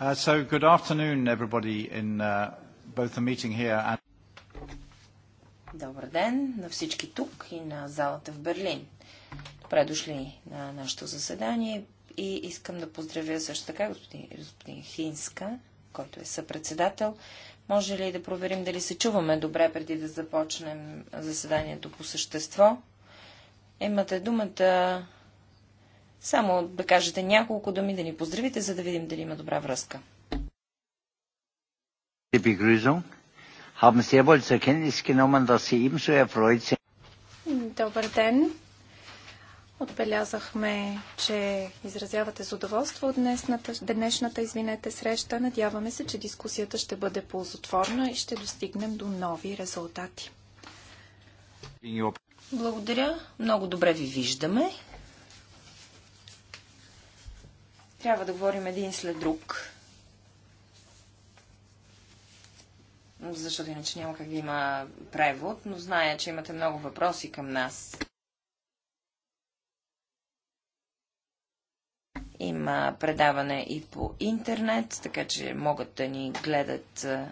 Uh, so good afternoon, everybody, in uh, both the meeting here and... Добър ден на всички тук и на залата в Берлин. Добре дошли на нашето заседание и искам да поздравя също така господин, господин Хинска, който е съпредседател. Може ли да проверим дали се чуваме добре преди да започнем заседанието по същество? Имате думата само да кажете няколко думи, да ни поздравите, за да видим дали има добра връзка. Добър ден! Отбелязахме, че изразявате с удоволство от днешната, днешната извинете, среща. Надяваме се, че дискусията ще бъде ползотворна и ще достигнем до нови резултати. Благодаря. Много добре ви виждаме. Трябва да говорим един след друг. Защото иначе няма как да има превод, но зная, че имате много въпроси към нас. Има предаване и по интернет, така че могат да ни гледат а,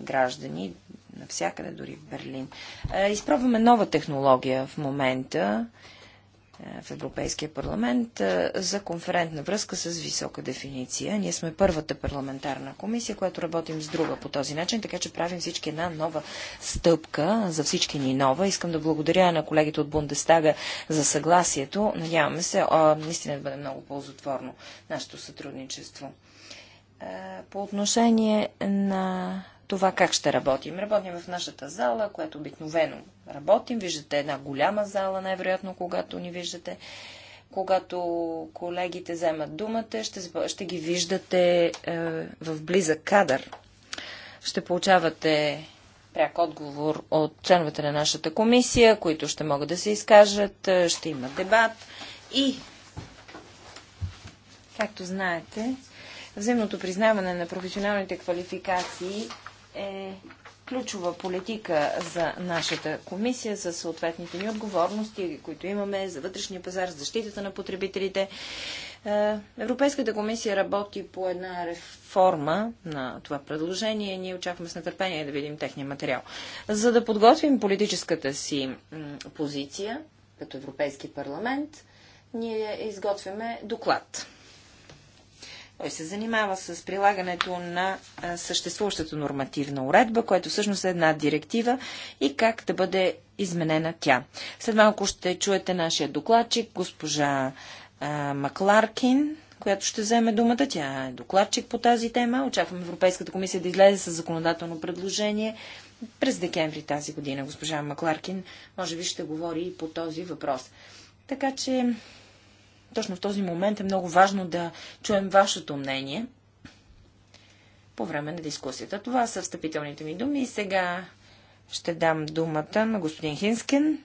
граждани навсякъде, дори в Берлин. А, изпробваме нова технология в момента в Европейския парламент за конферентна връзка с висока дефиниция. Ние сме първата парламентарна комисия, която работим с друга по този начин, така че правим всички една нова стъпка, за всички ни нова. Искам да благодаря на колегите от Бундестага за съгласието. Надяваме се, а, наистина да бъде много ползотворно нашето сътрудничество. По отношение на това как ще работим. Работим в нашата зала, която обикновено работим. Виждате една голяма зала, най-вероятно, когато ни виждате. Когато колегите вземат думата, ще, ще ги виждате е, в близък кадър. Ще получавате пряк отговор от членовете на нашата комисия, които ще могат да се изкажат, е, ще има дебат и, както знаете, взаимното признаване на професионалните квалификации е ключова политика за нашата комисия, за съответните ни отговорности, които имаме за вътрешния пазар, за защитата на потребителите. Е, Европейската комисия работи по една реформа на това предложение. Ние очакваме с нетърпение да видим техния материал. За да подготвим политическата си позиция като Европейски парламент, ние изготвяме доклад. Той се занимава с прилагането на съществуващата нормативна уредба, което всъщност е една директива и как да бъде изменена тя. След малко ще чуете нашия докладчик, госпожа а, Макларкин, която ще вземе думата. Тя е докладчик по тази тема. Очакваме Европейската комисия да излезе с законодателно предложение през декември тази година. Госпожа Макларкин може би ще говори и по този въпрос. Така че точно в този момент е много важно да чуем вашето мнение по време на дискусията. Това са встъпителните ми думи и сега ще дам думата на господин Хинскен,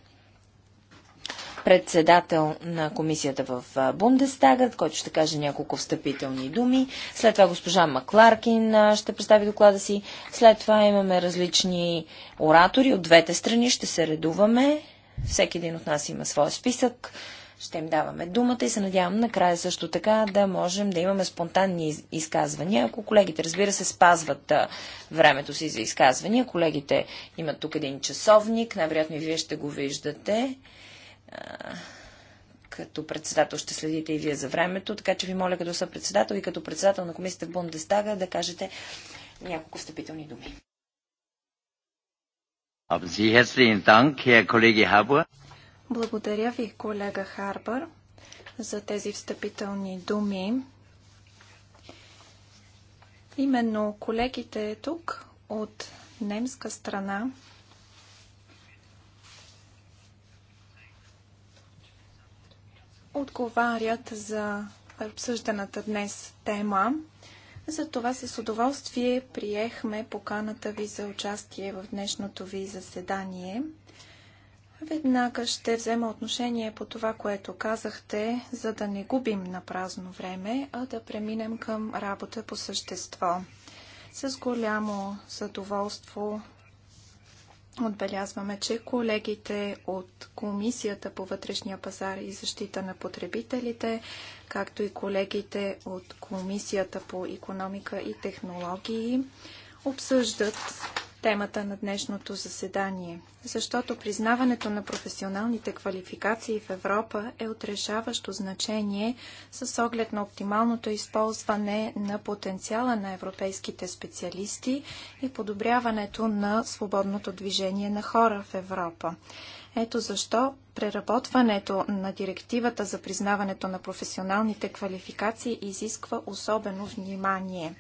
председател на комисията в Бундестагът, който ще каже няколко встъпителни думи. След това госпожа Макларкин ще представи доклада си. След това имаме различни оратори от двете страни. Ще се редуваме. Всеки един от нас има своя списък ще им даваме думата и се надявам накрая също така да можем да имаме спонтанни изказвания. Ако колегите, разбира се, спазват времето си за изказвания, колегите имат тук един часовник, най-вероятно и вие ще го виждате. Като председател ще следите и вие за времето, така че ви моля като са председател и като председател на комисията в Бундестага да кажете няколко встъпителни думи. Благодаря ви, колега Харбър, за тези встъпителни думи. Именно колегите тук от немска страна отговарят за обсъжданата днес тема. За това с удоволствие приехме поканата ви за участие в днешното ви заседание – Веднага ще взема отношение по това, което казахте, за да не губим на празно време, а да преминем към работа по същество. С голямо задоволство отбелязваме, че колегите от Комисията по вътрешния пазар и защита на потребителите, както и колегите от Комисията по економика и технологии, обсъждат темата на днешното заседание, защото признаването на професионалните квалификации в Европа е от решаващо значение с оглед на оптималното използване на потенциала на европейските специалисти и подобряването на свободното движение на хора в Европа. Ето защо преработването на директивата за признаването на професионалните квалификации изисква особено внимание.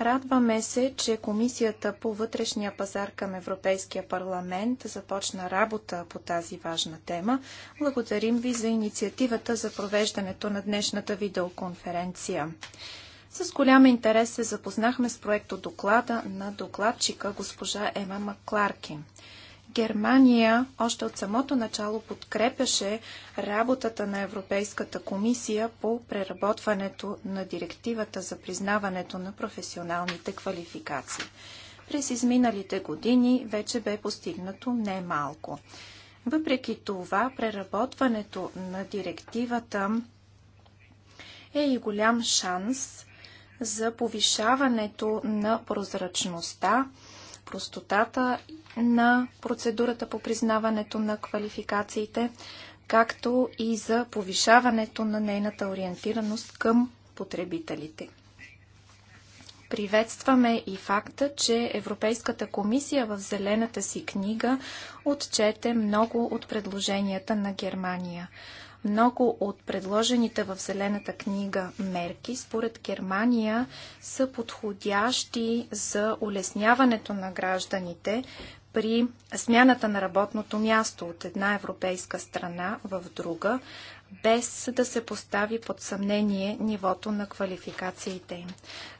Радваме се, че Комисията по вътрешния пазар към Европейския парламент започна работа по тази важна тема. Благодарим ви за инициативата за провеждането на днешната видеоконференция. С голям интерес се запознахме с проекто доклада на докладчика госпожа Ема Макларки. Германия още от самото начало подкрепяше работата на Европейската комисия по преработването на директивата за признаването на професионалните квалификации. През изминалите години вече бе постигнато немалко. Въпреки това, преработването на директивата е и голям шанс за повишаването на прозрачността простотата на процедурата по признаването на квалификациите, както и за повишаването на нейната ориентираност към потребителите. Приветстваме и факта, че Европейската комисия в Зелената си книга отчете много от предложенията на Германия. Много от предложените в Зелената книга мерки, според Германия, са подходящи за улесняването на гражданите при смяната на работното място от една европейска страна в друга, без да се постави под съмнение нивото на квалификациите им.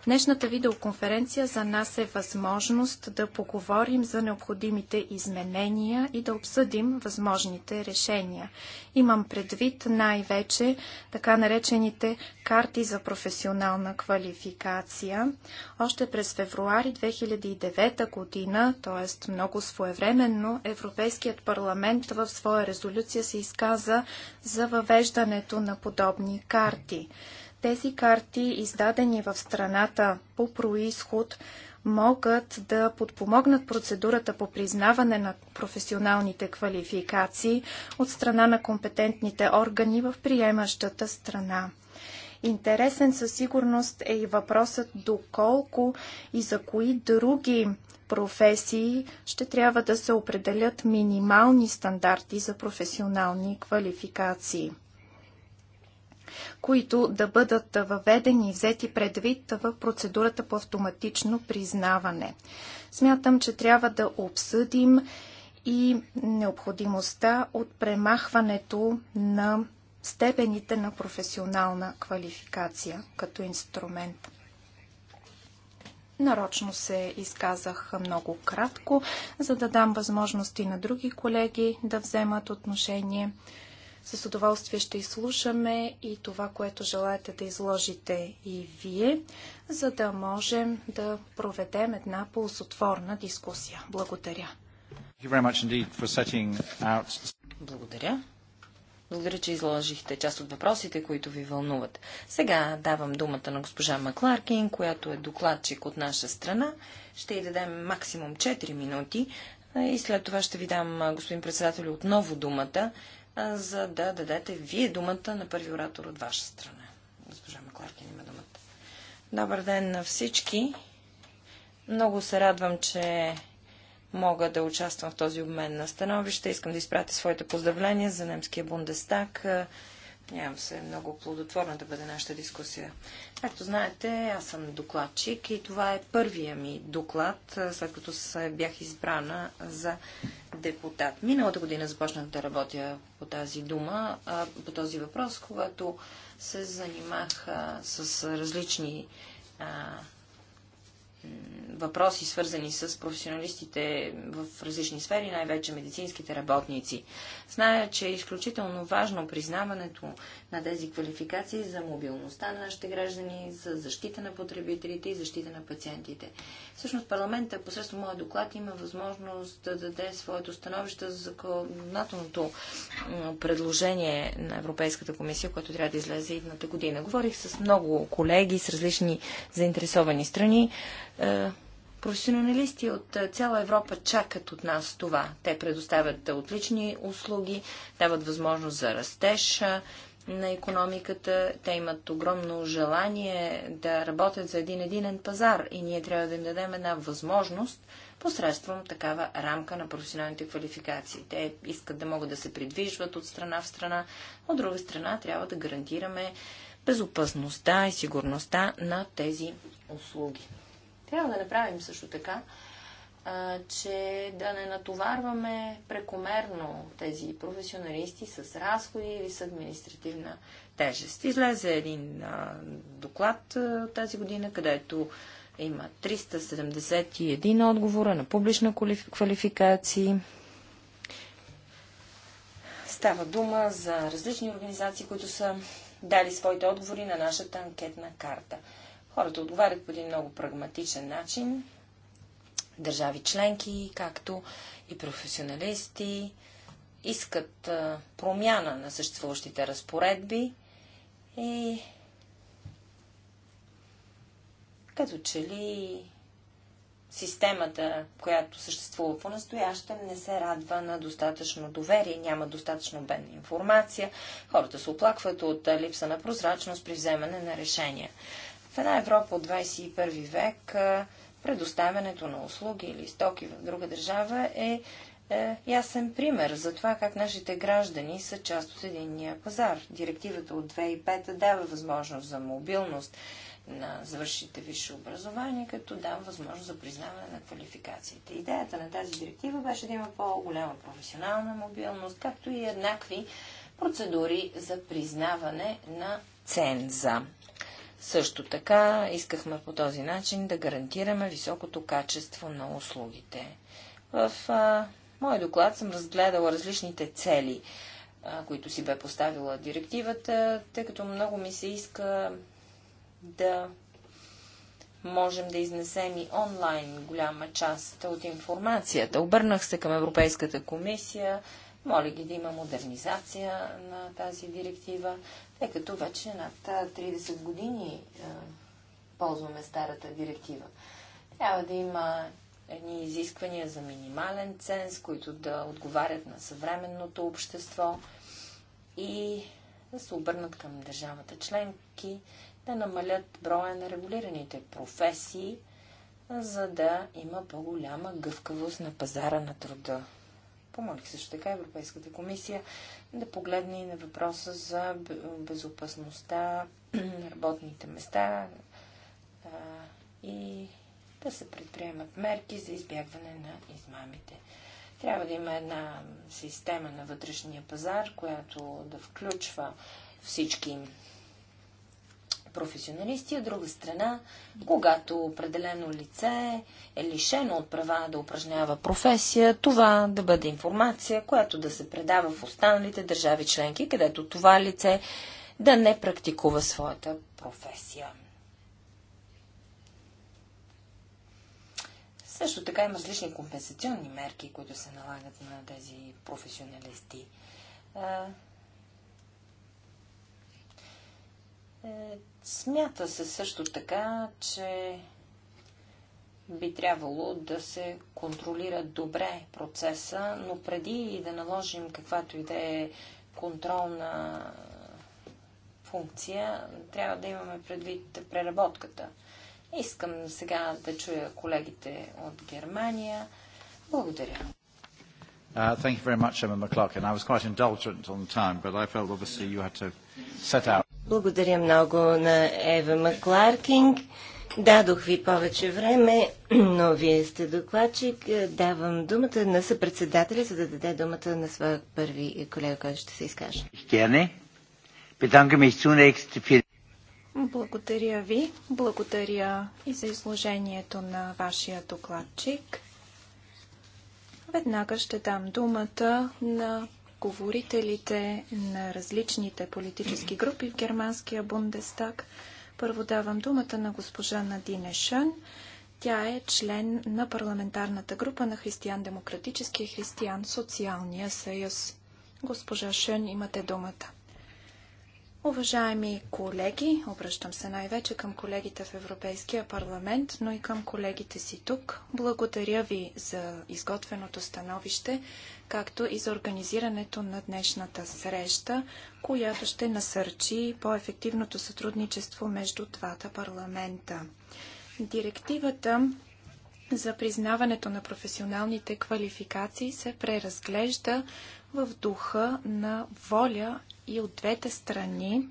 Днешната видеоконференция за нас е възможност да поговорим за необходимите изменения и да обсъдим възможните решения. Имам предвид най-вече така наречените карти за професионална квалификация. Още през февруари 2009 година, т.е. много своевременно, Европейският парламент в своя резолюция се изказа за въвеждането на подобни карти. Тези карти, издадени в страната по происход, могат да подпомогнат процедурата по признаване на професионалните квалификации от страна на компетентните органи в приемащата страна. Интересен със сигурност е и въпросът доколко и за кои други професии ще трябва да се определят минимални стандарти за професионални квалификации които да бъдат въведени и взети предвид в процедурата по автоматично признаване. Смятам, че трябва да обсъдим и необходимостта от премахването на степените на професионална квалификация като инструмент. Нарочно се изказах много кратко, за да дам възможности на други колеги да вземат отношение. С удоволствие ще изслушаме и това, което желаете да изложите и вие, за да можем да проведем една ползотворна дискусия. Благодаря. Благодаря. Благодаря, че изложихте част от въпросите, които ви вълнуват. Сега давам думата на госпожа Макларкин, която е докладчик от наша страна. Ще й дадем максимум 4 минути и след това ще ви дам, господин председател, отново думата, за да дадете вие думата на първи оратор от ваша страна. Госпожа Макларкин има думата. Добър ден на всички. Много се радвам, че мога да участвам в този обмен на становища. Искам да изпратя своите поздравления за немския Бундестаг Нямам се много плодотворна да бъде нашата дискусия. Както знаете, аз съм докладчик и това е първия ми доклад, след като бях избрана за депутат. Миналата година започнах да работя по тази дума, по този въпрос, когато се занимах с различни въпроси, свързани с професионалистите в различни сфери, най-вече медицинските работници. Зная, че е изключително важно признаването на тези квалификации за мобилността на нашите граждани, за защита на потребителите и защита на пациентите. Всъщност парламента посредством моя доклад има възможност да даде своето становище за законодателното предложение на Европейската комисия, което трябва да излезе идната година. Говорих с много колеги, с различни заинтересовани страни е, професионалисти от е, цяла Европа чакат от нас това. Те предоставят отлични услуги, дават възможност за растеж е, на економиката. Те имат огромно желание да работят за един единен пазар и ние трябва да им дадем една възможност посредством такава рамка на професионалните квалификации. Те искат да могат да се придвижват от страна в страна. От друга страна трябва да гарантираме безопасността и сигурността на тези услуги. Трябва да направим също така, а, че да не натоварваме прекомерно тези професионалисти с разходи или с административна тежест. Излезе един а, доклад а, тази година, където има 371 отговора на публична квалификации. Става дума за различни организации, които са дали своите отговори на нашата анкетна карта. Хората отговарят по един много прагматичен начин. Държави членки, както и професионалисти, искат промяна на съществуващите разпоредби и като че ли системата, която съществува по-настоящем, не се радва на достатъчно доверие, няма достатъчно бедна информация, хората се оплакват от липса на прозрачност при вземане на решения. В една Европа от 21 век предоставянето на услуги или стоки в друга държава е, е ясен пример за това как нашите граждани са част от единния пазар. Директивата от 2005 дава възможност за мобилност на завършите висше образование, като дава възможност за признаване на квалификациите. Идеята на тази директива беше да има по-голяма професионална мобилност, както и еднакви процедури за признаване на ценза. Също така искахме по този начин да гарантираме високото качество на услугите. В а, мой доклад съм разгледала различните цели, а, които си бе поставила директивата, тъй като много ми се иска да можем да изнесем и онлайн голяма част от информацията. Обърнах се към Европейската комисия моля ги да има модернизация на тази директива, тъй като вече над 30 години ползваме старата директива. Трябва да има едни изисквания за минимален ценз, които да отговарят на съвременното общество и да се обърнат към държавата членки, да намалят броя на регулираните професии, за да има по-голяма гъвкавост на пазара на труда. Помолих също така Европейската комисия да погледне и на въпроса за безопасността на работните места а, и да се предприемат мерки за избягване на измамите. Трябва да има една система на вътрешния пазар, която да включва всички професионалисти, от друга страна, когато определено лице е лишено от права да упражнява професия, това да бъде информация, която да се предава в останалите държави членки, където това лице да не практикува своята професия. Също така има различни компенсационни мерки, които се налагат на тези професионалисти. Е, смята се също така, че би трябвало да се контролира добре процеса, но преди да наложим каквато и да е контролна функция, трябва да имаме предвид преработката. Искам сега да чуя колегите от Германия. Благодаря. Uh, thank you very much, Emma McLaughlin. I was quite indulgent on time, but I felt obviously you had to set out. Благодаря много на Ева Макларкинг. Дадох ви повече време, но вие сте докладчик. Давам думата на съпредседателя, за да даде думата на своя първи колега, който ще се изкаже. Благодаря ви. Благодаря и за изложението на вашия докладчик. Веднага ще дам думата на говорителите на различните политически групи в германския Бундестаг. Първо давам думата на госпожа Надине Шън. Тя е член на парламентарната група на Християн-демократическия християн-социалния съюз. Госпожа Шън, имате думата. Уважаеми колеги, обръщам се най-вече към колегите в Европейския парламент, но и към колегите си тук. Благодаря ви за изготвеното становище както и за организирането на днешната среща, която ще насърчи по-ефективното сътрудничество между двата парламента. Директивата за признаването на професионалните квалификации се преразглежда в духа на воля и от двете страни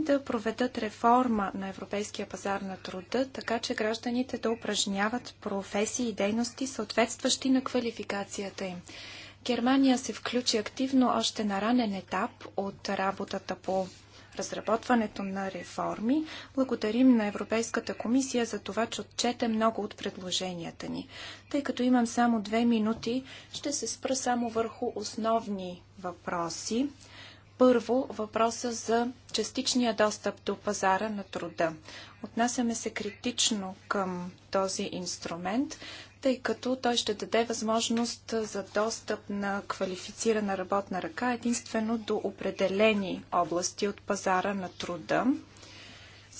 да проведат реформа на европейския пазар на труда, така че гражданите да упражняват професии и дейности, съответстващи на квалификацията им. Германия се включи активно още на ранен етап от работата по разработването на реформи. Благодарим на Европейската комисия за това, че отчете много от предложенията ни. Тъй като имам само две минути, ще се спра само върху основни въпроси. Първо, въпроса за частичния достъп до пазара на труда. Отнасяме се критично към този инструмент, тъй като той ще даде възможност за достъп на квалифицирана работна ръка единствено до определени области от пазара на труда.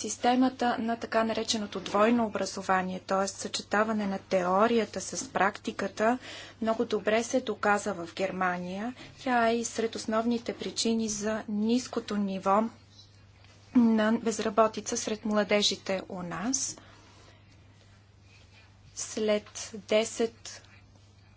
Системата на така нареченото двойно образование, т.е. съчетаване на теорията с практиката, много добре се доказа в Германия. Тя е и сред основните причини за ниското ниво на безработица сред младежите у нас. След 10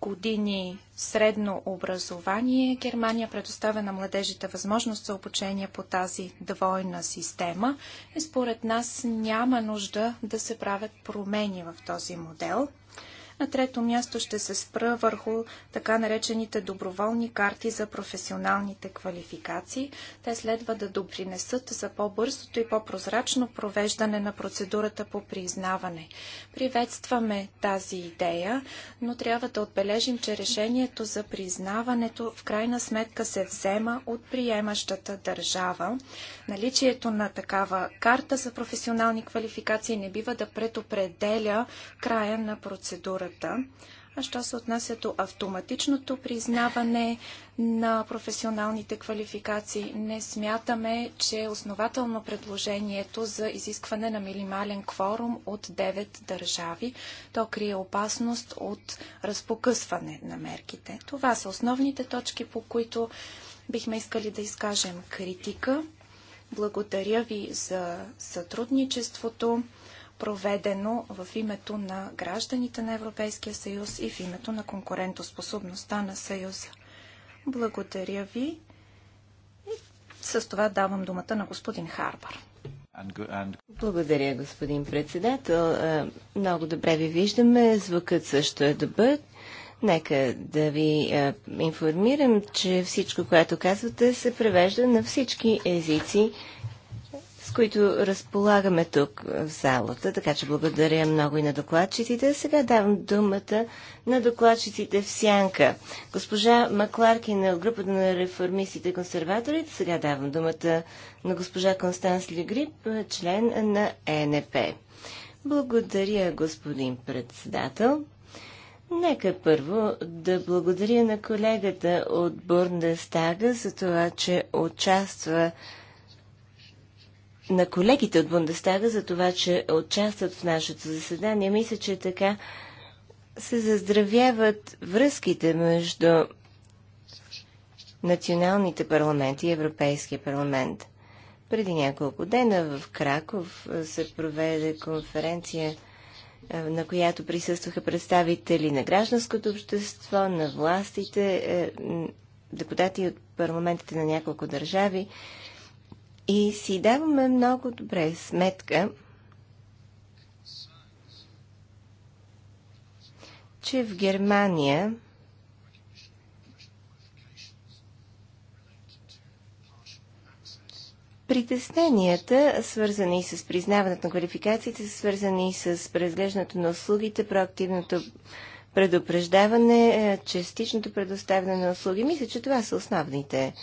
години средно образование, Германия предоставя на младежите възможност за обучение по тази двойна система и според нас няма нужда да се правят промени в този модел. На трето място ще се спра върху така наречените доброволни карти за професионалните квалификации. Те следва да допринесат за по-бързото и по-прозрачно провеждане на процедурата по признаване. Приветстваме тази идея, но трябва да отбележим, че решението за признаването в крайна сметка се взема от приемащата държава. Наличието на такава карта за професионални квалификации не бива да предопределя края на процедурата работата. А що се отнася до автоматичното признаване на професионалните квалификации, не смятаме, че е основателно предложението за изискване на минимален кворум от 9 държави, то крие опасност от разпокъсване на мерките. Това са основните точки, по които бихме искали да изкажем критика. Благодаря ви за сътрудничеството проведено в името на гражданите на Европейския съюз и в името на конкурентоспособността на съюза. Благодаря ви. И с това давам думата на господин Харбър. Благодаря, господин председател. Е, много добре ви виждаме. Звукът също е добър. Нека да ви е, информирам, че всичко, което казвате, се превежда на всички езици които разполагаме тук в залата, така че благодаря много и на докладчиците. Сега давам думата на докладчиците в Сянка. Госпожа Макларкина от групата на реформистите и консерваторите, сега давам думата на госпожа Констанс Легрип, член на ЕНП. Благодаря, господин председател. Нека първо да благодаря на колегата от Бурнестага за това, че участва на колегите от Бундестага за това, че участват в нашето заседание. Мисля, че така се заздравяват връзките между националните парламенти и Европейския парламент. Преди няколко дена в Краков се проведе конференция, на която присъстваха представители на гражданското общество, на властите, е, депутати от парламентите на няколко държави и си даваме много добре сметка, че в Германия Притесненията, свързани с признаването на квалификациите, са свързани с преразглеждането на услугите, проактивното предупреждаване, е, частичното предоставяне на услуги. Мисля, че това са основните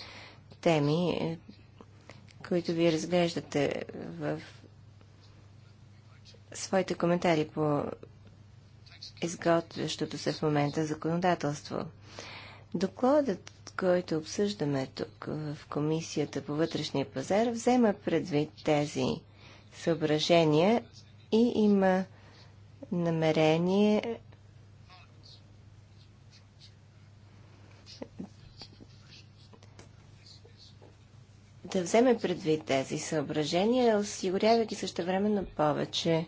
теми, е, които вие разглеждате в своите коментари по изготвящото се в момента законодателство. Докладът, който обсъждаме тук в Комисията по вътрешния пазар, взема предвид тези съображения и има намерение да вземе предвид тези съображения, осигурявайки същевременно повече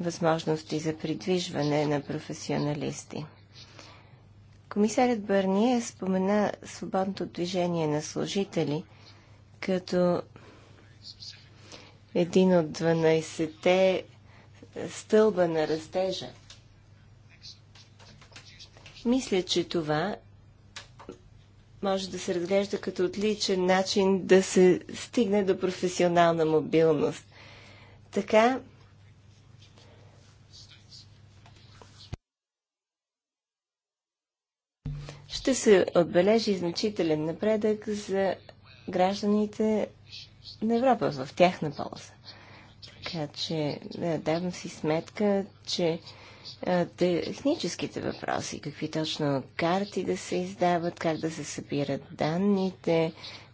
възможности за придвижване на професионалисти. Комисарят Бърния спомена свободното движение на служители като един от 12-те стълба на растежа. Мисля, че това може да се разглежда като отличен начин да се стигне до професионална мобилност. Така, ще се отбележи значителен напредък за гражданите на Европа в тяхна полза. Така че да, давам си сметка, че техническите въпроси, какви точно карти да се издават, как да се събират данните,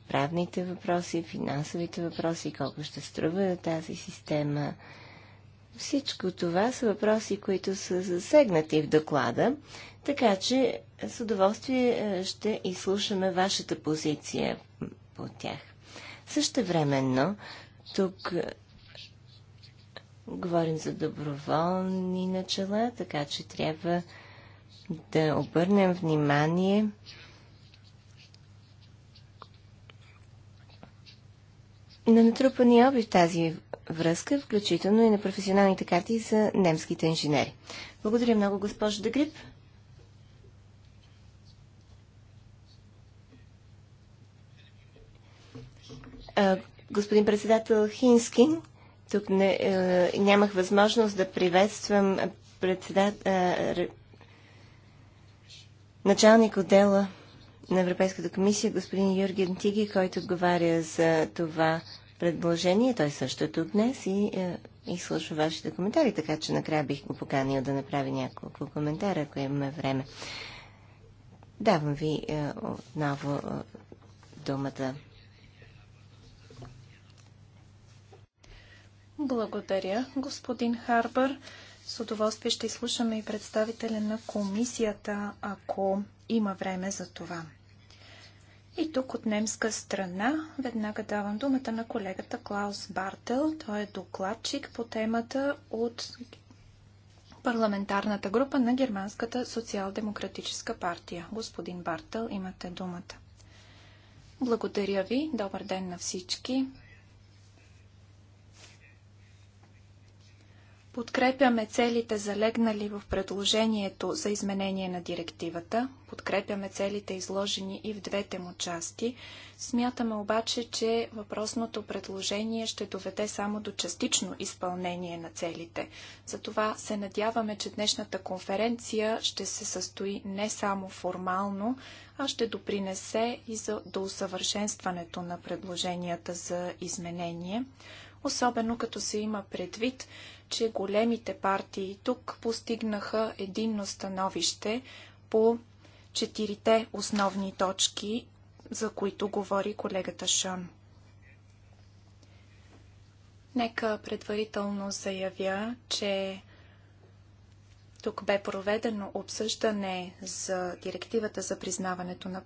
правните въпроси, финансовите въпроси, колко ще струва тази система. Всичко това са въпроси, които са засегнати в доклада, така че с удоволствие ще изслушаме вашата позиция по тях. Също времено, тук Говорим за доброволни начала, така че трябва да обърнем внимание на натрупани оби в тази връзка, включително и на професионалните карти за немските инженери. Благодаря много, госпожо Дегрип. господин председател Хинскин, тук не, е, нямах възможност да приветствам председат, е, началник отдела на Европейската комисия, господин Юрген Тиги, който отговаря за това предложение. Той също е тук днес и е, изслушва вашите коментари, така че накрая бих го поканил да направи няколко коментара, ако имаме време. Давам ви е, отново е, думата. Благодаря, господин Харбър. С удоволствие ще изслушаме и представителя на комисията, ако има време за това. И тук от немска страна веднага давам думата на колегата Клаус Бартел. Той е докладчик по темата от парламентарната група на Германската социал-демократическа партия. Господин Бартел, имате думата. Благодаря ви. Добър ден на всички. Подкрепяме целите залегнали в предложението за изменение на директивата. Подкрепяме целите изложени и в двете му части. Смятаме обаче, че въпросното предложение ще доведе само до частично изпълнение на целите. Затова се надяваме, че днешната конференция ще се състои не само формално, а ще допринесе и за, до усъвършенстването на предложенията за изменение особено като се има предвид, че големите партии тук постигнаха единно становище по четирите основни точки, за които говори колегата Шон. Нека предварително заявя, че тук бе проведено обсъждане за директивата за признаването на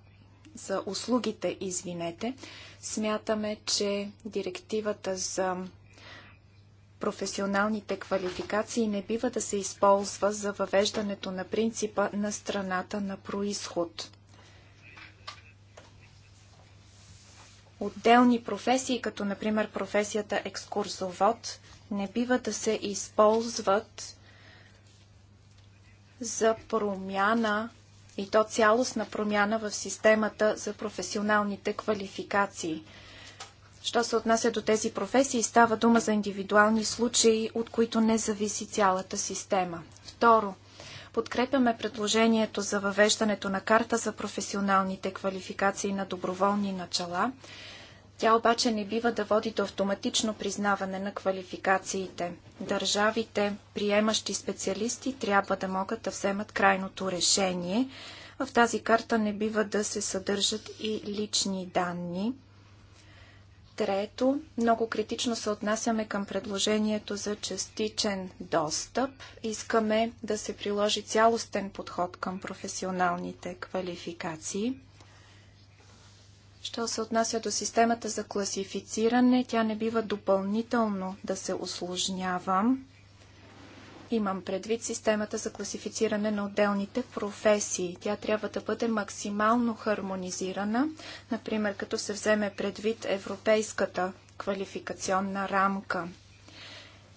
за услугите, извинете. Смятаме, че директивата за професионалните квалификации не бива да се използва за въвеждането на принципа на страната на происход. Отделни професии, като например професията екскурзовод, не бива да се използват за промяна и то цялостна промяна в системата за професионалните квалификации – Що се отнася до тези професии, става дума за индивидуални случаи, от които не зависи цялата система. Второ, подкрепяме предложението за въвеждането на карта за професионалните квалификации на доброволни начала. Тя обаче не бива да води до автоматично признаване на квалификациите. Държавите, приемащи специалисти, трябва да могат да вземат крайното решение. В тази карта не бива да се съдържат и лични данни. Трето, много критично се отнасяме към предложението за частичен достъп. Искаме да се приложи цялостен подход към професионалните квалификации. Що се отнася до системата за класифициране, тя не бива допълнително да се осложнява. Имам предвид системата за класифициране на отделните професии. Тя трябва да бъде максимално хармонизирана, например като се вземе предвид европейската квалификационна рамка.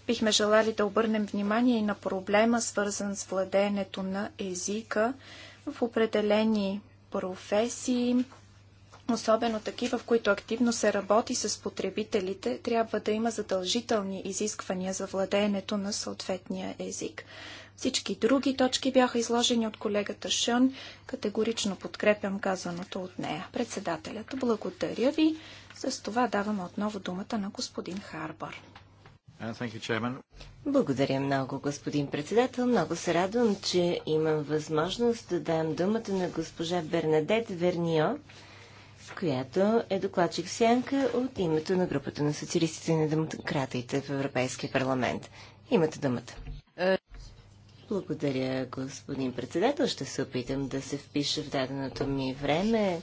Бихме желали да обърнем внимание и на проблема, свързан с владеенето на езика в определени професии, особено такива, в които активно се работи с потребителите, трябва да има задължителни изисквания за владеенето на съответния език. Всички други точки бяха изложени от колегата Шън. Категорично подкрепям казаното от нея. Председателят, благодаря ви. С това давам отново думата на господин Харбър. Uh, благодаря много, господин председател. Много се радвам, че имам възможност да дам думата на госпожа Бернадет Вернио, която е докладчик в сянка от името на групата на социалистите и на демократите в Европейския парламент. Имате думата. Благодаря, господин председател. Ще се опитам да се впиша в даденото ми време.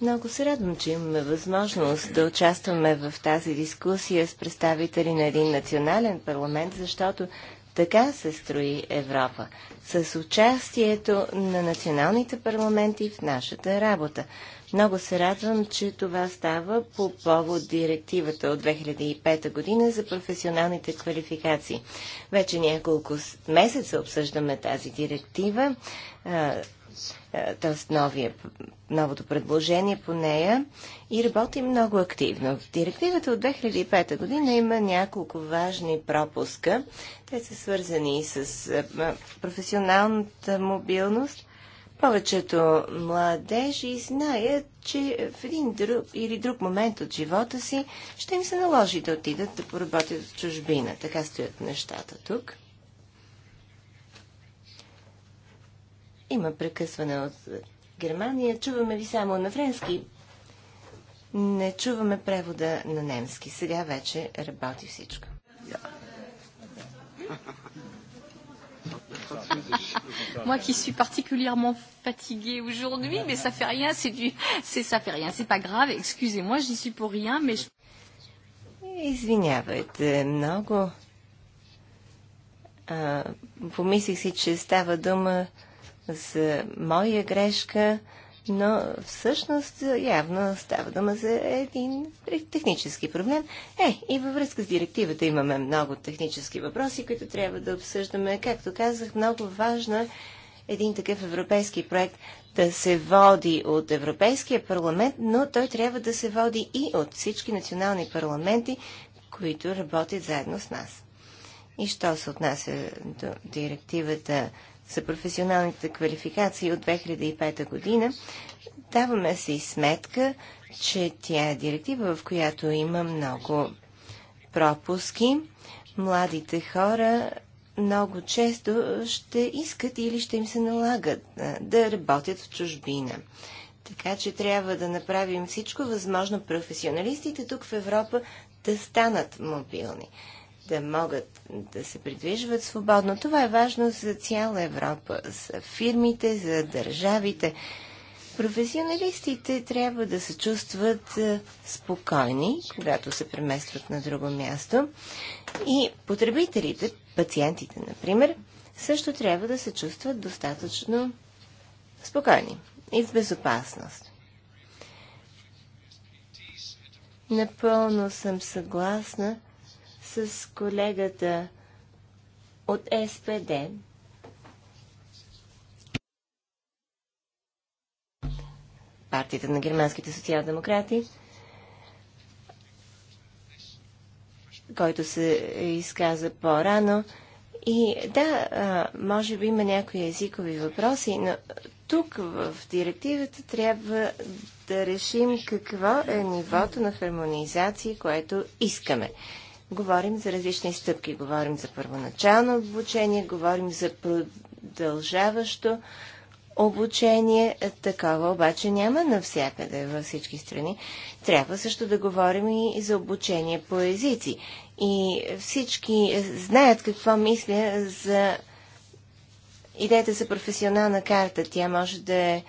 Много се радвам, че имаме възможност да участваме в тази дискусия с представители на един национален парламент, защото така се строи Европа. С участието на националните парламенти в нашата работа. Много се радвам, че това става по повод директивата от 2005 година за професионалните квалификации. Вече няколко месеца обсъждаме тази директива. Е, т.е. новото предложение по нея и работи много активно. В директивата от 2005 година има няколко важни пропуска. Те са свързани с е, професионалната мобилност. Повечето младежи знаят, че в един друг или друг момент от живота си ще им се наложи да отидат да поработят в чужбина. Така стоят нещата тук. Има прекъсване от Германия. Чуваме ви само на френски. Не чуваме превода на немски. Сега вече работи всичко. Moi qui suis particulièrement fatiguée aujourd'hui, mais ça fait rien, c'est du, c'est ça fait rien, c'est pas grave. Excusez-moi, j'y suis pour rien, mais. je... Извинявайте много. А, помислих си, че става дума за моя грешка, но всъщност явно става дума за един технически проблем. Е, и във връзка с директивата имаме много технически въпроси, които трябва да обсъждаме. Както казах, много важно е един такъв европейски проект да се води от Европейския парламент, но той трябва да се води и от всички национални парламенти, които работят заедно с нас. И що се отнася до директивата за професионалните квалификации от 2005 година, даваме си сметка, че тя е директива, в която има много пропуски. Младите хора много често ще искат или ще им се налагат да работят в чужбина. Така че трябва да направим всичко възможно професионалистите тук в Европа да станат мобилни да могат да се придвижват свободно. Това е важно за цяла Европа, за фирмите, за държавите. Професионалистите трябва да се чувстват е, спокойни, когато се преместват на друго място. И потребителите, пациентите, например, също трябва да се чувстват достатъчно спокойни и в безопасност. Напълно съм съгласна с колегата от СПД, партията на германските социал-демократи, който се изказа по-рано. И да, може би има някои езикови въпроси, но тук в директивата трябва да решим какво е нивото на хармонизация, което искаме. Говорим за различни стъпки. Говорим за първоначално обучение, говорим за продължаващо обучение. Такова обаче няма навсякъде във всички страни. Трябва също да говорим и за обучение по езици. И всички знаят какво мисля за идеята за професионална карта. Тя може да е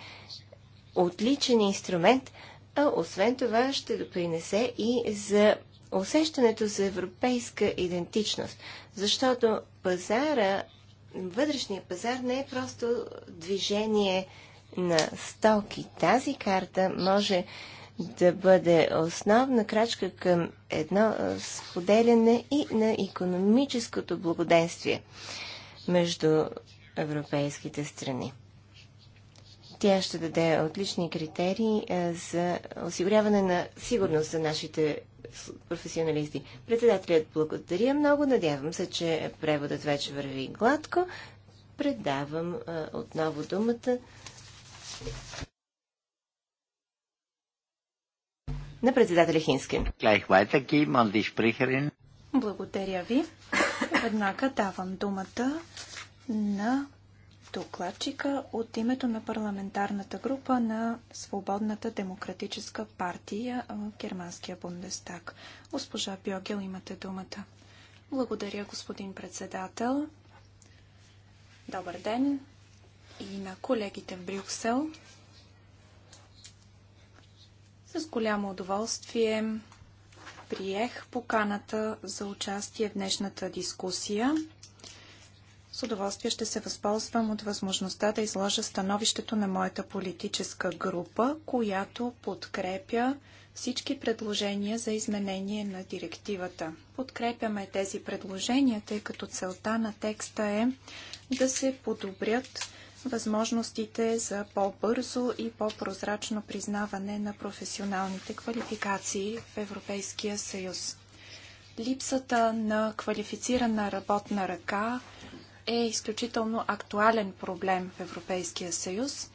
отличен инструмент, а освен това ще допринесе и за усещането за европейска идентичност, защото пазара, вътрешния пазар не е просто движение на стоки. Тази карта може да бъде основна крачка към едно споделяне и на економическото благоденствие между европейските страни. Тя ще даде отлични критерии за осигуряване на сигурност за нашите професионалисти. Председателят благодаря много. Надявам се, че преводът вече върви гладко. Предавам отново думата на председателя Хинскин. Благодаря ви. Еднака давам думата на докладчика от името на парламентарната група на Свободната демократическа партия в Германския Бундестаг. Госпожа Бьогел, имате думата. Благодаря, господин председател. Добър ден и на колегите в Брюксел. С голямо удоволствие приех поканата за участие в днешната дискусия. С удоволствие ще се възползвам от възможността да изложа становището на моята политическа група, която подкрепя всички предложения за изменение на директивата. Подкрепяме тези предложения, тъй като целта на текста е да се подобрят възможностите за по-бързо и по-прозрачно признаване на професионалните квалификации в Европейския съюз. Липсата на квалифицирана работна ръка – е изключително актуален проблем в Европейския съюз.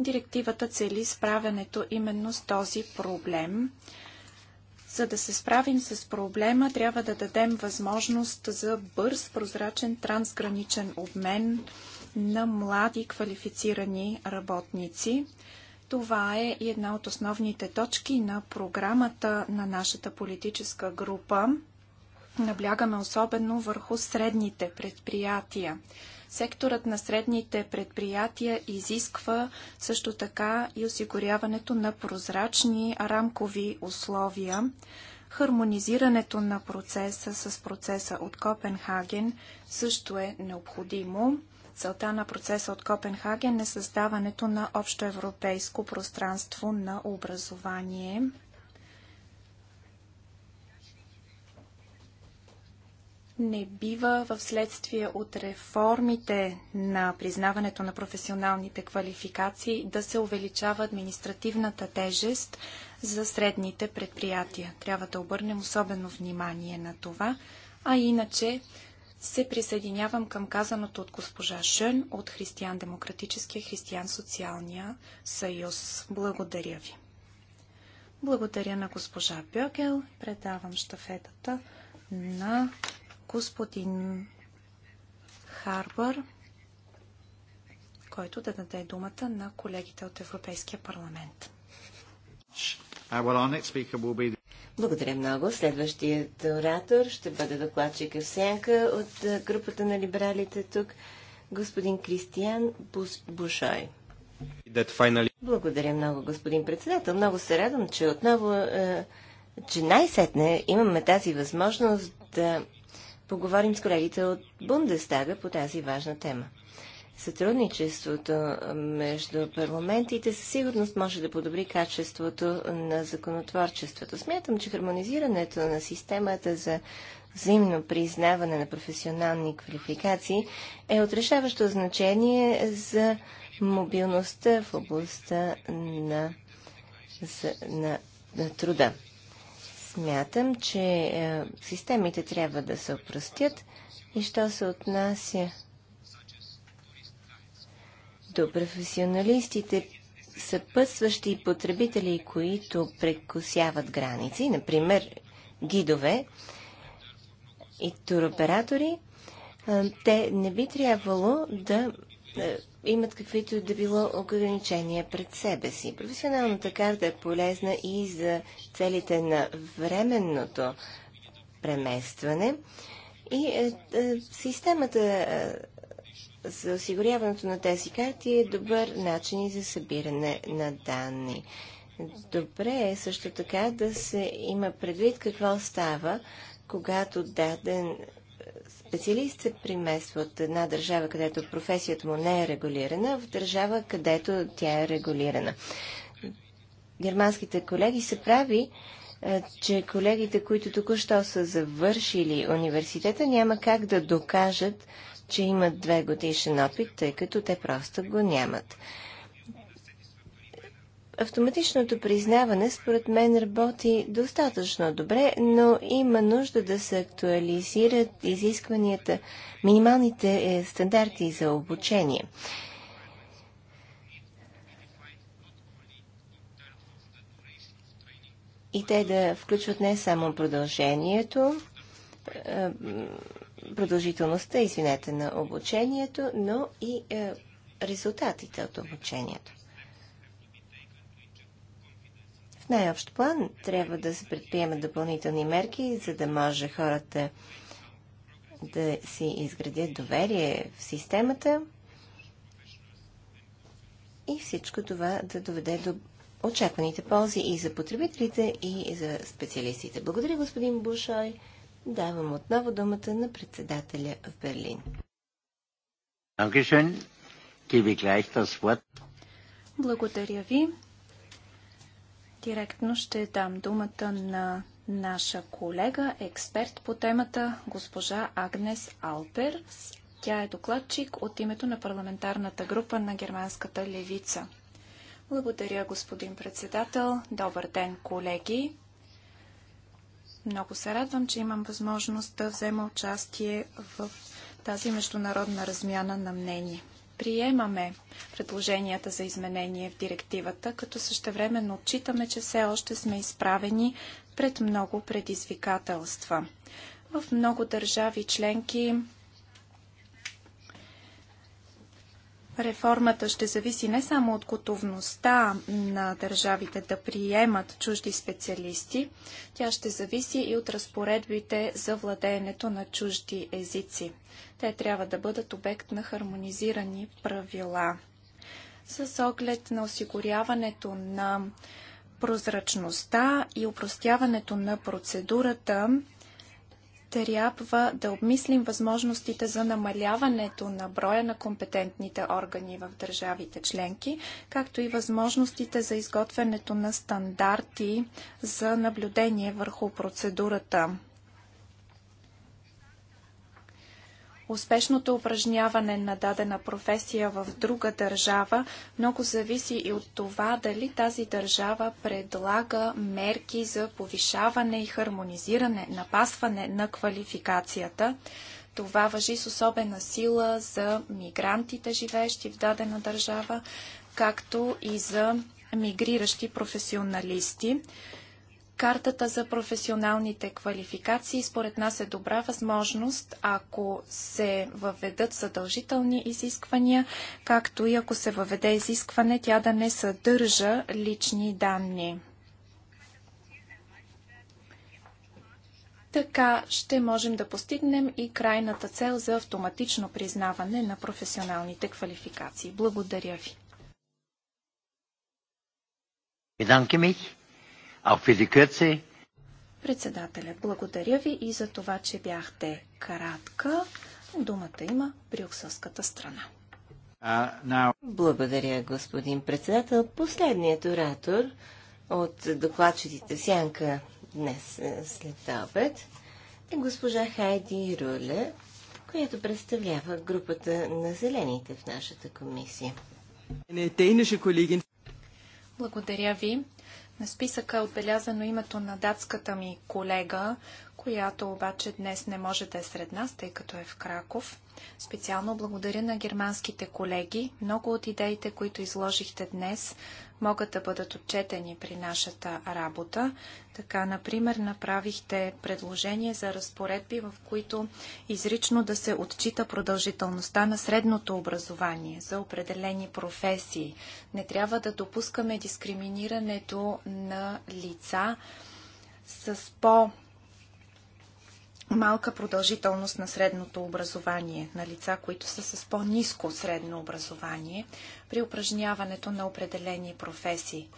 Директивата цели справянето именно с този проблем. За да се справим с проблема, трябва да дадем възможност за бърз, прозрачен, трансграничен обмен на млади квалифицирани работници. Това е една от основните точки на програмата на нашата политическа група. Наблягаме особено върху средните предприятия. Секторът на средните предприятия изисква също така и осигуряването на прозрачни рамкови условия. Хармонизирането на процеса с процеса от Копенхаген също е необходимо. Целта на процеса от Копенхаген е създаването на общоевропейско пространство на образование. не бива в следствие от реформите на признаването на професионалните квалификации да се увеличава административната тежест за средните предприятия. Трябва да обърнем особено внимание на това, а иначе се присъединявам към казаното от госпожа Шън от Християн-демократическия Християн-социалния съюз. Благодаря ви. Благодаря на госпожа Бьогел. Предавам штафетата на господин Харбър, който да даде думата на колегите от Европейския парламент. Uh, Благодаря много. Следващият оратор ще бъде докладчик в сянка от е, групата на либералите тук, господин Кристиян Бус Бушой. Finally... Благодаря много, господин председател. Много се радвам, че отново, е, че най-сетне имаме тази възможност да поговорим с колегите от Бундестага по тази важна тема. Сътрудничеството между парламентите със сигурност може да подобри качеството на законотворчеството. Смятам, че хармонизирането на системата за взаимно признаване на професионални квалификации е отрешаващо значение за мобилността в областта на, на, на труда. Смятам, че е, системите трябва да се опростят и що се отнася до професионалистите, съпътстващи потребители, които прекусяват граници, например гидове и туроператори, е, те не би трябвало да е, имат каквито и да било ограничения пред себе си. Професионалната карта е полезна и за целите на временното преместване. И е, е, системата е, за осигуряването на тези карти е добър начин и за събиране на данни. Добре е също така да се има предвид какво става, когато даден специалист се примества от една държава, където професията му не е регулирана, в държава, където тя е регулирана. Германските колеги се прави, е, че колегите, които току-що са завършили университета, няма как да докажат, че имат две годишен опит, тъй като те просто го нямат. Автоматичното признаване според мен работи достатъчно добре, но има нужда да се актуализират изискванията, минималните е, стандарти за обучение. И те да включват не само продължението, е, продължителността, извинете, на обучението, но и е, резултатите от обучението. най-общ план трябва да се предприемат допълнителни мерки, за да може хората да си изградят доверие в системата и всичко това да доведе до очакваните ползи и за потребителите, и за специалистите. Благодаря, господин Бушой. Давам отново думата на председателя в Берлин. Благодаря ви. Директно ще дам думата на наша колега, експерт по темата, госпожа Агнес Алперс. Тя е докладчик от името на парламентарната група на Германската левица. Благодаря, господин председател. Добър ден, колеги. Много се радвам, че имам възможност да взема участие в тази международна размяна на мнение приемаме предложенията за изменение в директивата, като същевременно отчитаме, че все още сме изправени пред много предизвикателства. В много държави членки Реформата ще зависи не само от готовността на държавите да приемат чужди специалисти, тя ще зависи и от разпоредбите за владеенето на чужди езици. Те трябва да бъдат обект на хармонизирани правила. С оглед на осигуряването на прозрачността и упростяването на процедурата, трябва да обмислим възможностите за намаляването на броя на компетентните органи в държавите членки, както и възможностите за изготвянето на стандарти за наблюдение върху процедурата Успешното упражняване на дадена професия в друга държава много зависи и от това дали тази държава предлага мерки за повишаване и хармонизиране, напасване на квалификацията. Това въжи с особена сила за мигрантите, живеещи в дадена държава, както и за мигриращи професионалисти. Картата за професионалните квалификации според нас е добра възможност, ако се въведат задължителни изисквания, както и ако се въведе изискване тя да не съдържа лични данни. Така ще можем да постигнем и крайната цел за автоматично признаване на професионалните квалификации. Благодаря ви. Bedanke mich Председателя, благодаря ви и за това, че бяхте кратка. Думата има брюкселската страна. Uh, now... Благодаря, господин председател. Последният оратор от докладчетите Сянка днес е, след обед е госпожа Хайди Руле, която представлява групата на зелените в нашата комисия. Благодаря ви. На списъка е отбелязано името на датската ми колега, която обаче днес не може да е сред нас, тъй като е в Краков. Специално благодаря на германските колеги. Много от идеите, които изложихте днес, могат да бъдат отчетени при нашата работа. Така, например, направихте предложение за разпоредби, в които изрично да се отчита продължителността на средното образование за определени професии. Не трябва да допускаме дискриминирането на лица с по- малка продължителност на средното образование, на лица, които са с по-низко средно образование при упражняването на определени професии.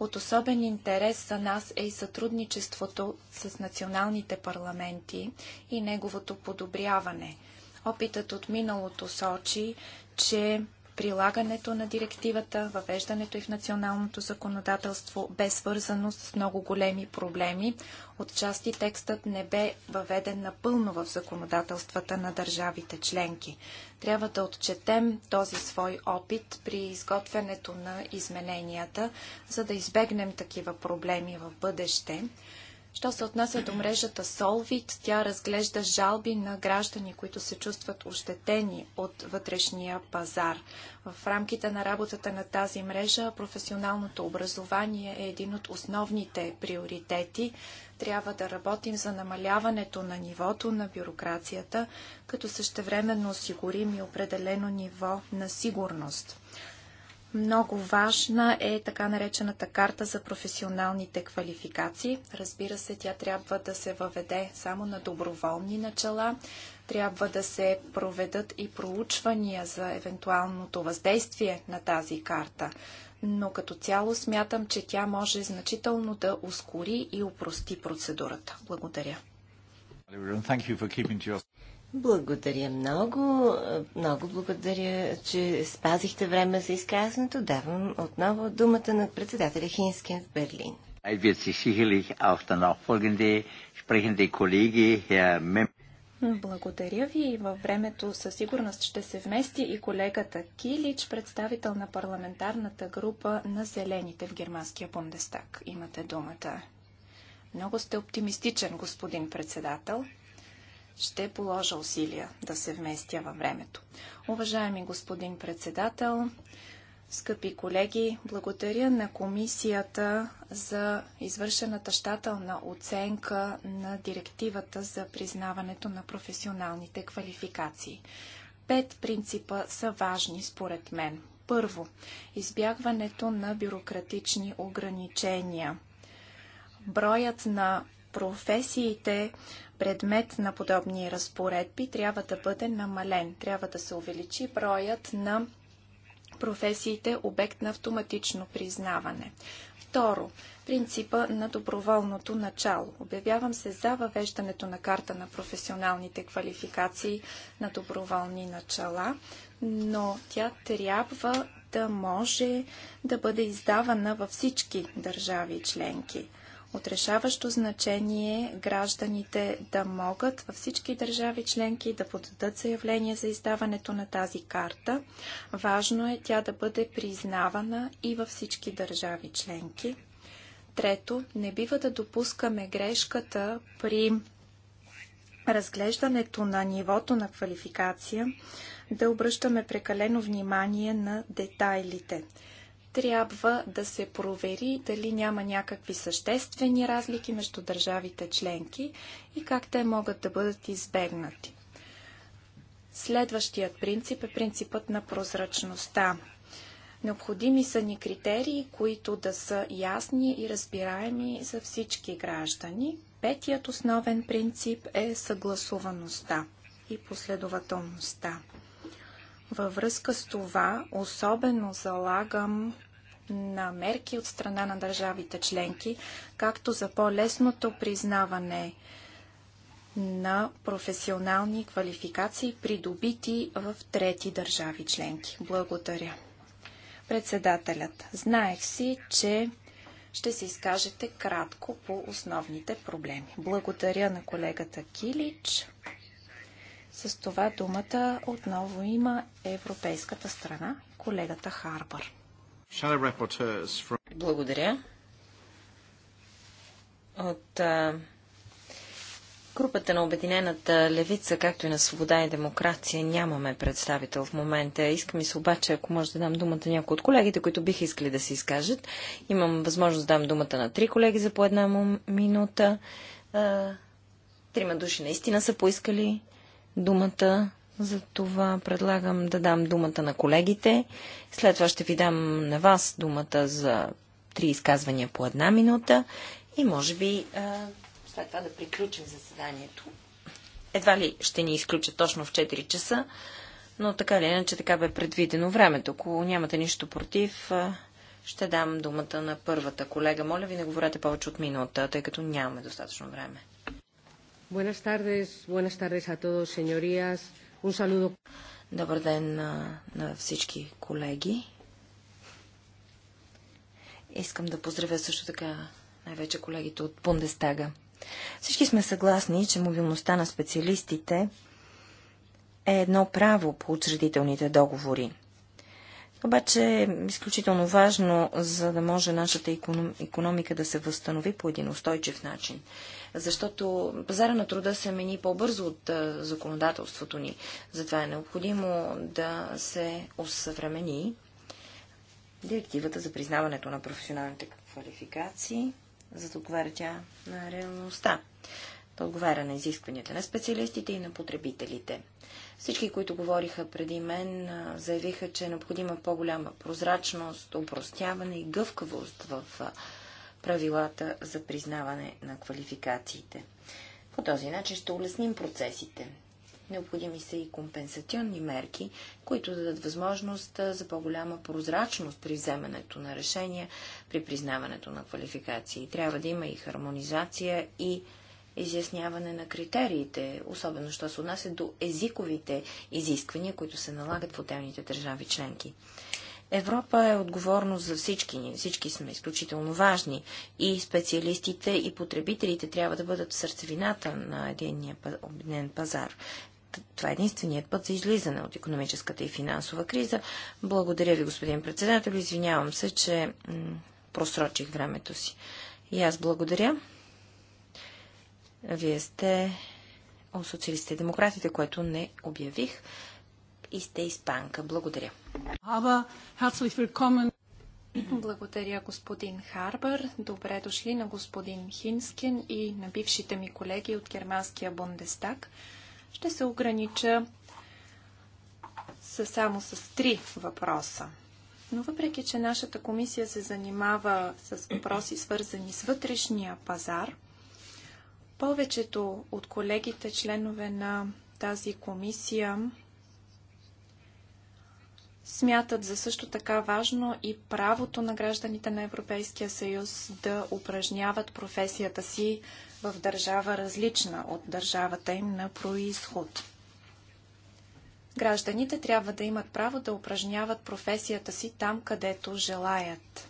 От особен интерес за нас е и сътрудничеството с националните парламенти и неговото подобряване. Опитът от миналото сочи, че прилагането на директивата, въвеждането и в националното законодателство бе свързано с много големи проблеми. Отчасти текстът не бе въведен напълно в законодателствата на държавите членки. Трябва да отчетем този свой опит при изготвянето на измененията, за да избегнем такива проблеми в бъдеще. Що се отнася до мрежата Солвит, тя разглежда жалби на граждани, които се чувстват ощетени от вътрешния пазар. В рамките на работата на тази мрежа професионалното образование е един от основните приоритети. Трябва да работим за намаляването на нивото на бюрокрацията, като същевременно осигурим и определено ниво на сигурност. Много важна е така наречената карта за професионалните квалификации. Разбира се, тя трябва да се въведе само на доброволни начала. Трябва да се проведат и проучвания за евентуалното въздействие на тази карта. Но като цяло смятам, че тя може значително да ускори и упрости процедурата. Благодаря. Благодаря много. Много благодаря, че спазихте време за изказването. Давам отново думата на председателя Хинския в Берлин. Благодаря ви. Във времето със сигурност ще се вмести и колегата Килич, представител на парламентарната група на Зелените в германския Бундестаг. Имате думата. Много сте оптимистичен, господин председател. Ще положа усилия да се вместя във времето. Уважаеми господин председател, скъпи колеги, благодаря на комисията за извършената щателна оценка на директивата за признаването на професионалните квалификации. Пет принципа са важни според мен. Първо, избягването на бюрократични ограничения. Броят на професиите, предмет на подобни разпоредби трябва да бъде намален. Трябва да се увеличи броят на професиите обект на автоматично признаване. Второ, принципа на доброволното начало. Обявявам се за въвеждането на карта на професионалните квалификации на доброволни начала, но тя трябва да може да бъде издавана във всички държави членки. Отрешаващо значение гражданите да могат във всички държави членки да подадат заявление за издаването на тази карта. Важно е тя да бъде признавана и във всички държави членки. Трето, не бива да допускаме грешката при разглеждането на нивото на квалификация да обръщаме прекалено внимание на детайлите трябва да се провери дали няма някакви съществени разлики между държавите членки и как те могат да бъдат избегнати. Следващият принцип е принципът на прозрачността. Необходими са ни критерии, които да са ясни и разбираеми за всички граждани. Петият основен принцип е съгласуваността и последователността. Във връзка с това особено залагам на мерки от страна на държавите членки, както за по-лесното признаване на професионални квалификации, придобити в трети държави членки. Благодаря. Председателят, знаех си, че ще се изкажете кратко по основните проблеми. Благодаря на колегата Килич. С това думата отново има европейската страна, колегата Харбър. Благодаря. От а, групата на Обединената левица, както и на Свобода и демокрация, нямаме представител в момента. Искам и се обаче, ако може да дам думата на някои от колегите, които биха искали да се изкажат. Имам възможност да дам думата на три колеги за по една минута. А, трима души наистина са поискали думата. За това предлагам да дам думата на колегите. След това ще ви дам на вас думата за три изказвания по една минута и може би след това да приключим заседанието. Едва ли ще ни изключат точно в 4 часа, но така ли, иначе така бе предвидено времето. Ако нямате нищо против, ще дам думата на първата колега. Моля ви, не говорете повече от минута, тъй като нямаме достатъчно време. Buenas tardes, buenas tardes a todos, señorías. Un saludo. Добър ден на, на всички колеги. Искам да поздравя също така най-вече колегите от Бундестага. Всички сме съгласни, че мобилността на специалистите е едно право по учредителните договори. Обаче е изключително важно, за да може нашата економика да се възстанови по един устойчив начин защото пазара на труда се мени по-бързо от законодателството ни. Затова е необходимо да се осъвремени директивата за признаването на професионалните квалификации, за да отговаря тя на реалността. Да отговаря на изискванията на специалистите и на потребителите. Всички, които говориха преди мен, заявиха, че е необходима по-голяма прозрачност, упростяване и гъвкавост в правилата за признаване на квалификациите. По този начин ще улесним процесите. Необходими са и компенсационни мерки, които дадат възможност за по-голяма прозрачност при вземането на решения, при признаването на квалификации. Трябва да има и хармонизация и изясняване на критериите, особено що се отнася до езиковите изисквания, които се налагат в отделните държави членки. Европа е отговорност за всички ни. Всички сме изключително важни. И специалистите, и потребителите трябва да бъдат в сърцевината на единния обединен пазар. Това е единственият път за излизане от економическата и финансова криза. Благодаря ви, господин председател. Извинявам се, че просрочих времето си. И аз благодаря. Вие сте от социалистите и демократите, което не обявих и сте испанка. Благодаря. Благодаря, господин Харбър. Добре дошли на господин Хинскен и на бившите ми колеги от германския Бундестаг. Ще се огранича са само с три въпроса. Но въпреки, че нашата комисия се занимава с въпроси, свързани с вътрешния пазар, повечето от колегите, членове на тази комисия, Смятат за също така важно и правото на гражданите на Европейския съюз да упражняват професията си в държава различна от държавата им на происход. Гражданите трябва да имат право да упражняват професията си там, където желаят.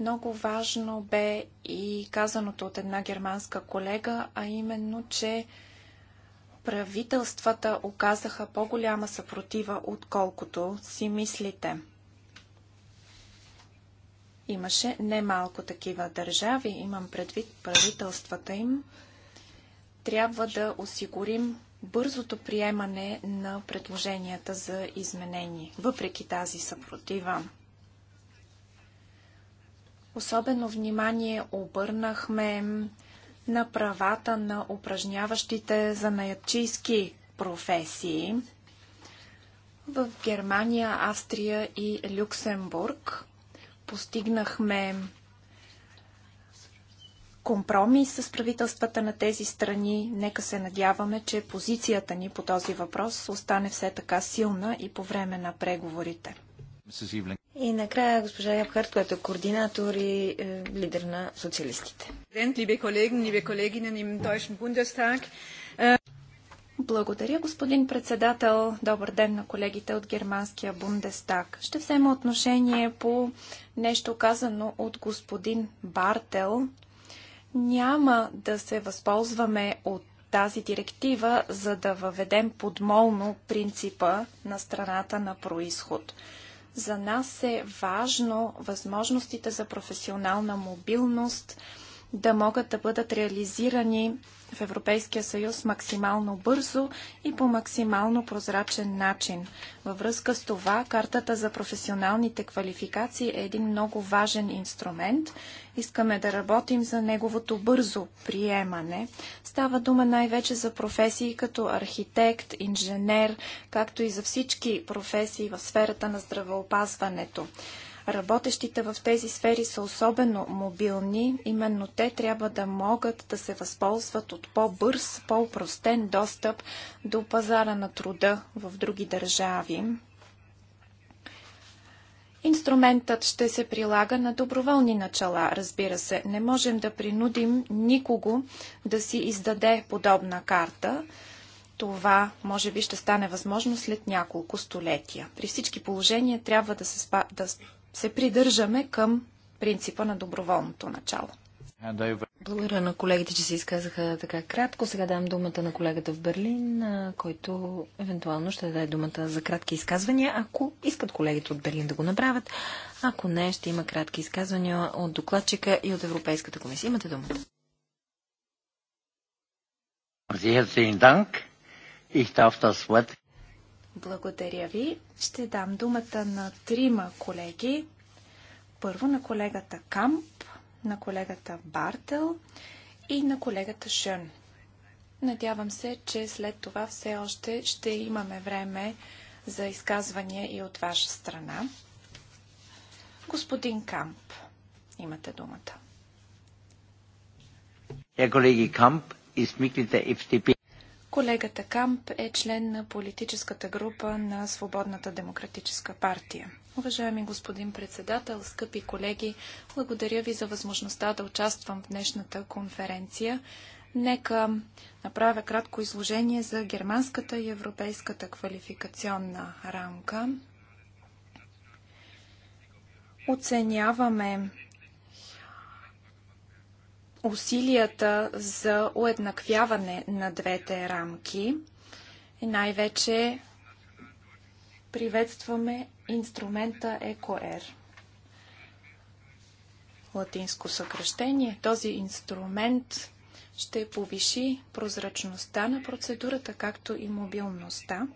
Много важно бе и казаното от една германска колега, а именно, че правителствата оказаха по-голяма съпротива, отколкото си мислите. Имаше немалко такива държави, имам предвид правителствата им. Трябва да осигурим бързото приемане на предложенията за изменение, въпреки тази съпротива. Особено внимание обърнахме на правата на упражняващите занаятчийски професии в Германия, Австрия и Люксембург. Постигнахме компромис с правителствата на тези страни. Нека се надяваме, че позицията ни по този въпрос остане все така силна и по време на преговорите. И накрая госпожа Ябхарт, която е координатор и е, лидер на социалистите. Е, благодаря, господин председател. Добър ден на колегите от германския Бундестаг. Ще взема отношение по нещо казано от господин Бартел. Няма да се възползваме от тази директива, за да въведем подмолно принципа на страната на происход. За нас е важно възможностите за професионална мобилност – да могат да бъдат реализирани в Европейския съюз максимално бързо и по максимално прозрачен начин. Във връзка с това, картата за професионалните квалификации е един много важен инструмент. Искаме да работим за неговото бързо приемане. Става дума най-вече за професии като архитект, инженер, както и за всички професии в сферата на здравеопазването. Работещите в тези сфери са особено мобилни. Именно те трябва да могат да се възползват от по-бърз, по-упростен достъп до пазара на труда в други държави. Инструментът ще се прилага на доброволни начала, разбира се. Не можем да принудим никого да си издаде подобна карта. Това може би ще стане възможно след няколко столетия. При всички положения трябва да, се спа, да се придържаме към принципа на доброволното начало. Благодаря на колегите, че се изказаха така кратко. Сега давам думата на колегата в Берлин, който евентуално ще даде думата за кратки изказвания, ако искат колегите от Берлин да го направят. Ако не, ще има кратки изказвания от докладчика и от Европейската комисия. Имате думата. Ich darf das Wort благодаря ви. Ще дам думата на трима колеги. Първо на колегата Камп, на колегата Бартел и на колегата Шън. Надявам се, че след това все още ще имаме време за изказвания и от ваша страна. Господин Камп, имате думата. Я колеги Камп, ist Mitglied der Колегата Камп е член на политическата група на Свободната демократическа партия. Уважаеми господин председател, скъпи колеги, благодаря ви за възможността да участвам в днешната конференция. Нека направя кратко изложение за германската и европейската квалификационна рамка. Оценяваме усилията за уеднаквяване на двете рамки. И най-вече приветстваме инструмента ЕКОЕР. Латинско съкръщение. Този инструмент ще повиши прозрачността на процедурата, както и мобилността.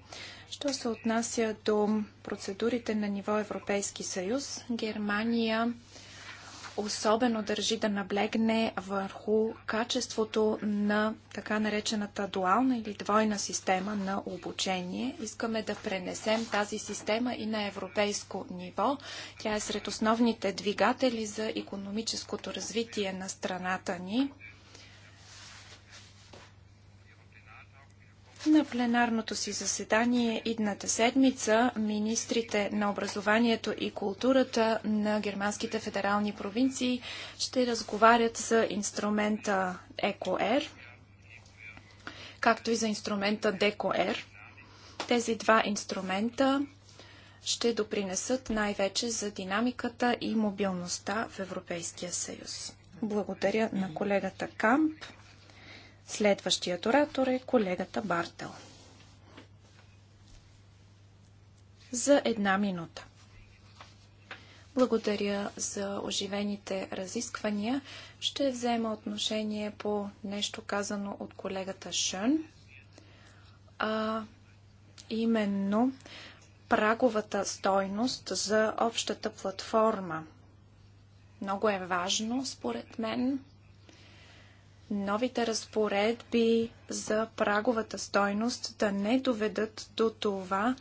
Що се отнася до процедурите на ниво Европейски съюз, Германия особено държи да наблегне върху качеството на така наречената дуална или двойна система на обучение. Искаме да пренесем тази система и на европейско ниво. Тя е сред основните двигатели за економическото развитие на страната ни. На пленарното си заседание идната седмица министрите на образованието и културата на германските федерални провинции ще разговарят за инструмента ЕКОР, както и за инструмента ДЕКОР. Тези два инструмента ще допринесат най-вече за динамиката и мобилността в Европейския съюз. Благодаря на колегата Камп. Следващият оратор е колегата Бартел. За една минута. Благодаря за оживените разисквания. Ще взема отношение по нещо казано от колегата Шън. А, именно праговата стойност за общата платформа. Много е важно, според мен, новите разпоредби за праговата стойност да не доведат до това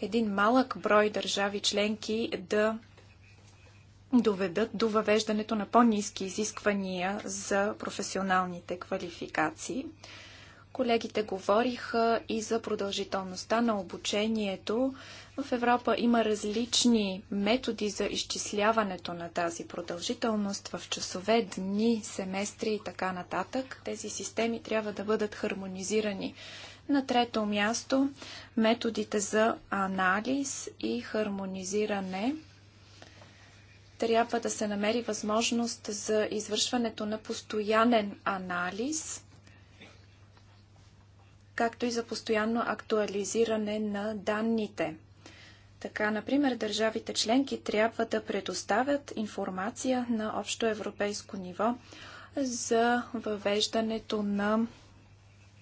един малък брой държави членки да доведат до въвеждането на по-низки изисквания за професионалните квалификации. Колегите говориха и за продължителността на обучението. В Европа има различни методи за изчисляването на тази продължителност в часове, дни, семестри и така нататък. Тези системи трябва да бъдат хармонизирани. На трето място методите за анализ и хармонизиране трябва да се намери възможност за извършването на постоянен анализ както и за постоянно актуализиране на данните. Така, например, държавите членки трябва да предоставят информация на общо европейско ниво за въвеждането на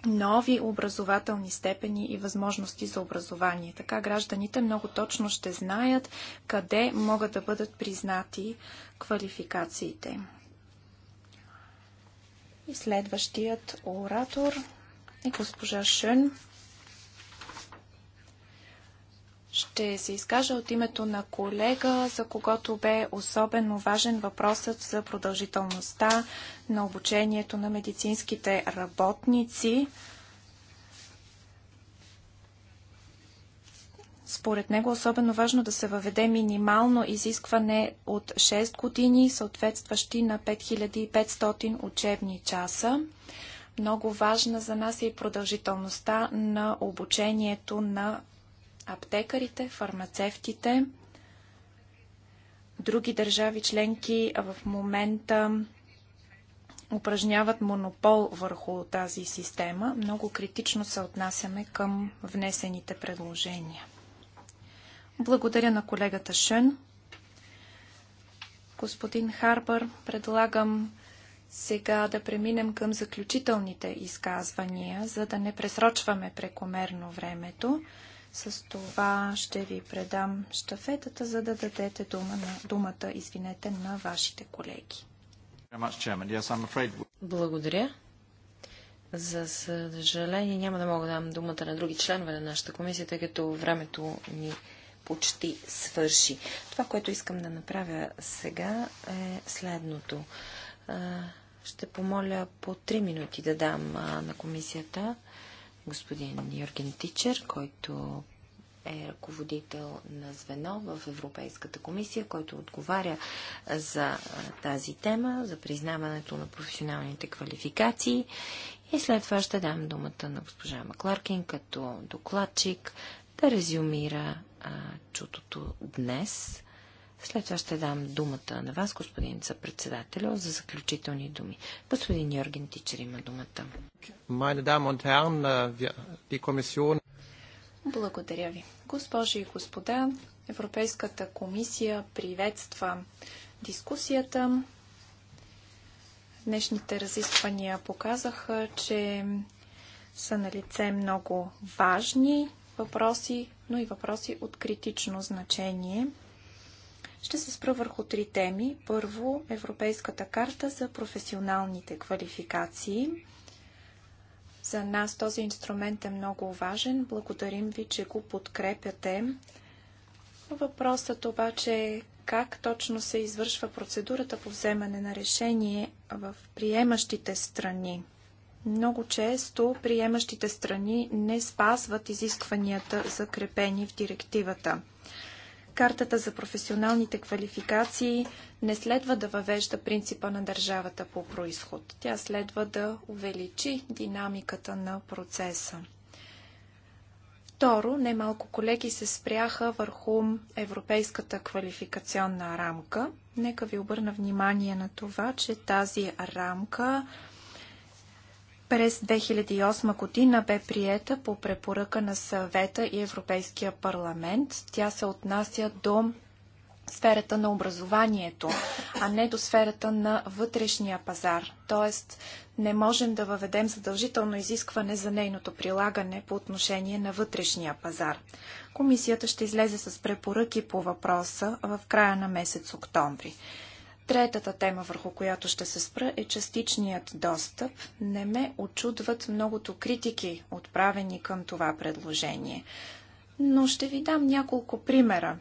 нови образователни степени и възможности за образование. Така гражданите много точно ще знаят къде могат да бъдат признати квалификациите. И следващият оратор и госпожа Шън. Ще се изкажа от името на колега, за когото бе особено важен въпросът за продължителността на обучението на медицинските работници. Според него особено важно да се въведе минимално изискване от 6 години, съответстващи на 5500 учебни часа. Много важна за нас е и продължителността на обучението на аптекарите, фармацевтите. Други държави членки в момента упражняват монопол върху тази система. Много критично се отнасяме към внесените предложения. Благодаря на колегата Шън. Господин Харбър, предлагам сега да преминем към заключителните изказвания, за да не пресрочваме прекомерно времето. С това ще ви предам штафетата, за да дадете дума на, думата извинете, на вашите колеги. Благодаря. За съжаление няма да мога да дам думата на други членове на нашата комисия, тъй като времето ни почти свърши. Това, което искам да направя сега е следното. Ще помоля по три минути да дам на комисията господин Йорген Тичер, който е ръководител на звено в Европейската комисия, който отговаря за тази тема, за признаването на професионалните квалификации. И след това ще дам думата на госпожа Макларкин като докладчик да резюмира а, чутото днес след това ще дам думата на вас, господин председател, за заключителни думи. Господин Йорген Тичер има думата. Äh, Благодаря ви. Госпожи и господа, Европейската комисия приветства дискусията. Днешните разисквания показаха, че са на лице много важни въпроси, но и въпроси от критично значение – ще се спра върху три теми. Първо, Европейската карта за професионалните квалификации. За нас този инструмент е много важен. Благодарим ви, че го подкрепяте. Въпросът обаче е как точно се извършва процедурата по вземане на решение в приемащите страни. Много често приемащите страни не спазват изискванията, закрепени в директивата. Картата за професионалните квалификации не следва да въвежда принципа на държавата по происход. Тя следва да увеличи динамиката на процеса. Второ, немалко колеги се спряха върху европейската квалификационна рамка. Нека ви обърна внимание на това, че тази рамка през 2008 година бе приета по препоръка на съвета и Европейския парламент. Тя се отнася до сферата на образованието, а не до сферата на вътрешния пазар. Тоест, не можем да въведем задължително изискване за нейното прилагане по отношение на вътрешния пазар. Комисията ще излезе с препоръки по въпроса в края на месец октомври. Третата тема, върху която ще се спра, е частичният достъп. Не ме очудват многото критики, отправени към това предложение. Но ще ви дам няколко примера.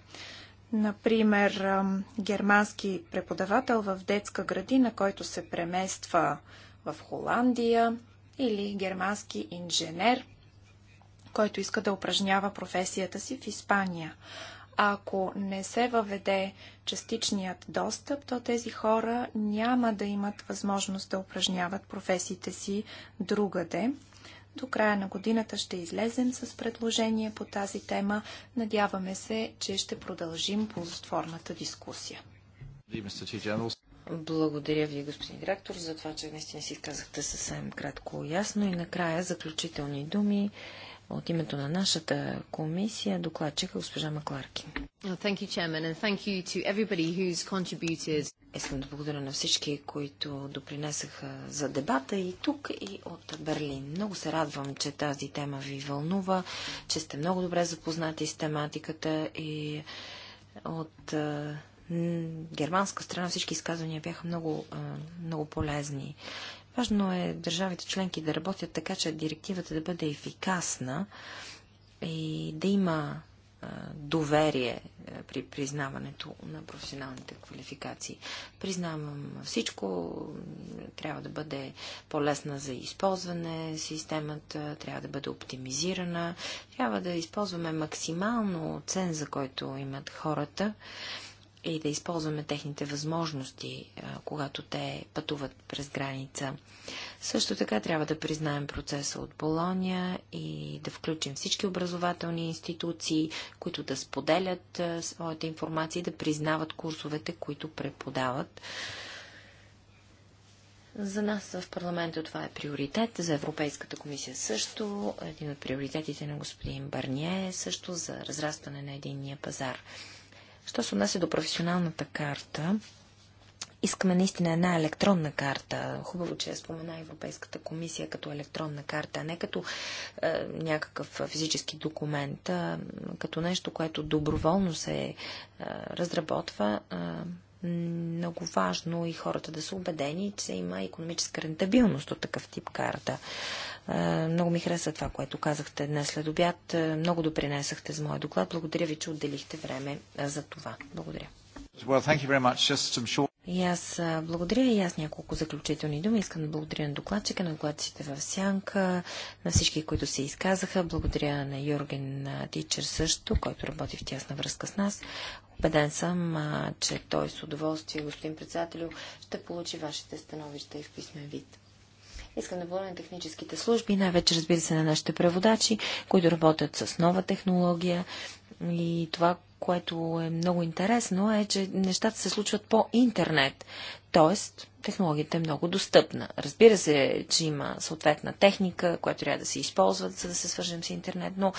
Например, германски преподавател в детска градина, който се премества в Холандия, или германски инженер, който иска да упражнява професията си в Испания. Ако не се въведе частичният достъп, то тези хора няма да имат възможност да упражняват професиите си другаде. До края на годината ще излезем с предложение по тази тема. Надяваме се, че ще продължим ползотворната дискусия. Благодаря ви, господин директор, за това, че наистина си казахте съвсем кратко ясно и накрая заключителни думи от името на нашата комисия докладчика госпожа Макларки. Искам да благодаря на всички, които допринесаха за дебата и тук, и от Берлин. Много се радвам, че тази тема ви вълнува, че сте много добре запознати с тематиката и от германска страна всички изказвания бяха много, много полезни. Важно е държавите членки да работят така, че директивата да бъде ефикасна и да има доверие при признаването на професионалните квалификации. Признавам всичко, трябва да бъде по-лесна за използване системата, трябва да бъде оптимизирана, трябва да използваме максимално ценза, който имат хората и да използваме техните възможности, е, когато те пътуват през граница. Също така трябва да признаем процеса от Болония и да включим всички образователни институции, които да споделят е, своята информация и да признават курсовете, които преподават. За нас в парламента това е приоритет, за Европейската комисия също, един от приоритетите на господин Барние е също за разрастване на единния пазар. Що се отнася до професионалната карта, искаме наистина една електронна карта. Хубаво, че я спомена Европейската комисия като електронна карта, а не като е, някакъв физически документ, а като нещо, което доброволно се е, разработва. Е, много важно и хората да са убедени, че има економическа рентабилност от такъв тип карта. Е, много ми хареса това, което казахте днес след обяд. Е, много допринесахте за моя доклад. Благодаря ви, че отделихте време е, за това. Благодаря. Well, и аз благодаря и аз няколко заключителни думи. Искам да благодаря на докладчика, на докладците в Сянка, на всички, които се изказаха. Благодаря на Юрген Тичер също, който работи в тясна връзка с нас. Обеден съм, че той с удоволствие, господин председател, ще получи вашите становища и в писмен вид. Искам да благодаря на техническите служби, най-вече разбира се на нашите преводачи, които работят с нова технология и това, което е много интересно, е, че нещата се случват по интернет. Тоест, технологията е много достъпна. Разбира се, че има съответна техника, която трябва да се използва, за да се свържем с интернет, но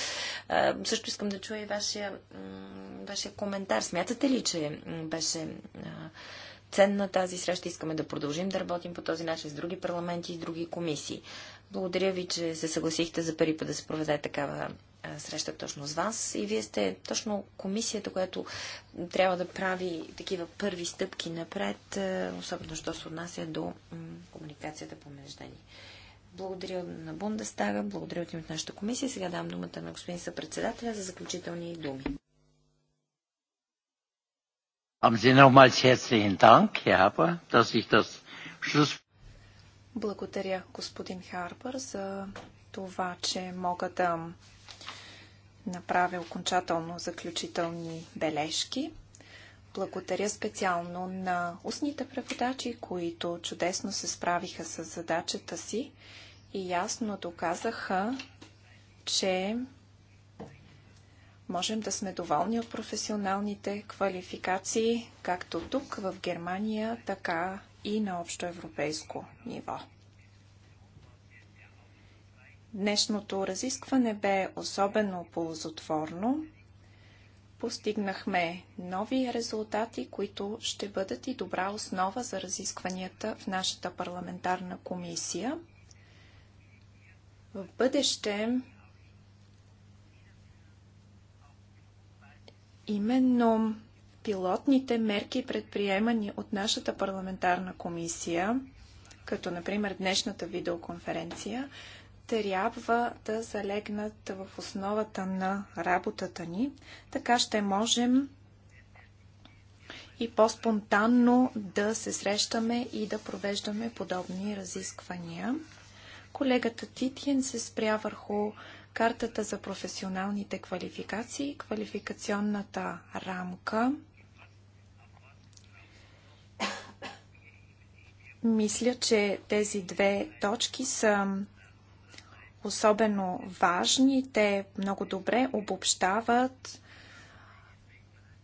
е, също искам да чуя и вашия, вашия коментар. Смятате ли, че беше. Е, ценна тази среща. Искаме да продължим да работим по този начин с други парламенти и други комисии. Благодаря ви, че се съгласихте за първи път да се проведе такава среща точно с вас и вие сте точно комисията, която трябва да прави такива първи стъпки напред, особено що се отнася до комуникацията по ни. Благодаря на Бундестага, благодаря от името на нашата комисия. Сега дам думата на господин съпредседателя за заключителни думи. Haben Sie nochmals herzlichen Dank, Herr dass ich das Schluss... Благодаря, господин Харбър, за това, че мога да направя окончателно заключителни бележки. Благодаря специално на устните преводачи, които чудесно се справиха с задачата си и ясно доказаха, че можем да сме доволни от професионалните квалификации, както тук в Германия, така и на общо европейско ниво. Днешното разискване бе особено ползотворно. Постигнахме нови резултати, които ще бъдат и добра основа за разискванията в нашата парламентарна комисия. В бъдеще именно пилотните мерки, предприемани от нашата парламентарна комисия, като например днешната видеоконференция, трябва да залегнат в основата на работата ни. Така ще можем и по-спонтанно да се срещаме и да провеждаме подобни разисквания. Колегата Титиен се спря върху картата за професионалните квалификации, квалификационната рамка. Мисля, че тези две точки са особено важни. Те много добре обобщават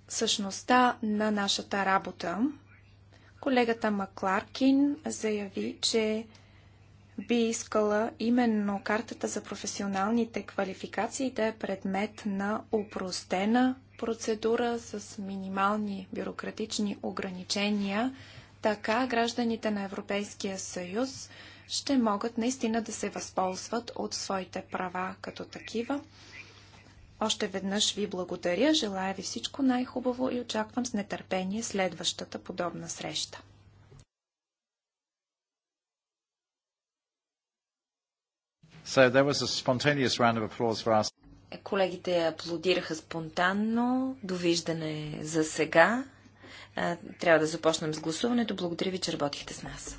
същността на нашата работа. Колегата Макларкин заяви, че би искала именно картата за професионалните квалификации да е предмет на упростена процедура с минимални бюрократични ограничения, така гражданите на Европейския съюз ще могат наистина да се възползват от своите права като такива. Още веднъж ви благодаря, желая ви всичко най-хубаво и очаквам с нетърпение следващата подобна среща. So there was a spontaneous round of applause for us. Колегите аплодираха спонтанно. Довиждане за сега. Трябва да започнем с гласуването. Благодаря ви, че работихте с нас.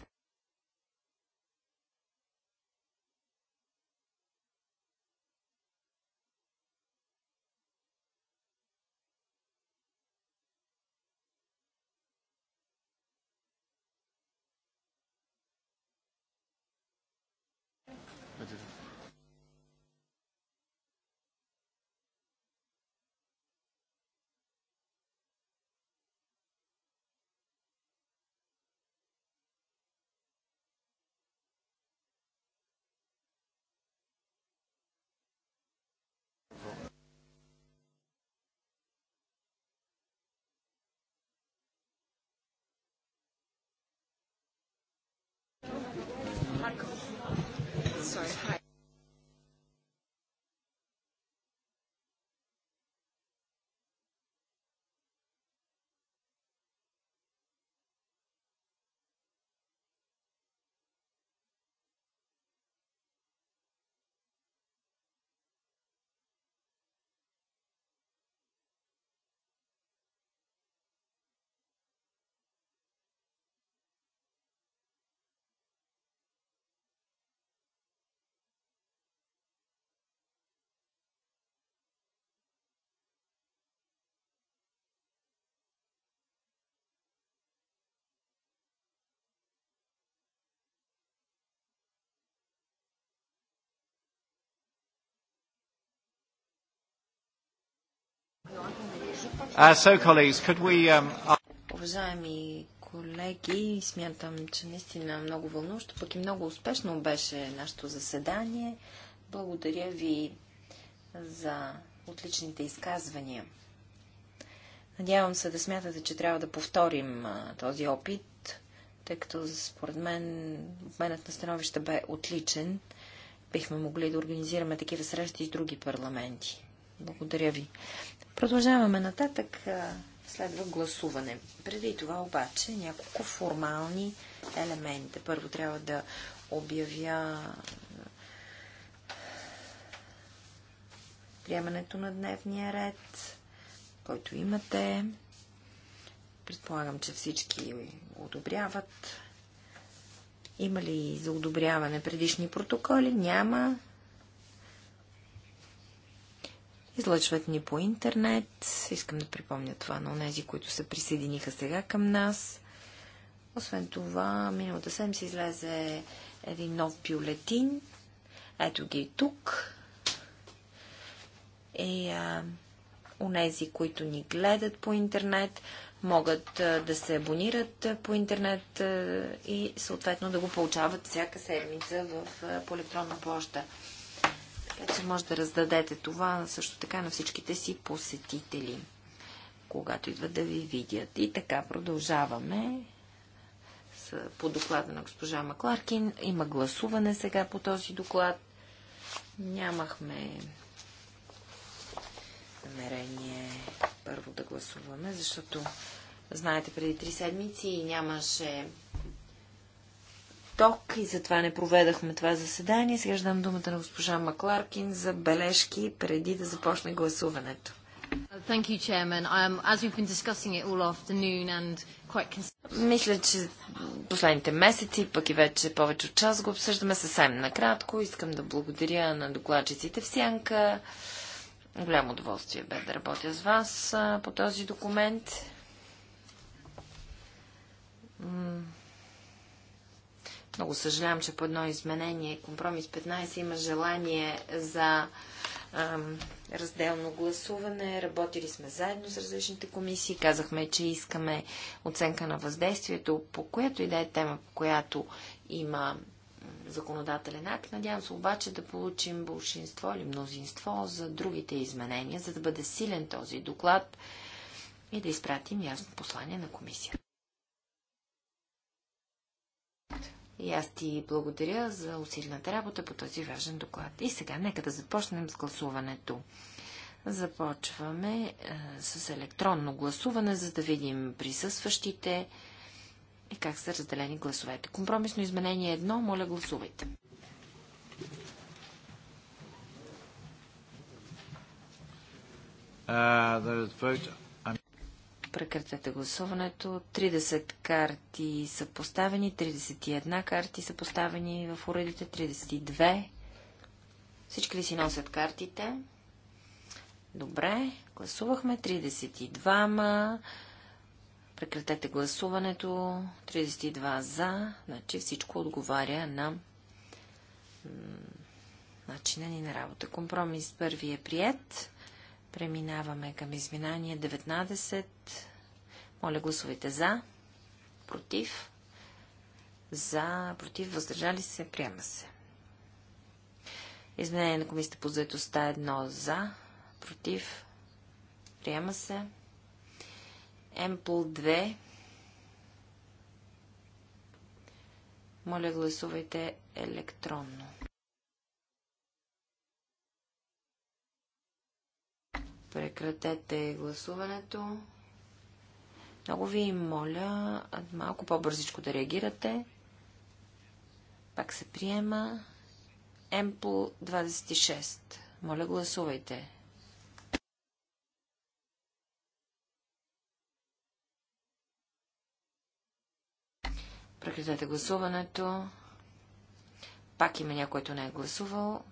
Marco. Uh, um, Уважаеми колеги, смятам, че наистина много вълнуващо, пък и много успешно беше нашето заседание. Благодаря ви за отличните изказвания. Надявам се да смятате, че трябва да повторим този опит, тъй като според мен обменът на становище бе отличен. Бихме могли да организираме такива срещи с други парламенти. Благодаря ви. Продължаваме нататък. Следва гласуване. Преди това обаче няколко формални елементи. Първо трябва да обявя приемането на дневния ред, който имате. Предполагам, че всички го одобряват. Има ли за одобряване предишни протоколи? Няма. Излъчват ни по интернет. Искам да припомня това на тези, които се присъединиха сега към нас. Освен това, миналата седмица излезе един нов бюлетин. Ето ги и тук. И а, онези, които ни гледат по интернет, могат а, да се абонират а, по интернет а, и съответно да го получават всяка седмица в, а, по електронна почта. Така че може да раздадете това също така на всичките си посетители, когато идват да ви видят. И така продължаваме с, по доклада на госпожа Макларкин. Има гласуване сега по този доклад. Нямахме намерение първо да гласуваме, защото, знаете, преди три седмици нямаше ток и затова не проведахме това заседание. Сега ждам думата на госпожа Макларкин за бележки преди да започне гласуването. Мисля, че последните месеци, пък и вече повече от час го обсъждаме съвсем накратко. Искам да благодаря на докладчиците в Сянка. Голямо удоволствие бе да работя с вас по този документ. Много съжалявам, че по едно изменение, компромис 15, има желание за ам, разделно гласуване. Работили сме заедно с различните комисии. Казахме, че искаме оценка на въздействието, по която и да е тема, по която има законодателен акт. Надявам се обаче да получим большинство или мнозинство за другите изменения, за да бъде силен този доклад и да изпратим ясно послание на комисията. И аз ти благодаря за усилената работа по този важен доклад. И сега нека да започнем с гласуването. Започваме е, с електронно гласуване, за да видим присъстващите и как са разделени гласовете. Компромисно изменение едно, моля гласувайте. Uh, Прекратете гласуването. 30 карти са поставени, 31 карти са поставени в уредите, 32. Всички ли си носят картите? Добре, гласувахме 32-ма. Прекратете гласуването. 32 за. Значи всичко отговаря на начина ни на работа. Компромис първи е прият. Преминаваме към изминание 19. Моля, гласувайте за, против, за, против, въздържали се, приема се. Изменение на комисията по заедостта е едно за, против, приема се. Емпл 2. Моля, гласувайте електронно. Прекратете гласуването. Много ви моля малко по-бързичко да реагирате. Пак се приема. Емпл 26. Моля, гласувайте. Прекратете гласуването. Пак има някой, който не е гласувал.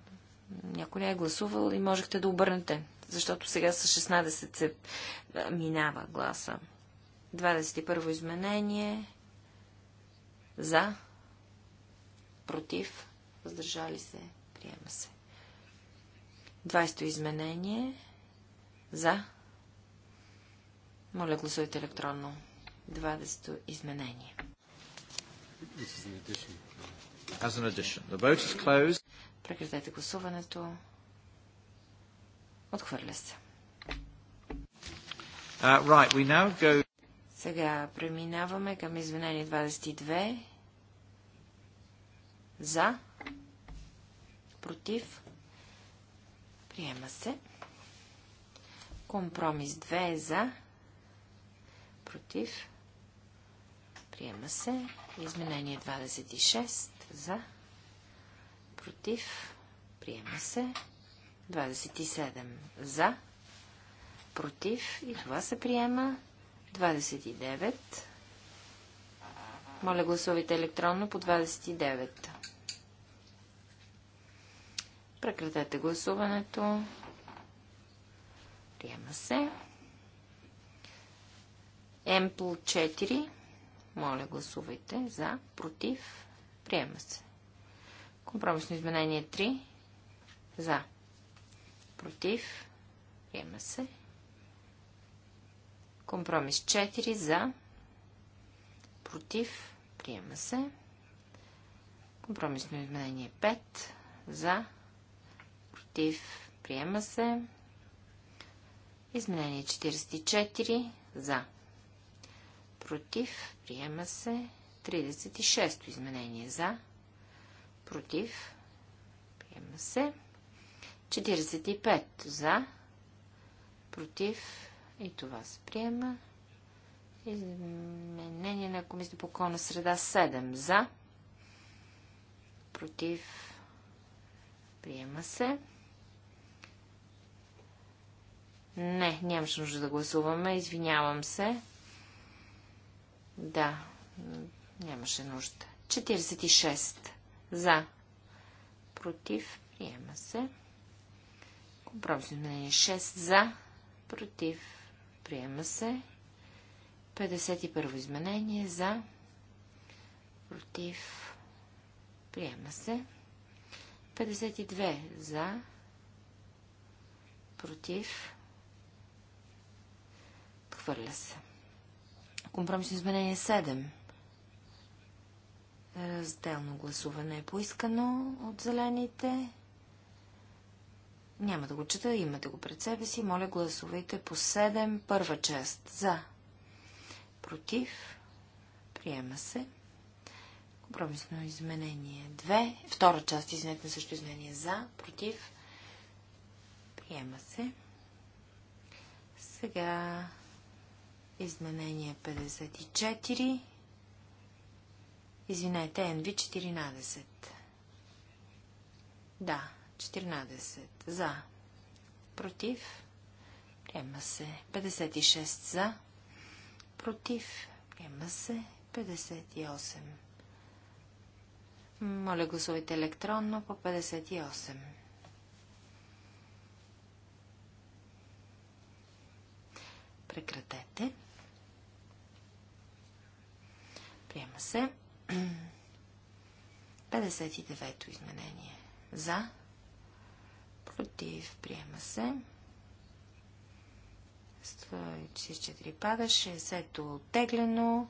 Някой не е гласувал и можехте да обърнете. Защото сега с 16 се минава гласа. 21 изменение. За. Против. Въздържали се. Приема се. 20 изменение. За. Моля, гласувайте електронно. 20 изменение. As an addition. The vote is closed. Прекратете гласуването. Отхвърля се. Uh, right, we now go... Сега преминаваме към извинение 22. За. Против. Приема се. Компромис 2 е за. Против. Приема се. Изменение 26 за. Против. Приема се. 27 за, против и това се приема. 29. Моля гласувайте електронно по 29. Прекратете гласуването. Приема се. Емпл 4. Моля гласувайте за, против. Приема се. Компромисно изменение 3. За против, приема се. Компромис 4 за, против, приема се. Компромисно изменение 5 за, против, приема се. Изменение 44 за, против, приема се. 36 изменение за, против, приема се. 45 за, против и това се приема. Изменение на комисията по околна среда 7 за, против, приема се. Не, нямаше нужда да гласуваме, извинявам се. Да, нямаше нужда. 46 за, против, приема се. Компромисно изменение 6 за, против, приема се. 51 изменение за, против, приема се. 52 за, против, отхвърля се. Компромисно изменение 7. Разделно гласуване е поискано от зелените. Няма да го чета, имате го пред себе си. Моля, гласувайте по 7, първа част. За. Против. Приема се. Компромисно изменение 2. Втора част, извинете, също изменение за. Против. Приема се. Сега изменение 54. Извинете, NV 14. Да. 14 за. Против. Приема се. 56 за. Против. Приема се. 58. Моля, гласувайте електронно по 58. Прекратете. Приема се. 59-то изменение. За против, приема се. 4 пада, 60-то оттеглено,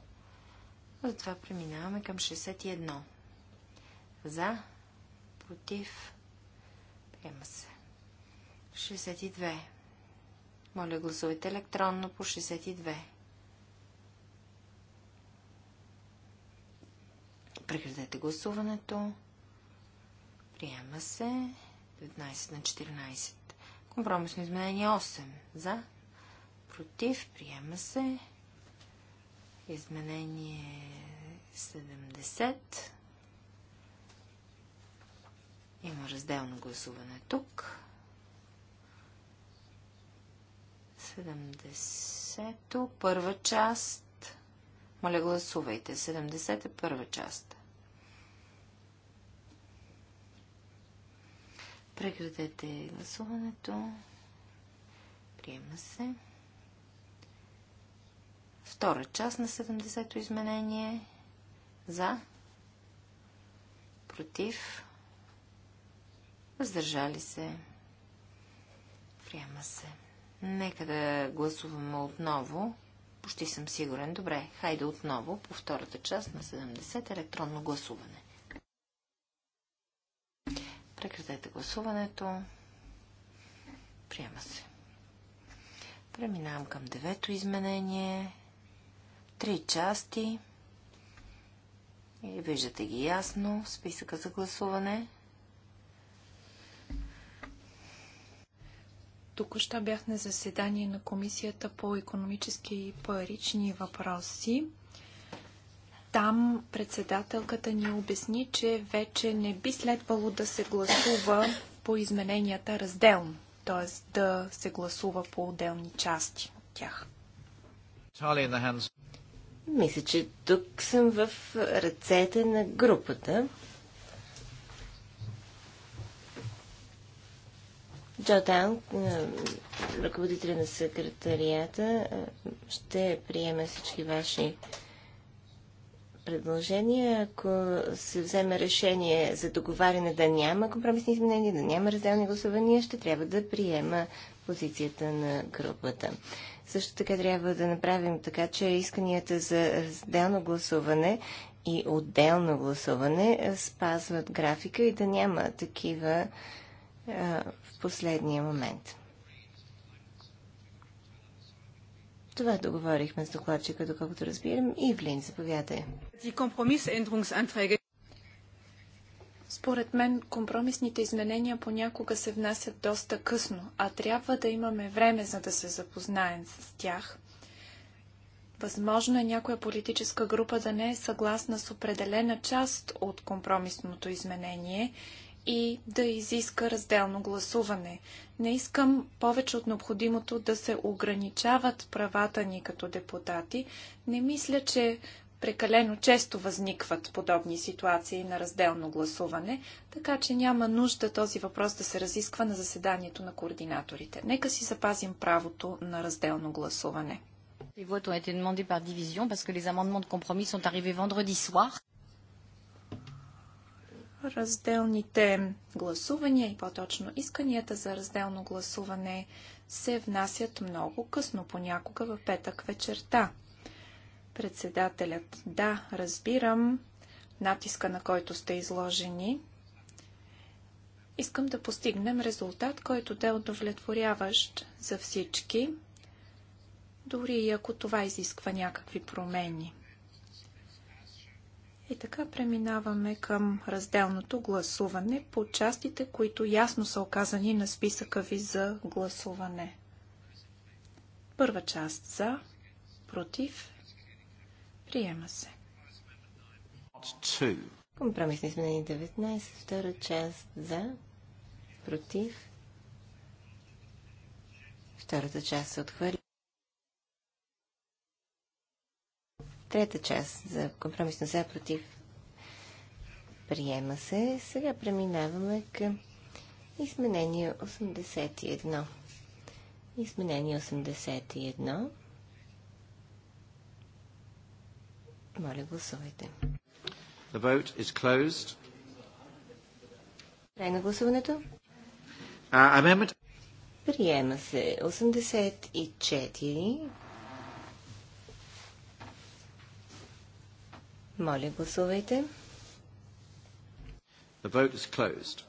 затова преминаваме към 61. За, против, приема се. 62. Моля, гласувайте електронно по 62. Прекратете гласуването. Приема се. 15 на 14. Компромисно изменение 8. За. Против. Приема се. Изменение 70. Има разделно гласуване тук. 70-то, първа част. Моля, гласувайте. 70-та, е първа част. Прекратете гласуването. Приема се. Втора част на 70-то изменение. За. Против. Въздържали се. Приема се. Нека да гласуваме отново. Почти съм сигурен. Добре, хайде отново по втората част на 70 електронно гласуване. Прекратете гласуването. Приема се. Преминавам към девето изменение. Три части. И виждате ги ясно в списъка за гласуване. Току-що бях на заседание на Комисията по економически и парични въпроси. Там председателката ни обясни, че вече не би следвало да се гласува по измененията разделно, т.е. да се гласува по отделни части от тях. Мисля, че тук съм в ръцете на групата. Джо Дан, е, ръководителя на секретарията, е, ще приеме всички ваши предложения, ако се вземе решение за договаряне да няма компромисни изменения, да няма разделни гласувания, ще трябва да приема позицията на групата. Също така трябва да направим така, че исканията за разделно гласуване и отделно гласуване спазват графика и да няма такива а, в последния момент. Това договорихме с докладчика, доколкото разбирам. Ивлин, заповядай. Според мен компромисните изменения понякога се внасят доста късно, а трябва да имаме време, за да се запознаем с тях. Възможно е някоя политическа група да не е съгласна с определена част от компромисното изменение и да изиска разделно гласуване. Не искам повече от необходимото да се ограничават правата ни като депутати. Не мисля, че прекалено често възникват подобни ситуации на разделно гласуване, така че няма нужда този въпрос да се разисква на заседанието на координаторите. Нека си запазим правото на разделно гласуване. Les votes ont été demandés par division parce que les amendements de compromis sont arrivés vendredi soir. Разделните гласувания и по-точно исканията за разделно гласуване се внасят много късно, понякога в петък вечерта. Председателят, да, разбирам натиска, на който сте изложени. Искам да постигнем резултат, който да е удовлетворяващ за всички, дори и ако това изисква някакви промени. И така преминаваме към разделното гласуване по частите, които ясно са оказани на списъка ви за гласуване. Първа част за, против, приема се. Компромисни изменени 19, втора част за, против. Втората част се отхвърля. Трета част за компромисно за против приема се. Сега преминаваме към изменение 81. Изменение 81. Моля, гласувайте. The vote is closed. Край на гласуването. Uh, Приема се 84 Моля, гласувайте. The vote is closed.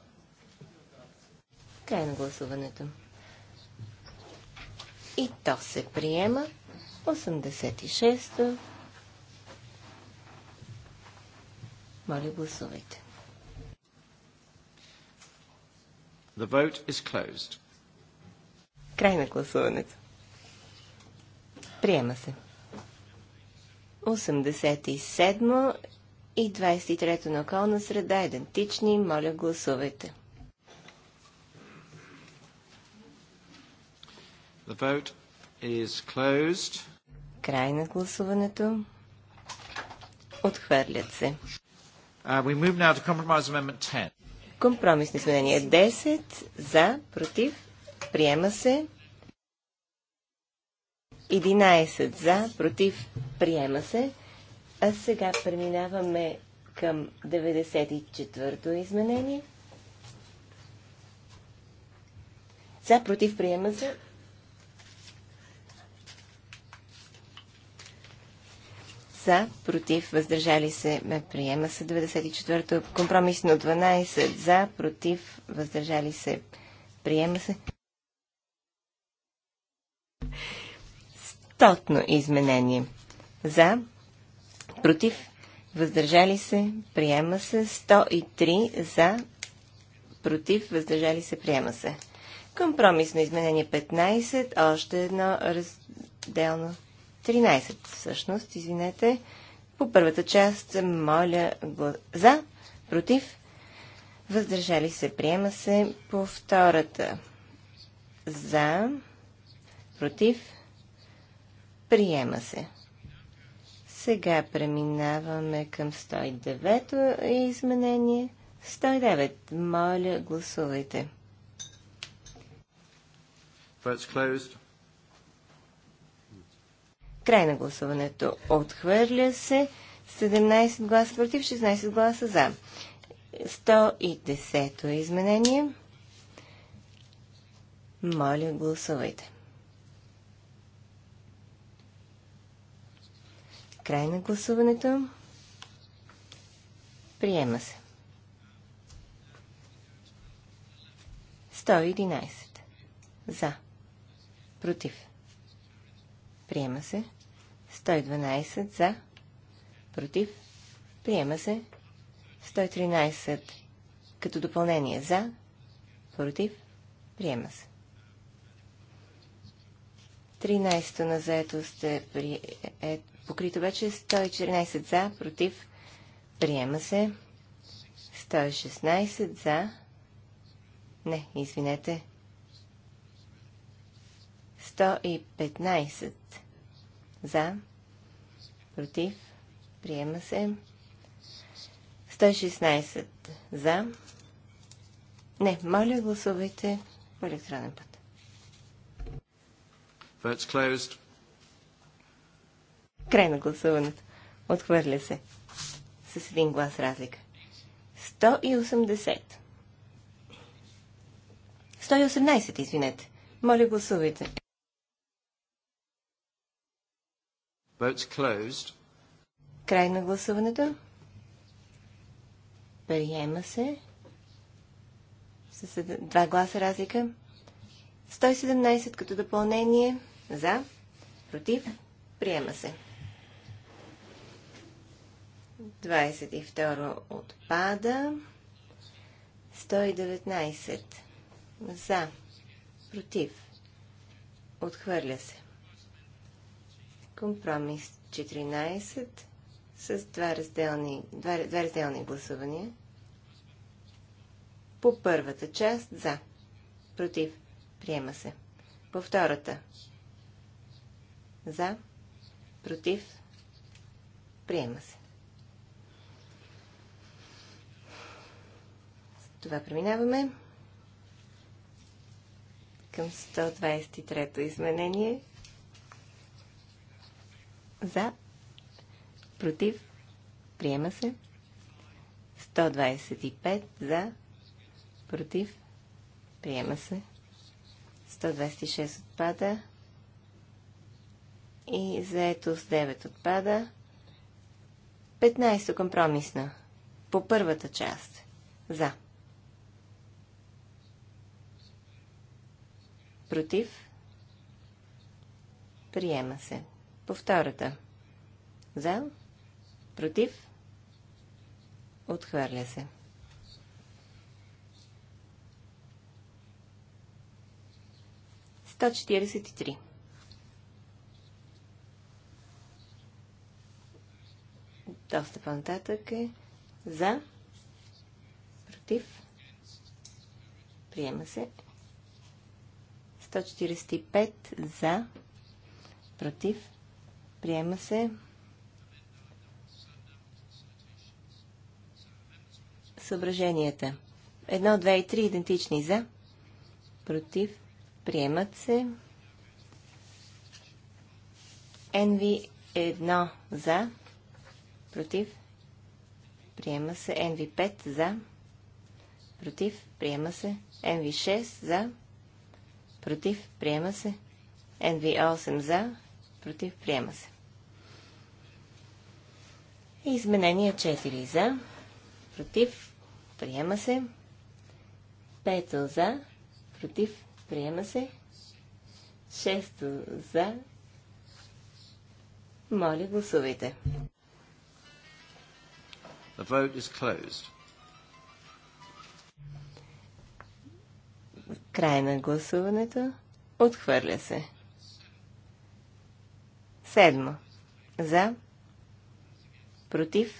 Край на гласуването. И то се приема. 86-то. Моля, гласувайте. The vote is closed. Край на гласуването. Приема се. 87 и 23 на околна среда идентични. Моля, гласувайте. The vote is closed. Край на гласуването. Отхвърлят се. Uh, we move now to compromise amendment 10. Компромисно изменение 10 за, против, приема се. 11 за, против, приема се. А сега преминаваме към 94-то изменение. За, против, приема се. За, против, въздържали се, приема се 94-то. Компромисно 12 за, против, въздържали се, приема се. стотно изменение. За, против, въздържали се, приема се. 103 за, против, въздържали се, приема се. Компромисно изменение 15, още едно разделно 13 всъщност, извинете. По първата част, моля, за, против, въздържали се, приема се. По втората, за, против, Приема се. Сега преминаваме към 109-то изменение. 109. Моля, гласувайте. Край на гласуването. Отхвърля се. 17 гласа против, 16 гласа за. 110-то изменение. Моля, гласувайте. Край на гласуването. Приема се. 111. За. Против. Приема се. 112. За. Против. Приема се. 113. Като допълнение. За. Против. Приема се. 13 то на заетост е прието покрито вече 114 за, против, приема се. 116 за. Не, извинете. 115 за, против, приема се. 116 за. Не, моля гласувайте по електронен път. Votes closed. Край на гласуването. Отхвърля се. С един глас разлика. 180. 118, извинете. Моля, гласувайте. Край на гласуването. Приема се. С два гласа разлика. 117 като допълнение. За. Против. Приема се. 22 отпада. 119 за. Против. Отхвърля се. Компромис 14 с два разделни, два, два разделни гласувания. По първата част за. Против. Приема се. По втората. За. Против. Приема се. това преминаваме към 123-то изменение. За, против, приема се. 125 за, против, приема се. 126 отпада. И заето с 9 отпада. 15 компромисно. По първата част. За. Против. Приема се. По втората. За. Против. Отхвърля се. Сто четиридесет и три. Доста по-нататък е. За. Против. Приема се. 145 за, против, приема се. Съображенията. 1, 2 и 3 идентични за, против, приемат се. NV 1 за, против, приема се. NV 5 за, против, приема се. NV 6 за, против, приема се. NV8 за, против, приема се. Изменения 4 за, против, приема се. 5 за, против, приема се. 6 за. Моля, гласувайте. The vote is closed. Край на гласуването. Отхвърля се. Седмо. За. Против.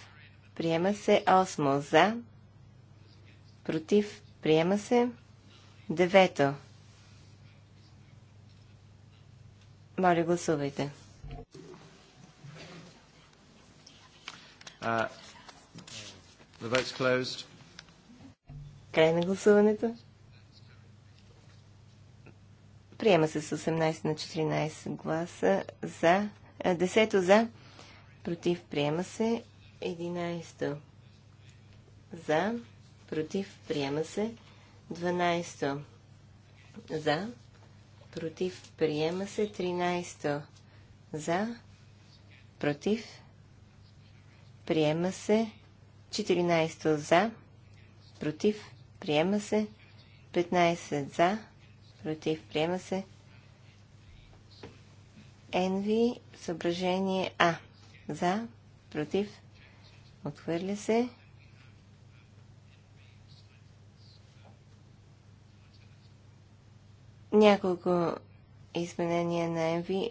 Приема се. Осмо. За. Против. Приема се. Девето. Моля, гласувайте. Uh, Край на гласуването. Приема се с 18 на 14 гласа за. 10 за. Против. Приема се. 11 за. Против. Приема се. 12 за. Против. Приема се. 13 за. Против. Приема се. 14 за. Против. Приема се. 15 за против, приема се. Енви, съображение А. За, против, отхвърля се. Няколко изменения на Енви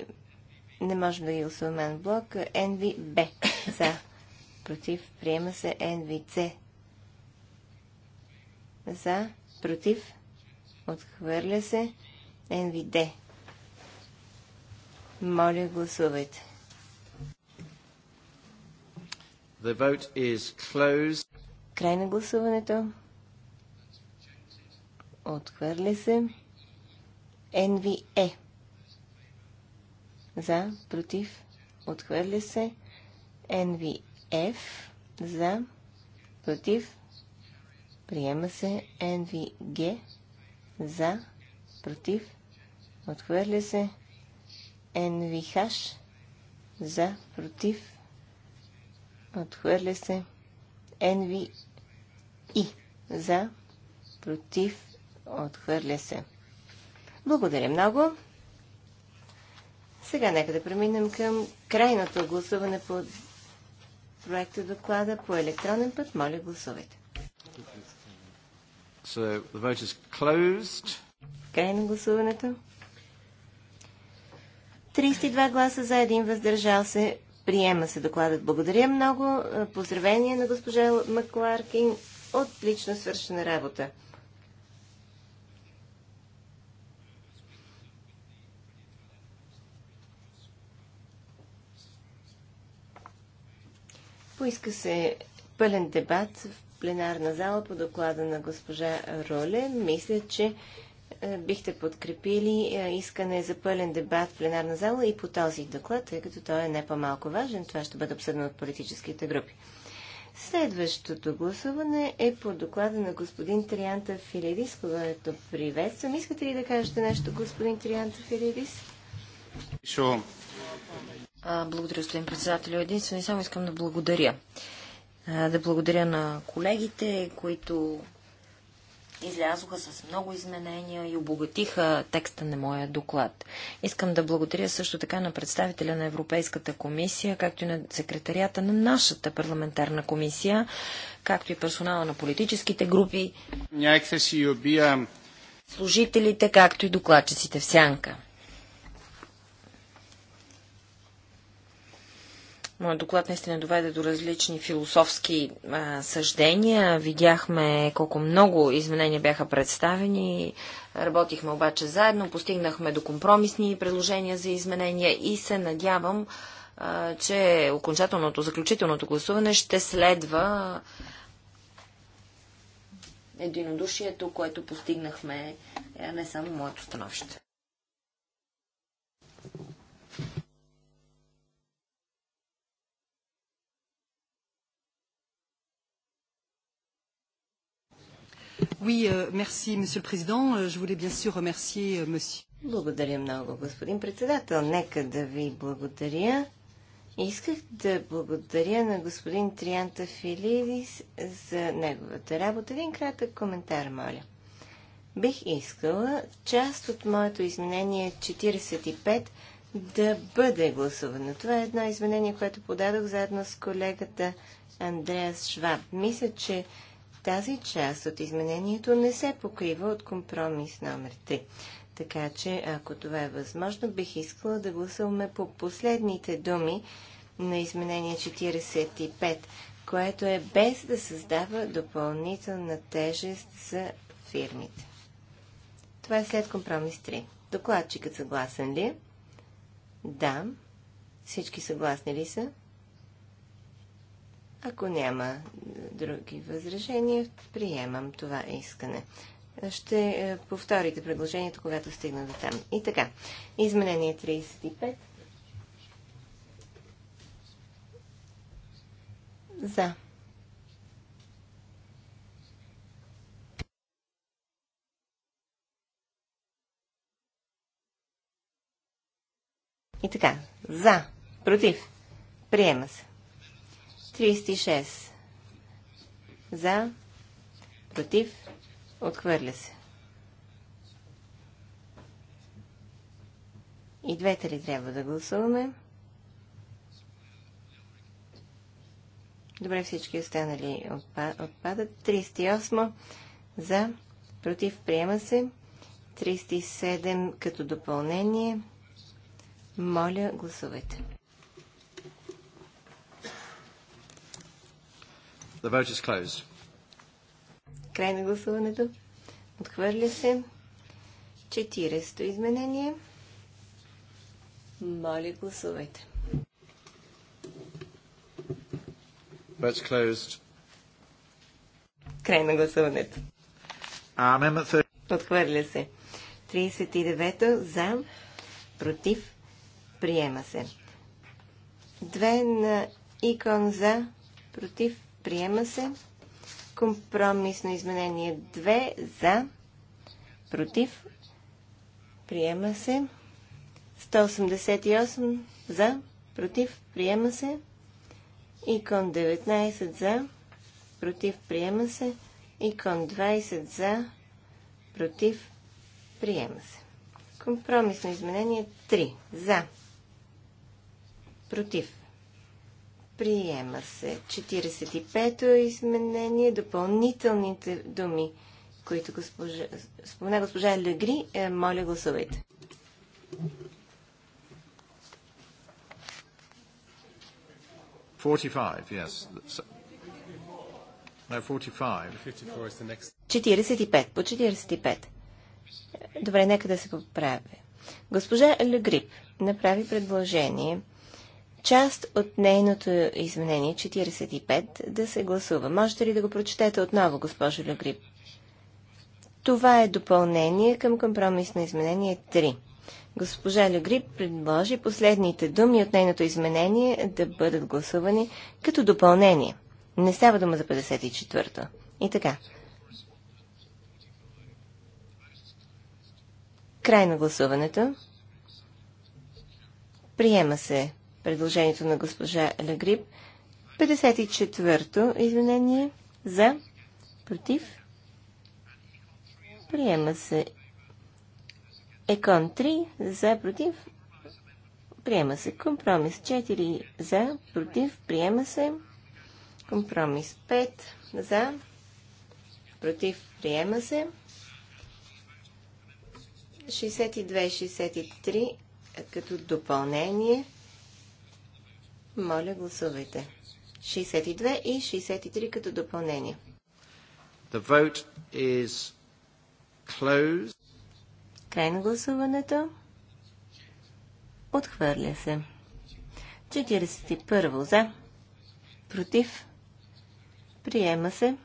не може да ги гласуваме на блок. Енви Б. За, против, приема се. Енви С. За, против, Отхвърля се. НВД. Моля, гласувайте. The vote is closed. Край на гласуването. Отхвърля се. НВЕ. E. За, против. Отхвърля се. NVF. За, против. Приема се. NVG за, против, отхвърля се. NVH за, против, отхвърля се. NVI за, против, отхвърля се. Благодаря много. Сега нека да преминем към крайното гласуване по проекта доклада по електронен път. Моля, гласувайте. So the vote is closed. Край на гласуването. 32 гласа за един въздържал се. Приема се докладът. Благодаря много. Поздравение на госпожа Макларкин. Отлично свършена работа. Поиска се пълен дебат в пленарна зала по доклада на госпожа Роле. Мисля, че е, бихте подкрепили е, искане за пълен дебат в пленарна зала и по този доклад, тъй като той е не по-малко важен. Това ще бъде обсъдено от политическите групи. Следващото гласуване е по доклада на господин Трианта Филидис, когато приветствам. Искате ли да кажете нещо, господин Трианта Филидис? Благодаря, господин председател. Единствено и само искам да благодаря да благодаря на колегите, които излязоха с много изменения и обогатиха текста на моя доклад. Искам да благодаря също така на представителя на Европейската комисия, както и на секретарията на нашата парламентарна комисия, както и персонала на политическите групи, служителите, както и докладчиците в сянка. Моят доклад наистина доведе до различни философски а, съждения. Видяхме колко много изменения бяха представени. Работихме обаче заедно, постигнахме до компромисни предложения за изменения и се надявам, а, че окончателното, заключителното гласуване ще следва единодушието, което постигнахме не само моето становище. Oui, euh, merci, monsieur le président. Euh, je voulais bien sûr remercier euh, monsieur. Благодаря много, господин председател. Нека да ви благодаря. Исках да благодаря на господин Трианта Филидис за неговата работа. Един кратък коментар, моля. Бих искала част от моето изменение 45 да бъде гласувано. Това е едно изменение, което подадох заедно с колегата Андреас Шваб. Мисля, че тази част от изменението не се покрива от компромис номер 3. Така че, ако това е възможно, бих искала да гласуваме по последните думи на изменение 45, което е без да създава допълнителна тежест за фирмите. Това е след компромис 3. Докладчикът съгласен ли? Е? Да. Всички съгласни ли са? Ако няма други възражения, приемам това искане. Ще е, повторите предложението, когато стигна до там. И така, изменение 35. За. И така, за, против, приема се. 36. За. Против. Отхвърля се. И двете ли трябва да гласуваме? Добре, всички останали отпадат. 38 за, против приема се. 37 като допълнение. Моля, гласувайте. The vote is closed. Край на гласуването. Отхвърля се. 40-то изменение. Моля, гласувайте. Vote's closed. Край на гласуването. Отхвърля се. 39-то за, против, приема се. Две на икон за, против, приема се. Компромисно изменение 2 за, против, приема се. 188 за, против, приема се. Икон 19 за, против, приема се. Икон 20 за, против, приема се. Компромисно изменение 3 за, против, Приема се 45-то изменение, допълнителните думи, които госпожа, спомена госпожа Легри. Е, моля, гласувайте. Yes. No, 45. По 45. Добре, нека да се поправя. Госпожа Легрип направи предложение – част от нейното изменение 45 да се гласува. Можете ли да го прочетете отново, госпожо Люгрип? Това е допълнение към компромисно изменение 3. Госпожа Люгрип предложи последните думи от нейното изменение да бъдат гласувани като допълнение. Не става дума за 54-то. И така. Край на гласуването. Приема се предложението на госпожа Легрип. 54-то изменение за, против, приема се Екон 3 за, против, приема се компромис 4 за, против, приема се компромис 5 за, против, приема се 62-63 като допълнение – моля, гласувайте. 62 и 63 като допълнение. The vote is closed. Край на гласуването. Отхвърля се. 41 за. Против. Приема се.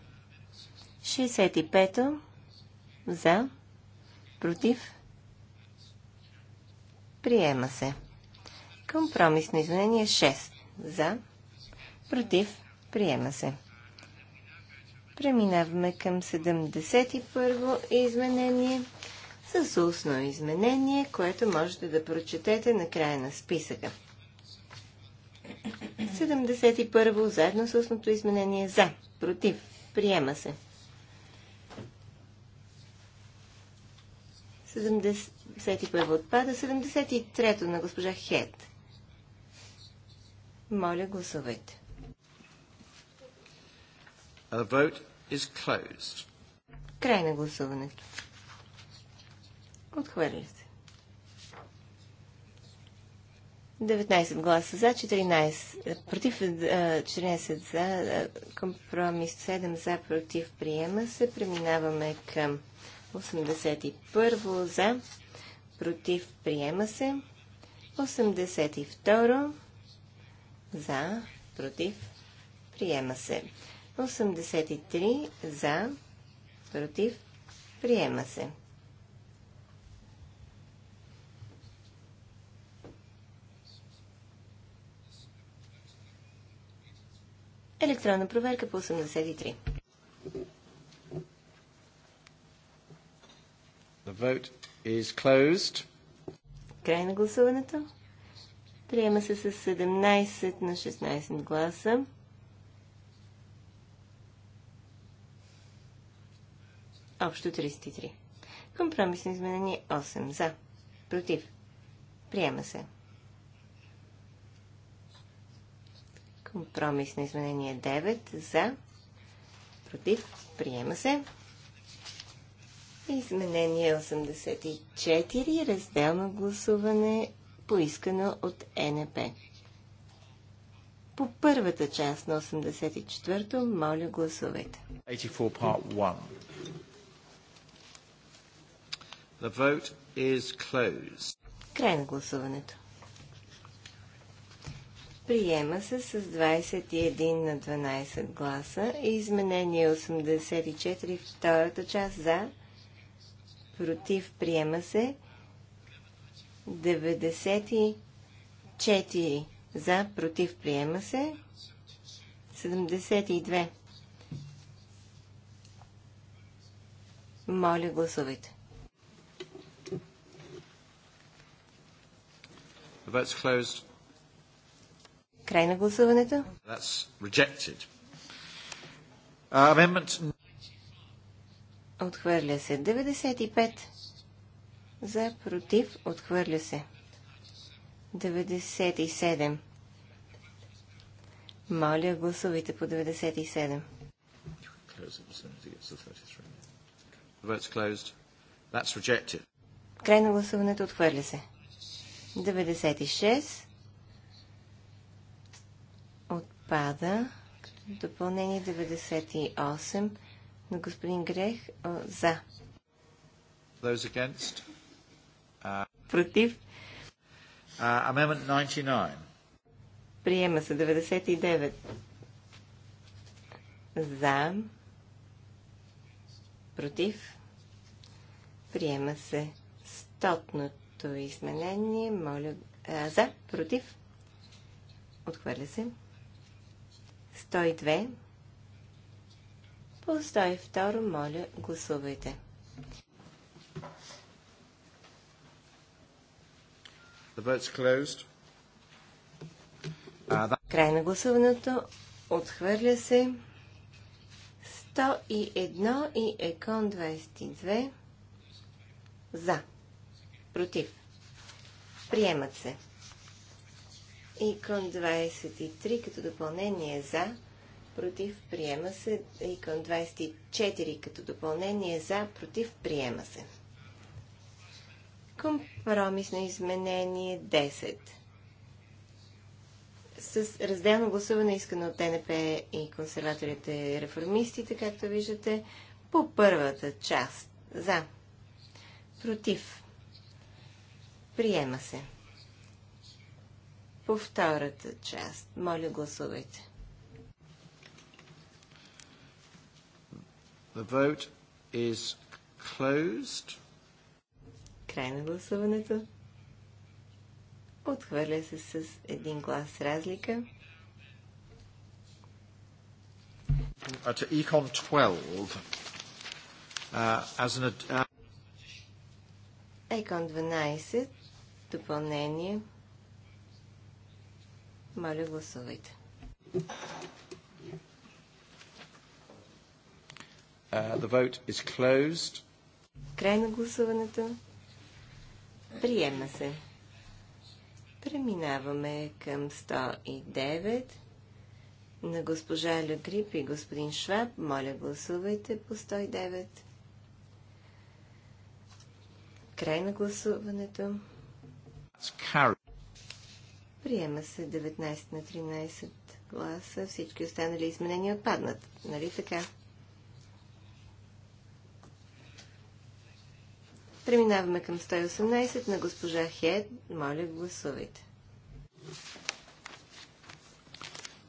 65 за. Против. Приема се. Компромисно изменение 6. За. Против. Приема се. Преминаваме към 71-во изменение с устно изменение, което можете да прочетете на края на списъка. 71-во заедно с устното изменение за, против, приема се. 71-во отпада, 73-то на госпожа Хед. Моля, гласувайте. The vote is closed. Край на гласуването. Отхвърля се. 19 гласа за, 14 е, против, 14 е, за, е, компромис 7 за, против, приема се. Преминаваме към 81 за, против, приема се. 82 за, против, приема се. 83 за, против, приема се. Електронна проверка по 83. The vote is closed. Край на гласуването. Приема се с 17 на 16 гласа. Общо 33. Компромисно изменение 8. За. Против. Приема се. Компромисно изменение 9. За. Против. Приема се. Изменение 84. Разделно гласуване поискано от НП. По първата част на 84-то, моля гласувайте. 84, The vote is closed. Край на гласуването. Приема се с 21 на 12 гласа и изменение 84 втората част за, против приема се 94 за, против, приема се. 72. Моля, гласувайте. Край на гласуването. Uh, Отхвърля се 95 за, против, отхвърля се. 97. Моля, гласувайте по 97. Край на гласуването отхвърля се. 96. Отпада. Допълнение 98 на господин Грех за. Those against? против. Uh, amendment 99. Приема се 99. За. Против. Приема се стотното изменение. Моля. за. Против. Отхвърля се. 102. По 102 моля гласувайте. The vote's closed. Uh, that... Край на гласуването. Отхвърля се. 101 и Екон 22. За. Против. Приемат се. Икон 23 като допълнение за. Против. Приема се. Икон 24 като допълнение за. Против. Приема се. Компромис на изменение 10. С разделно гласуване искано от ТНП и консерваторите и реформистите, както виждате, по първата част. За. Против. Приема се. По втората част. Моля, гласувайте. The vote is closed. Край на гласуването. Отхвърля се с един глас разлика. At Econ 12, uh, as an, uh... Econ 12, допълнение. Моля, гласувайте. Uh, the vote is closed. Край на гласуването. Приема се. Преминаваме към 109 на госпожа Легрип и господин Шваб. Моля, гласувайте по 109. Край на гласуването. Приема се 19 на 13 гласа. Всички останали изменения отпаднат. Нали така? Преминаваме към 118 на госпожа Хед. Моля, гласувайте.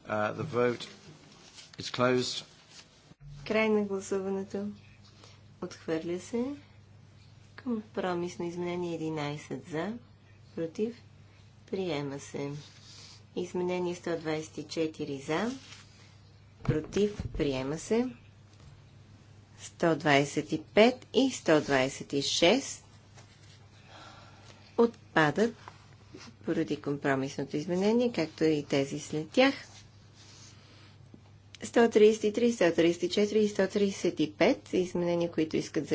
Uh, the vote is closed. Край на гласуването. Отхвърля се. Компромисно изменение 11 за. Против. Приема се. Изменение 124 за. Против. Приема се. 125 и 126 отпадат поради компромисното изменение, както и тези след тях. 133, 134 и 135 изменения, които искат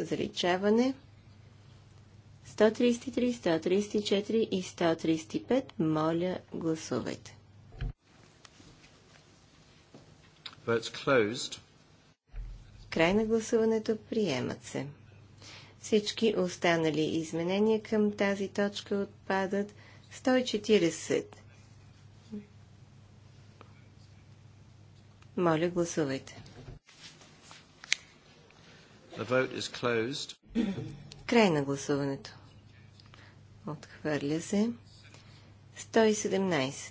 заличаване. 133, 134 и 135. Моля, гласувайте. Votes closed. Край на гласуването приемат се. Всички останали изменения към тази точка отпадат 140. Моля, гласувайте. The vote is closed. Край на гласуването. Отхвърля се. 117.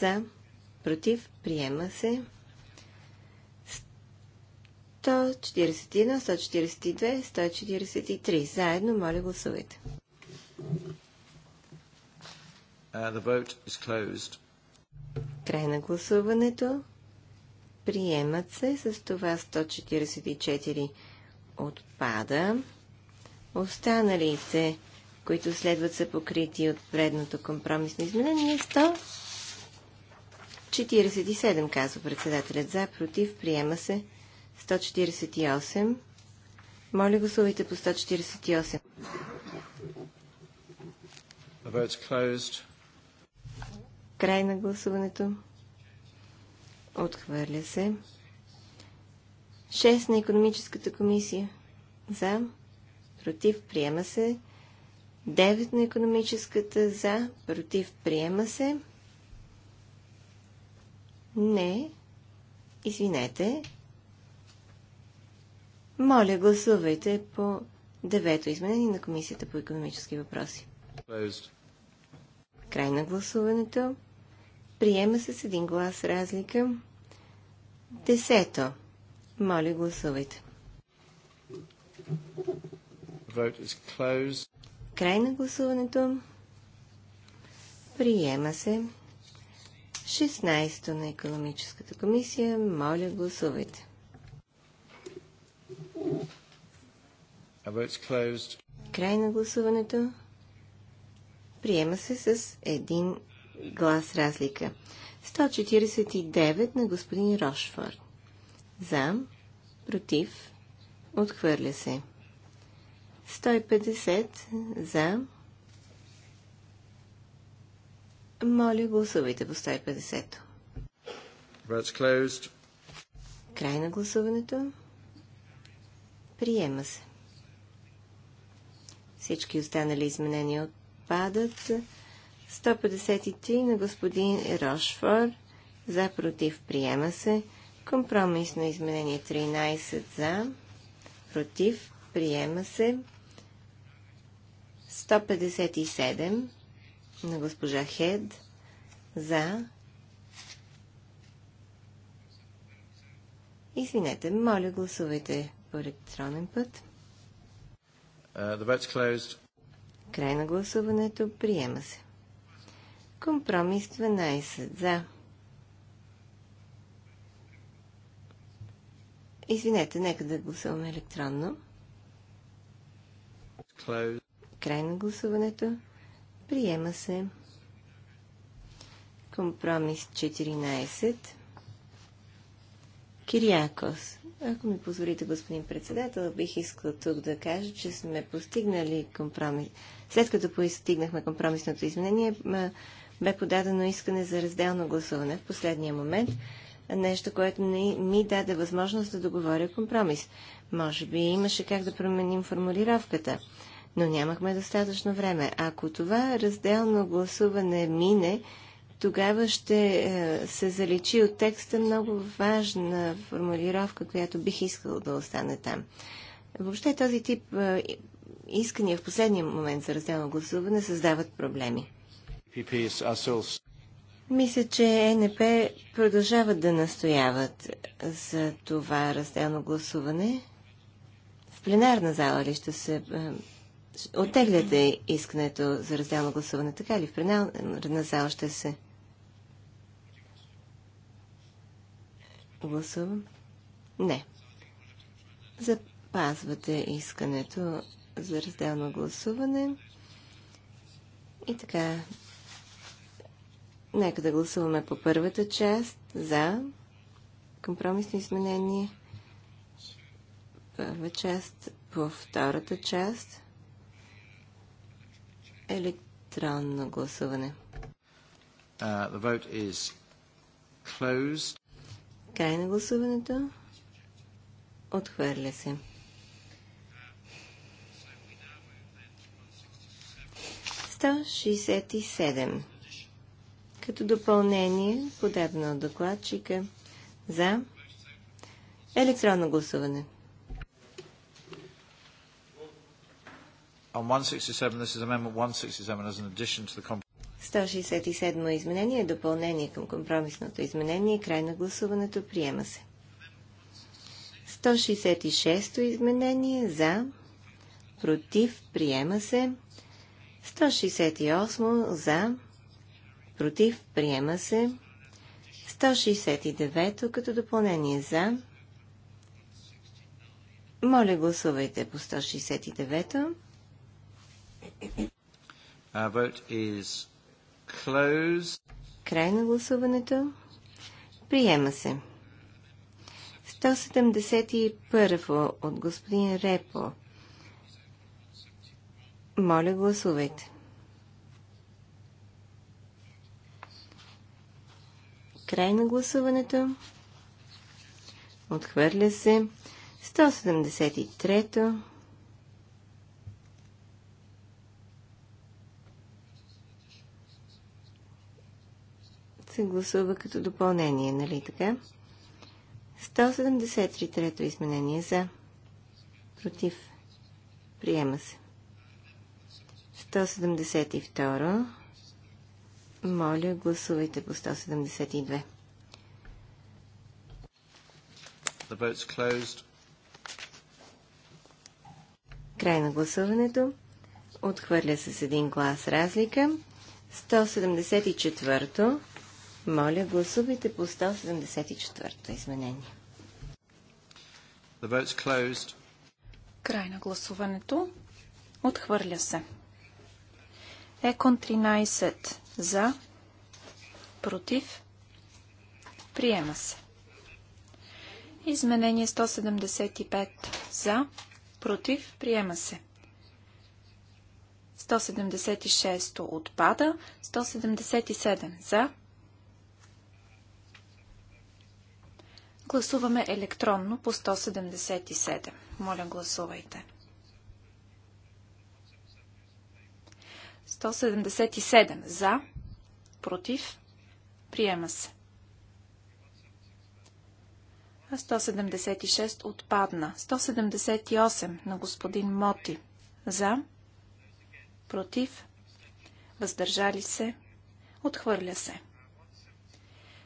За. Против. Приема се. 141, 142, 143. Заедно, моля, гласувайте. Uh, Край на гласуването. Приемат се. С това 144 отпада. Останалите, които следват са покрити от предното компромисно изменение, 100. 47, казва председателят за, против, приема се 148. Моля, гласувайте по 148. The vote's closed. Край на гласуването. Отхвърля се. 6 на економическата комисия. За. Против. Приема се. 9 на економическата. За. Против. Приема се. Не. Извинете. Моля, гласувайте по девето изменение на Комисията по економически въпроси. Closed. Край на гласуването. Приема се с един глас разлика. Десето. Моля, гласувайте. Край на гласуването. Приема се. 16 на економическата комисия. Моля, гласувайте. Край на гласуването. Приема се с един глас разлика. 149 на господин Рошфорд. За, против, отхвърля се. 150 за. Моля, гласувайте по 150. Край на гласуването. Приема се. Всички останали изменения отпадат. 153 на господин Рошфор. За против приема се. Компромисно изменение 13 за. Против приема се. 157 на госпожа Хед. За. Извинете, моля гласувайте по електронен път. Uh, Край на гласуването. Приема се. Компромис 12. За. Извинете, нека да гласуваме електронно. Край на гласуването. Приема се. Компромис 14. Кириакос. Ако ми позволите, господин председател, бих искал тук да кажа, че сме постигнали компромис. След като постигнахме компромисното изменение, бе подадено искане за разделно гласуване в последния момент, нещо, което не ми даде възможност да договоря компромис. Може би имаше как да променим формулировката, но нямахме достатъчно време. Ако това разделно гласуване мине, тогава ще е, се заличи от текста много важна формулировка, която бих искал да остане там. Въобще този тип е, искания в последния момент за разделно гласуване създават проблеми. Мисля, че е НП продължават да настояват за това разделно гласуване. В пленарна зала ли ще се оттегляте искането за разделно гласуване, така ли? В пленарна зала ще се Гласувам. Не. Запазвате искането за разделно гласуване. И така, нека да гласуваме по първата част за компромисно изменение. Първа част по втората част електронно гласуване. Uh, the vote is closed. Край на гласуването. Отхвърля се. Като допълнение, подадено от докладчика, за електронно гласуване. On 167, this is amendment 167 as an addition to the 167 изменение е допълнение към компромисното изменение. Край на гласуването. Приема се. 166 изменение. За. Против. Приема се. 168 за. Против. Приема се. 169 като допълнение за. Моля, гласувайте по 169. Our vote is Край на гласуването. Приема се. 171 от господин Репо. Моля, гласувайте. Край на гласуването. Отхвърля се. 173-то. се гласува като допълнение, нали така? 173 трето изменение за. Против. Приема се. 172. Моля, гласувайте по 172. The vote's closed. Край на гласуването. Отхвърля се с един глас разлика. 174. Моля, гласувайте по 174-то изменение. The vote's closed. Край на гласуването. Отхвърля се. Екон 13 за, против, приема се. Изменение 175 за, против, приема се. 176 отпада, 177 за, Гласуваме електронно по 177. Моля, гласувайте. 177 за, против, приема се. А 176 отпадна. 178 на господин Моти. За, против, въздържали се, отхвърля се.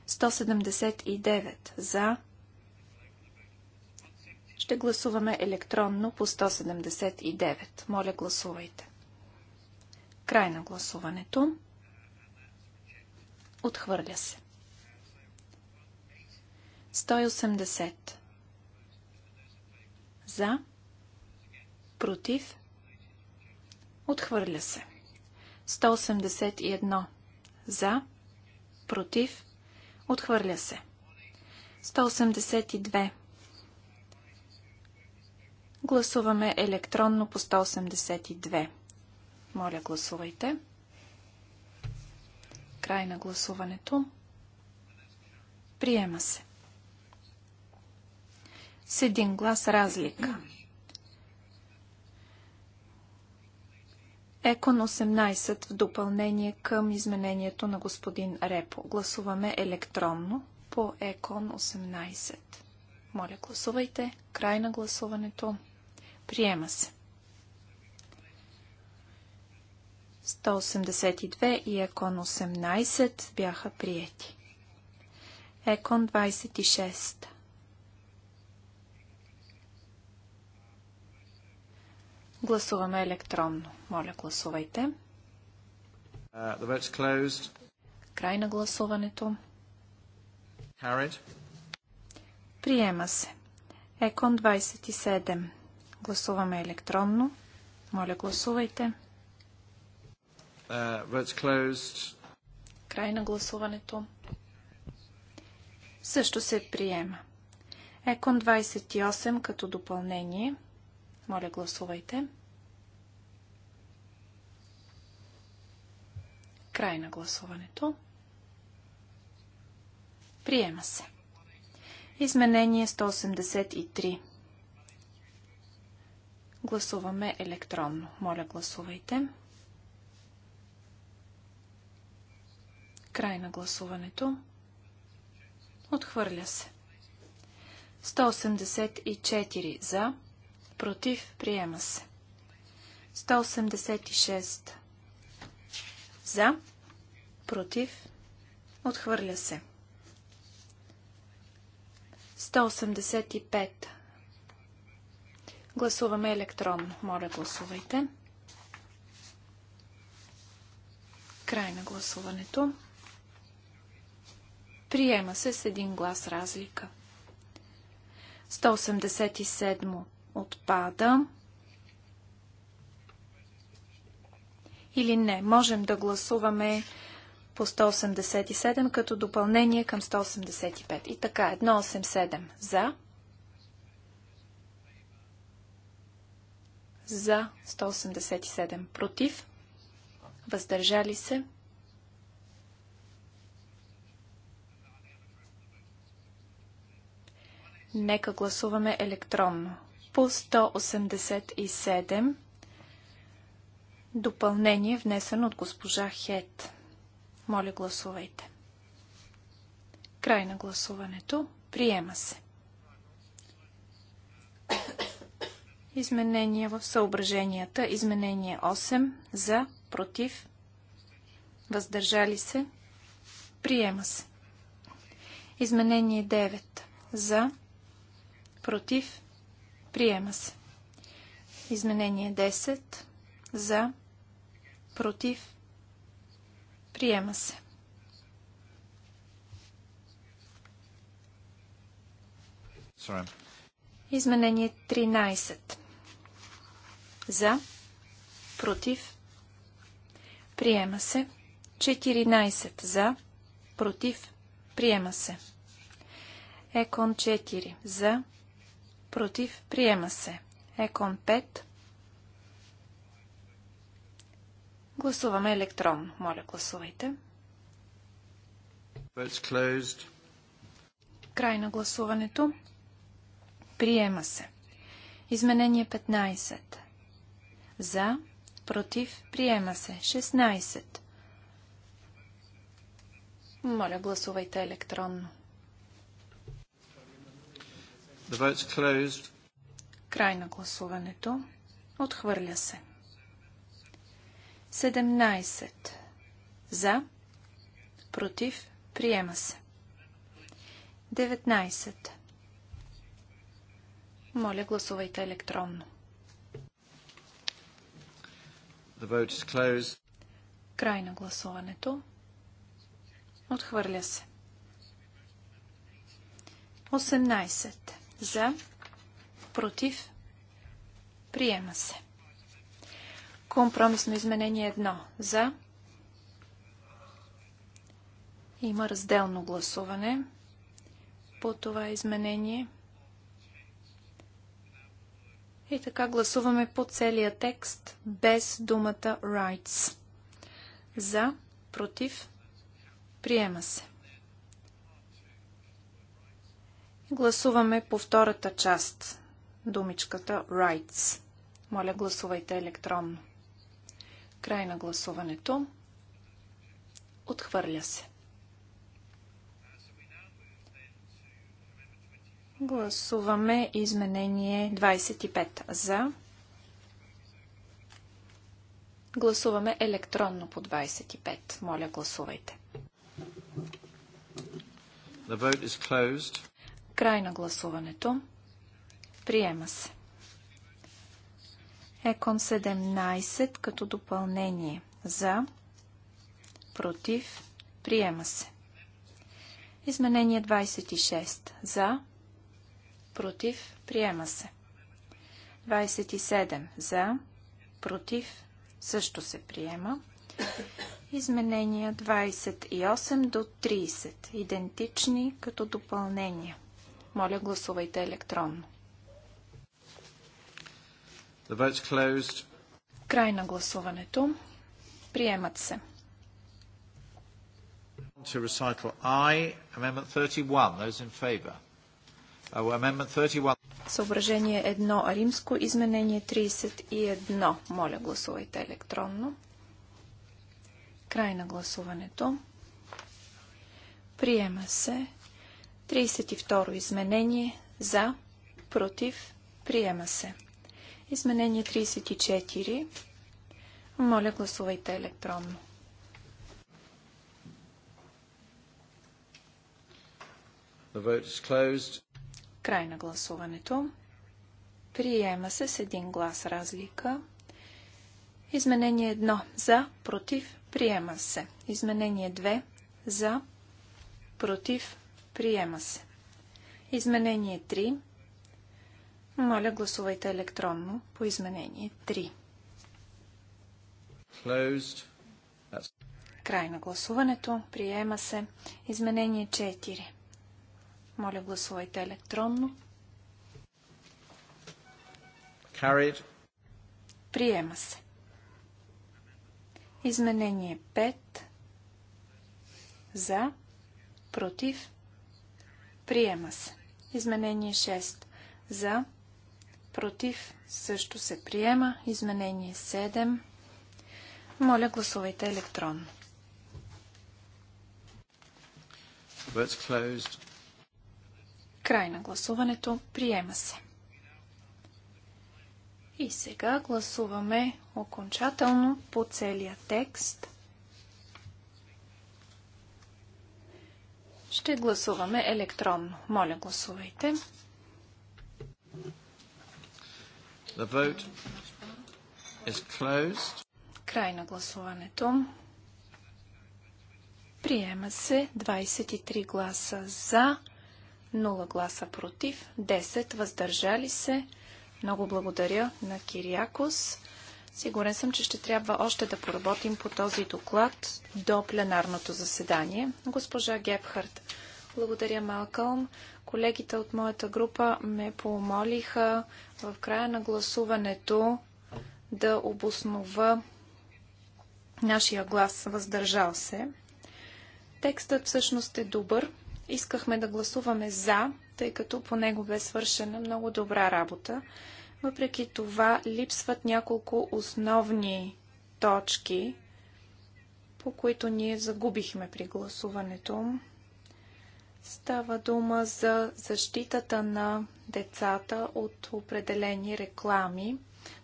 179 за, ще гласуваме електронно по 179. Моля, гласувайте. Край на гласуването. Отхвърля се. 180. За. Против. Отхвърля се. 181. За. Против. Отхвърля се. 182. Гласуваме електронно по 182. Моля, гласувайте. Край на гласуването. Приема се. С един глас разлика. Екон 18 в допълнение към изменението на господин Репо. Гласуваме електронно по Екон 18. Моля, гласувайте. Край на гласуването. Приема се. 182 и Екон 18 бяха приети. Екон 26. Гласуваме електронно. Моля, гласувайте. Uh, Край на гласуването. Carried. Приема се. Екон 27. Гласуваме електронно. Моля, гласувайте. Uh, Край на гласуването. Също се приема. Екон 28 като допълнение. Моля, гласувайте. Край на гласуването. Приема се. Изменение 183. Гласуваме електронно. Моля, гласувайте. Край на гласуването. Отхвърля се. 184 за. Против. Приема се. 186 за. Против. Отхвърля се. 185 Гласуваме електронно. Моля, гласувайте. Край на гласуването. Приема се с един глас разлика. 187 отпада. Или не, можем да гласуваме по 187 като допълнение към 185. И така, 187 за, за 187, против, въздържали се. Нека гласуваме електронно. По 187 допълнение, внесено от госпожа Хет. Моля, гласувайте. Край на гласуването. Приема се. Изменения в съображенията. Изменение 8 за, против, въздържали се, приема се. Изменение 9 за, против, приема се. Изменение 10 за, против, приема се. Sorry. Изменение 13. За. Против. Приема се. 14. За. Против. Приема се. Екон 4. За. Против. Приема се. Екон 5. Гласуваме електронно. Моля, гласувайте. Край на гласуването. Приема се. Изменение 15. За, против, приема се. 16. Моля, гласувайте електронно. Край на гласуването. Отхвърля се. 17. За. Против. Приема се. 19. Моля, гласувайте електронно. The vote is closed. Край на гласуването. Отхвърля се. 18. За. Против. Приема се. Компромисно изменение 1. За. Има разделно гласуване по това изменение. И така гласуваме по целия текст без думата rights. За, против, приема се. Гласуваме по втората част, думичката rights. Моля, гласувайте електронно. Край на гласуването. Отхвърля се. Гласуваме изменение 25 за. Гласуваме електронно по 25. Моля, гласувайте. The vote is closed. Край на гласуването. Приема се. Екон 17 като допълнение. За. Против. Приема се. Изменение 26. За против, приема се. 27 за, против, също се приема. Изменения 28 до 30, идентични като допълнения. Моля, гласувайте електронно. The vote's closed. Край на гласуването. Приемат се. To recital I, amendment 31. Those in favor. Съображение 1 римско, изменение 31. Моля, гласувайте електронно. Край на гласуването. Приема се 32 изменение за, против, приема се. Изменение 34. Моля, гласувайте електронно. The vote is closed. Край на гласуването. Приема се с един глас разлика. Изменение 1. За. Против. Приема се. Изменение 2. За. Против. Приема се. Изменение 3. Моля, гласувайте електронно по изменение 3. Closed. Край на гласуването. Приема се. Изменение 4. Моля, гласувайте електронно. Carried. Приема се. Изменение 5. За. Против. Приема се. Изменение 6. За. Против. Също се приема. Изменение 7. Моля, гласувайте електронно. Votes closed. Край на гласуването. Приема се. И сега гласуваме окончателно по целия текст. Ще гласуваме електронно. Моля, гласувайте. The vote is closed. Край на гласуването. Приема се 23 гласа за, 0 гласа против, 10 въздържали се. Много благодаря на Кириакос. Сигурен съм, че ще трябва още да поработим по този доклад до пленарното заседание. Госпожа Гепхарт, благодаря Малкълм. Колегите от моята група ме помолиха в края на гласуването да обоснова нашия глас въздържал се. Текстът всъщност е добър, Искахме да гласуваме за, тъй като по него бе свършена много добра работа. Въпреки това липсват няколко основни точки, по които ние загубихме при гласуването. Става дума за защитата на децата от определени реклами.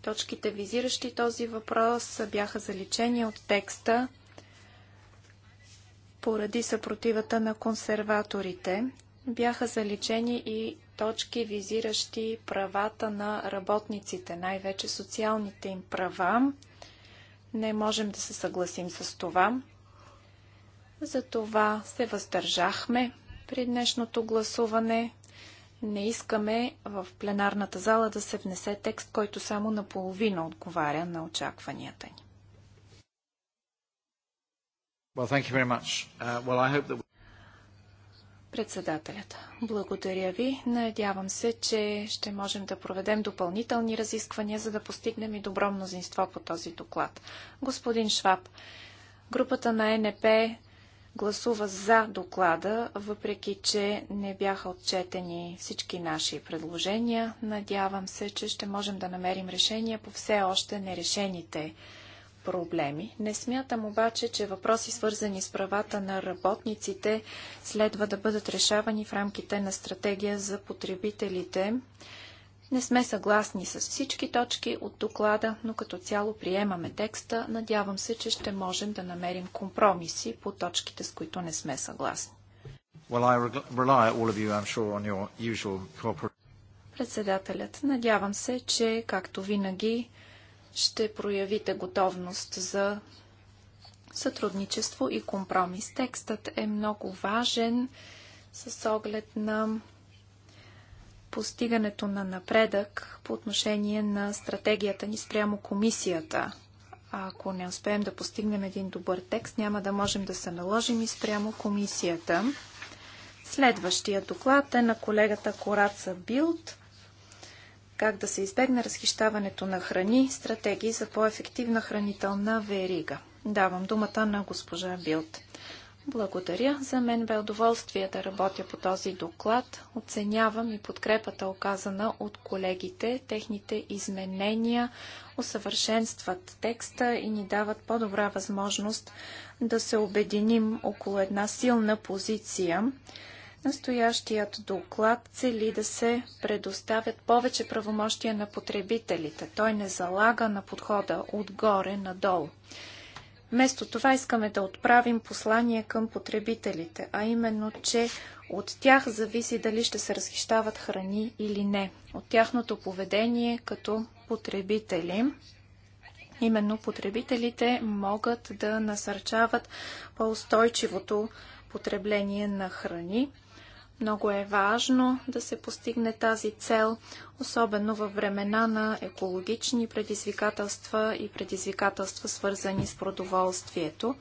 Точките, визиращи този въпрос, бяха заличени от текста поради съпротивата на консерваторите. Бяха заличени и точки, визиращи правата на работниците, най-вече социалните им права. Не можем да се съгласим с това. Затова се въздържахме при днешното гласуване. Не искаме в пленарната зала да се внесе текст, който само наполовина отговаря на очакванията ни. Uh, Председателят, благодаря ви. Надявам се, че ще можем да проведем допълнителни разисквания, за да постигнем и добро мнозинство по този доклад. Господин Шваб, групата на НП гласува за доклада, въпреки че не бяха отчетени всички наши предложения. Надявам се, че ще можем да намерим решения по все още нерешените проблеми. Не смятам обаче, че въпроси свързани с правата на работниците следва да бъдат решавани в рамките на стратегия за потребителите. Не сме съгласни с всички точки от доклада, но като цяло приемаме текста. Надявам се, че ще можем да намерим компромиси по точките, с които не сме съгласни. Председателят, надявам се, че, както винаги, ще проявите готовност за сътрудничество и компромис. Текстът е много важен с оглед на постигането на напредък по отношение на стратегията ни спрямо комисията. А ако не успеем да постигнем един добър текст, няма да можем да се наложим и спрямо комисията. Следващия доклад е на колегата Кораца Билд как да се избегне разхищаването на храни, стратегии за по-ефективна хранителна верига. Давам думата на госпожа Билт. Благодаря. За мен бе удоволствие да работя по този доклад. Оценявам и подкрепата оказана от колегите. Техните изменения усъвършенстват текста и ни дават по-добра възможност да се обединим около една силна позиция Настоящият доклад цели да се предоставят повече правомощия на потребителите. Той не залага на подхода отгоре надолу. Вместо това искаме да отправим послание към потребителите, а именно, че от тях зависи дали ще се разхищават храни или не. От тяхното поведение като потребители. Именно потребителите могат да насърчават по-устойчивото потребление на храни. Много е важно да се постигне тази цел, особено във времена на екологични предизвикателства и предизвикателства, свързани с продоволствието.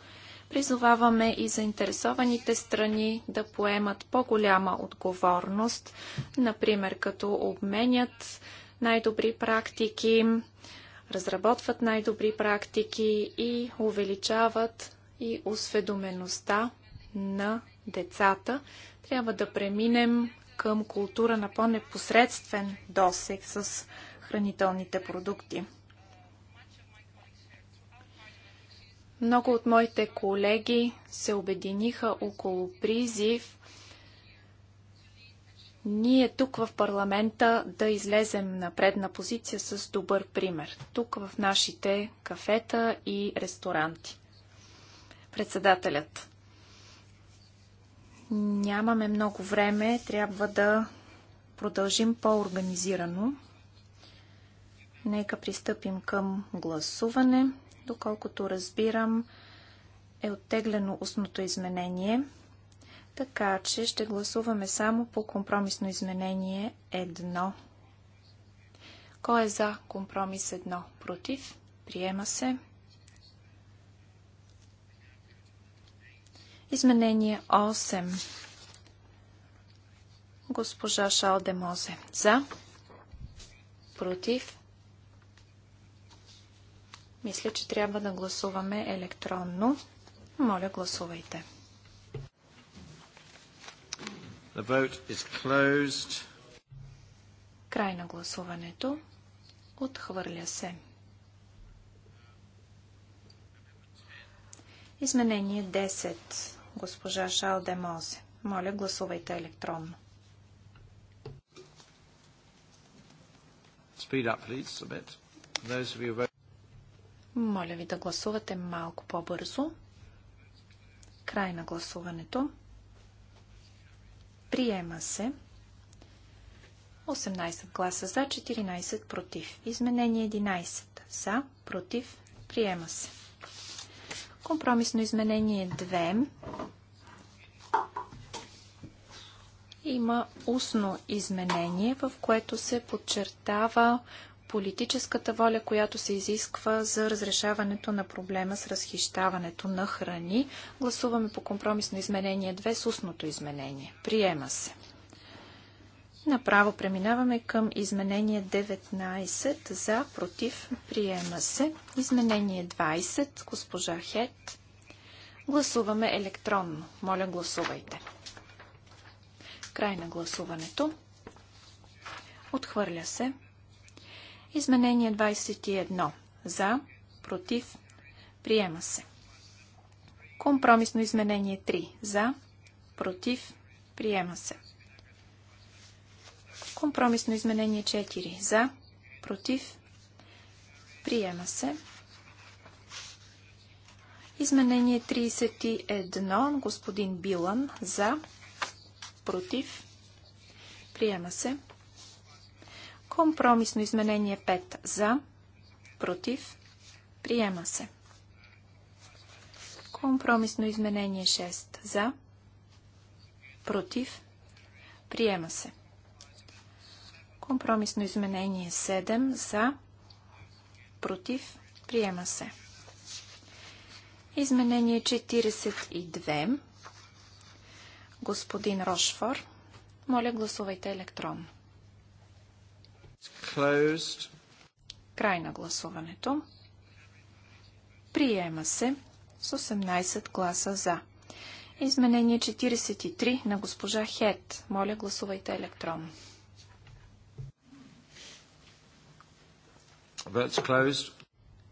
Призоваваме и заинтересованите страни да поемат по-голяма отговорност, например като обменят най-добри практики, разработват най-добри практики и увеличават и осведомеността на децата, трябва да преминем към култура на по-непосредствен досек с хранителните продукти. Много от моите колеги се обединиха около призив ние тук в парламента да излезем на предна позиция с добър пример. Тук в нашите кафета и ресторанти. Председателят. Нямаме много време, трябва да продължим по-организирано. Нека пристъпим към гласуване. Доколкото разбирам, е оттеглено устното изменение, така че ще гласуваме само по компромисно изменение едно. Кой е за компромис едно Против? Приема се. Изменение 8. Госпожа де Мозе. За. Против. Мисля, че трябва да гласуваме електронно. Моля, гласувайте. The vote is closed. Край на гласуването. Отхвърля се. Изменение 10 госпожа Шал Мозе. Моля, гласувайте електронно. Моля ви да гласувате малко по-бързо. Край на гласуването. Приема се. 18 гласа за, 14 против. Изменение 11. За, против, приема се. Компромисно изменение 2. Има устно изменение, в което се подчертава политическата воля, която се изисква за разрешаването на проблема с разхищаването на храни. Гласуваме по компромисно изменение 2 с устното изменение. Приема се. Направо преминаваме към изменение 19 за, против, приема се. Изменение 20, госпожа Хет. Гласуваме електронно. Моля, гласувайте. Край на гласуването. Отхвърля се. Изменение 21. За, против, приема се. Компромисно изменение 3. За, против, приема се. Компромисно изменение 4. За. Против. Приема се. Изменение 31. Господин Билан. За. Против. Приема се. Компромисно изменение 5. За. Против. Приема се. Компромисно изменение 6. За. Против. Приема се. Компромисно изменение 7 за, против, приема се. Изменение 42. Господин Рошфор, моля гласувайте електрон. Closed. Край на гласуването. Приема се с 18 гласа за. Изменение 43 на госпожа Хет. Моля гласувайте електронно.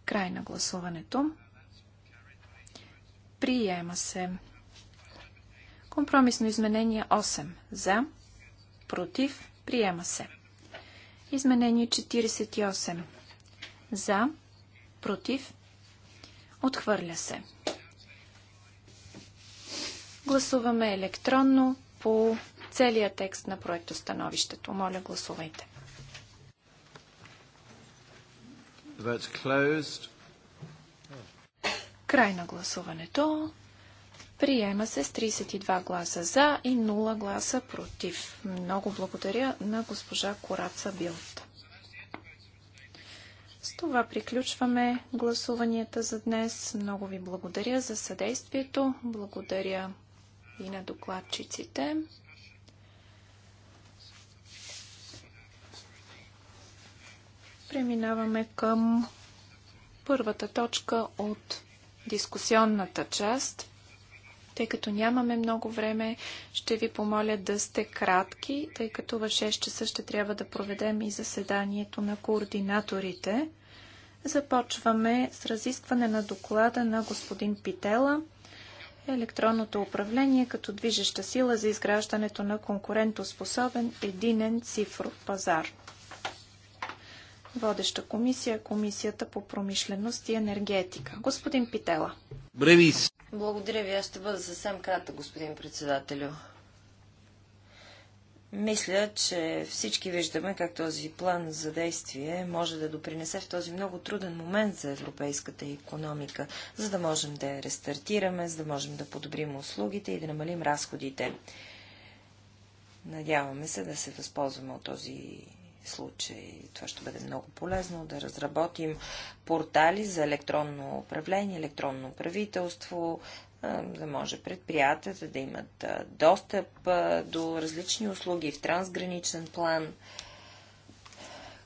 Край на гласуването. Приема се. Компромисно изменение 8. За. Против. Приема се. Изменение 48. За. Против. Отхвърля се. Гласуваме електронно по целия текст на становището. Моля, гласувайте. Край на гласуването. Приема се с 32 гласа за и 0 гласа против. Много благодаря на госпожа Кораца Билт. С това приключваме гласуванията за днес. Много ви благодаря за съдействието. Благодаря и на докладчиците. Преминаваме към първата точка от дискусионната част. Тъй като нямаме много време, ще ви помоля да сте кратки, тъй като в 6 часа ще трябва да проведем и заседанието на координаторите. Започваме с разискване на доклада на господин Питела електронното управление като движеща сила за изграждането на конкурентоспособен единен цифров пазар. Водеща комисия е Комисията по промишленост и енергетика. Господин Питела. Бревис. Благодаря ви. Аз ще бъда съвсем кратък, господин председателю. Мисля, че всички виждаме как този план за действие може да допринесе в този много труден момент за европейската економика, за да можем да я рестартираме, за да можем да подобрим услугите и да намалим разходите. Надяваме се да се възползваме от този случай. Това ще бъде много полезно да разработим портали за електронно управление, електронно правителство, да може предприятията да имат достъп до различни услуги в трансграничен план,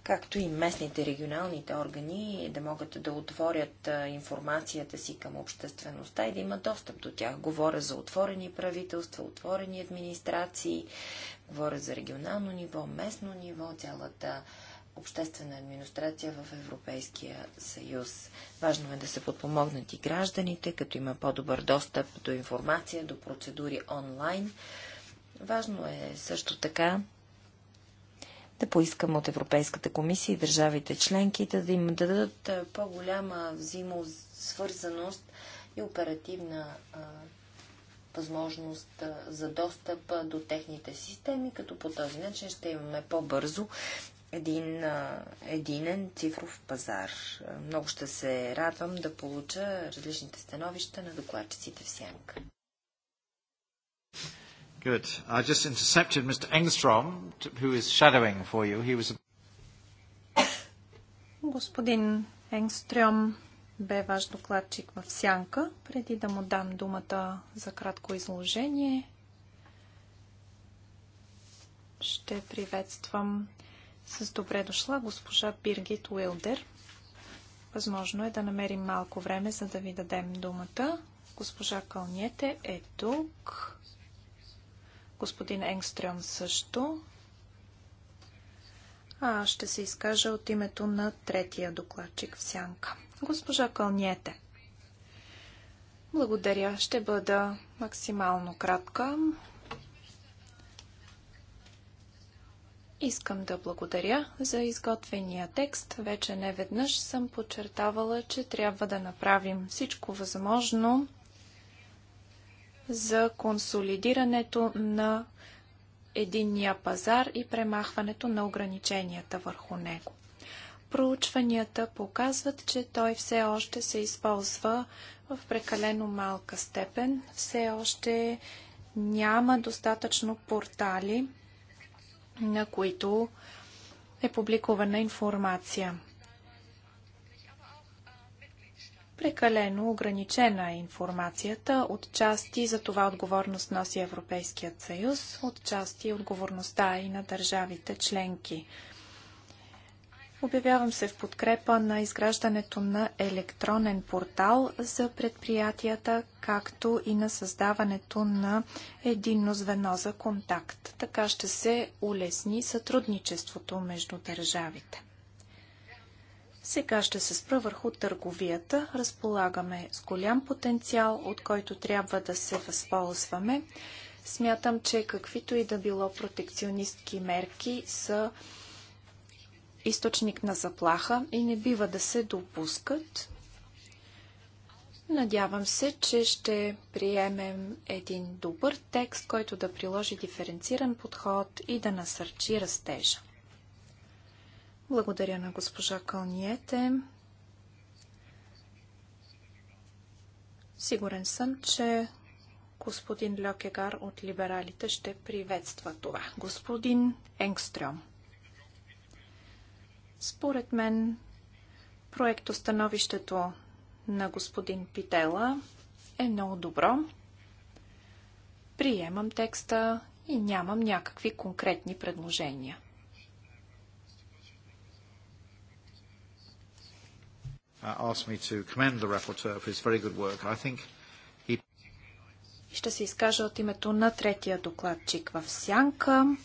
както и местните регионалните органи да могат да отворят информацията си към обществеността и да имат достъп до тях. Говоря за отворени правителства, отворени администрации, Говоря за регионално ниво, местно ниво, цялата обществена администрация в Европейския съюз. Важно е да се подпомогнат и гражданите, като има по-добър достъп до информация, до процедури онлайн. Важно е също така да поискам от Европейската комисия и държавите членки, да им дадат по-голяма взаимосвързаност и оперативна а, възможност за достъп до техните системи, като по този начин ще имаме по-бързо един единен цифров пазар. Много ще се радвам да получа различните становища на докладчиците в сянка. Good. I just intercepted Mr. Engstrom, who is shadowing for you. He was... Господин Енгстрем бе ваш докладчик в Сянка. Преди да му дам думата за кратко изложение, ще приветствам с добре дошла госпожа Биргит Уилдер. Възможно е да намерим малко време, за да ви дадем думата. Госпожа Кълнете е тук. Господин Енгстрем също. А ще се изкажа от името на третия докладчик в Сянка. Госпожа Кълниете. Благодаря. Ще бъда максимално кратка. Искам да благодаря за изготвения текст. Вече не веднъж съм подчертавала, че трябва да направим всичко възможно за консолидирането на единния пазар и премахването на ограниченията върху него. Проучванията показват, че той все още се използва в прекалено малка степен. Все още няма достатъчно портали, на които е публикувана информация. Прекалено ограничена е информацията. От части за това отговорност носи Европейският съюз, от части отговорността е и на държавите членки. Обявявам се в подкрепа на изграждането на електронен портал за предприятията, както и на създаването на единно звено за контакт. Така ще се улесни сътрудничеството между държавите. Сега ще се спра върху търговията. Разполагаме с голям потенциал, от който трябва да се възползваме. Смятам, че каквито и да било протекционистки мерки са източник на заплаха и не бива да се допускат. Надявам се, че ще приемем един добър текст, който да приложи диференциран подход и да насърчи растежа. Благодаря на госпожа Кълниете. Сигурен съм, че господин Льокегар от либералите ще приветства това. Господин Енгстрем. Според мен, проектостановището на господин Питела е много добро. Приемам текста и нямам някакви конкретни предложения. Uh, Ще се изкажа от името на третия докладчик в Сянка.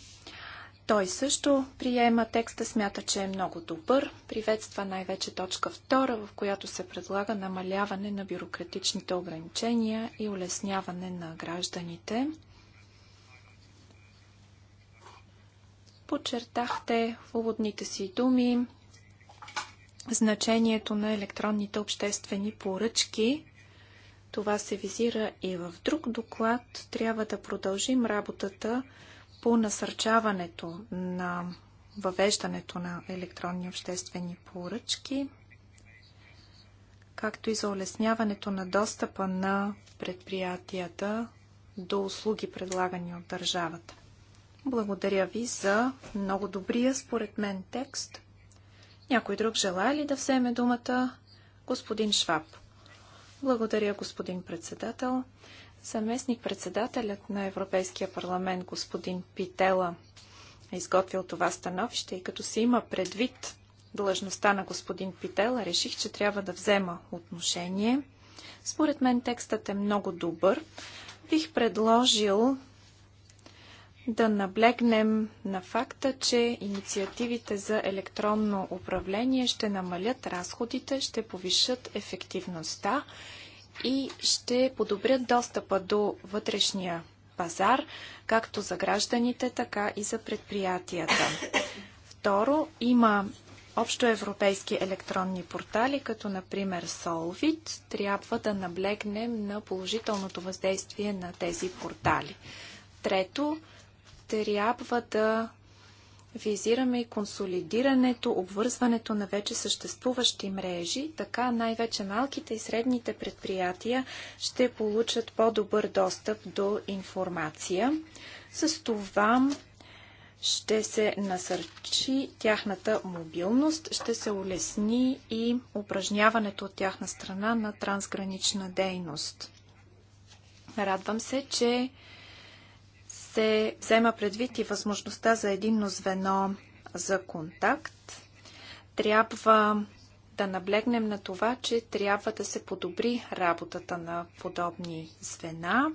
Той също приема текста, смята, че е много добър. Приветства най-вече точка 2, в която се предлага намаляване на бюрократичните ограничения и улесняване на гражданите. Подчертахте в уводните си думи значението на електронните обществени поръчки. Това се визира и в друг доклад. Трябва да продължим работата по насърчаването на въвеждането на електронни обществени поръчки, както и за улесняването на достъпа на предприятията до услуги, предлагани от държавата. Благодаря ви за много добрия, според мен, текст. Някой друг желая ли да вземе думата? Господин Шваб. Благодаря, господин председател. Съместник-председателят на Европейския парламент господин Питела е изготвил това становище и като се има предвид длъжността на господин Питела, реших, че трябва да взема отношение. Според мен текстът е много добър. Бих предложил да наблегнем на факта, че инициативите за електронно управление ще намалят разходите, ще повишат ефективността и ще подобрят достъпа до вътрешния пазар, както за гражданите, така и за предприятията. Второ, има общоевропейски електронни портали, като например Solvit, трябва да наблегнем на положителното въздействие на тези портали. Трето, трябва да визираме и консолидирането, обвързването на вече съществуващи мрежи, така най-вече малките и средните предприятия ще получат по-добър достъп до информация. С това ще се насърчи тяхната мобилност, ще се улесни и упражняването от тяхна страна на трансгранична дейност. Радвам се, че се взема предвид и възможността за единно звено за контакт. Трябва да наблегнем на това, че трябва да се подобри работата на подобни звена,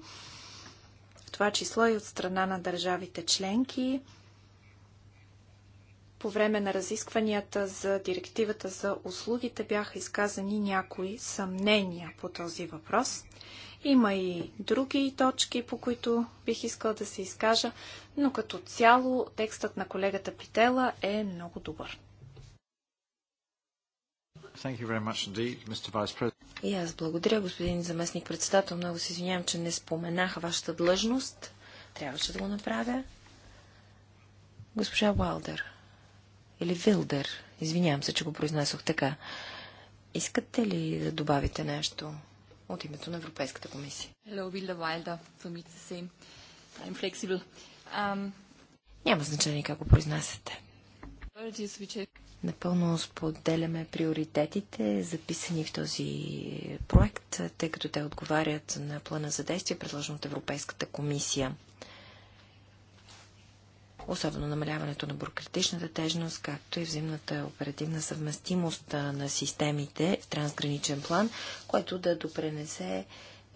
в това число и от страна на държавите членки. По време на разискванията за директивата за услугите бяха изказани някои съмнения по този въпрос. Има и други точки, по които бих искал да се изкажа, но като цяло текстът на колегата Питела е много добър. Indeed, и аз благодаря, господин заместник председател. Много се извинявам, че не споменах вашата длъжност. Трябваше да го направя. Госпожа Уалдер. Или Вилдер. Извинявам се, че го произнесох така. Искате ли да добавите нещо? от името на Европейската комисия. Um, Няма значение как го произнасяте. Напълно споделяме приоритетите, записани в този проект, тъй като те отговарят на плана за действие, предложен от Европейската комисия особено намаляването на бюрократичната тежност, както и взаимната оперативна съвместимост на системите в трансграничен план, който да допренесе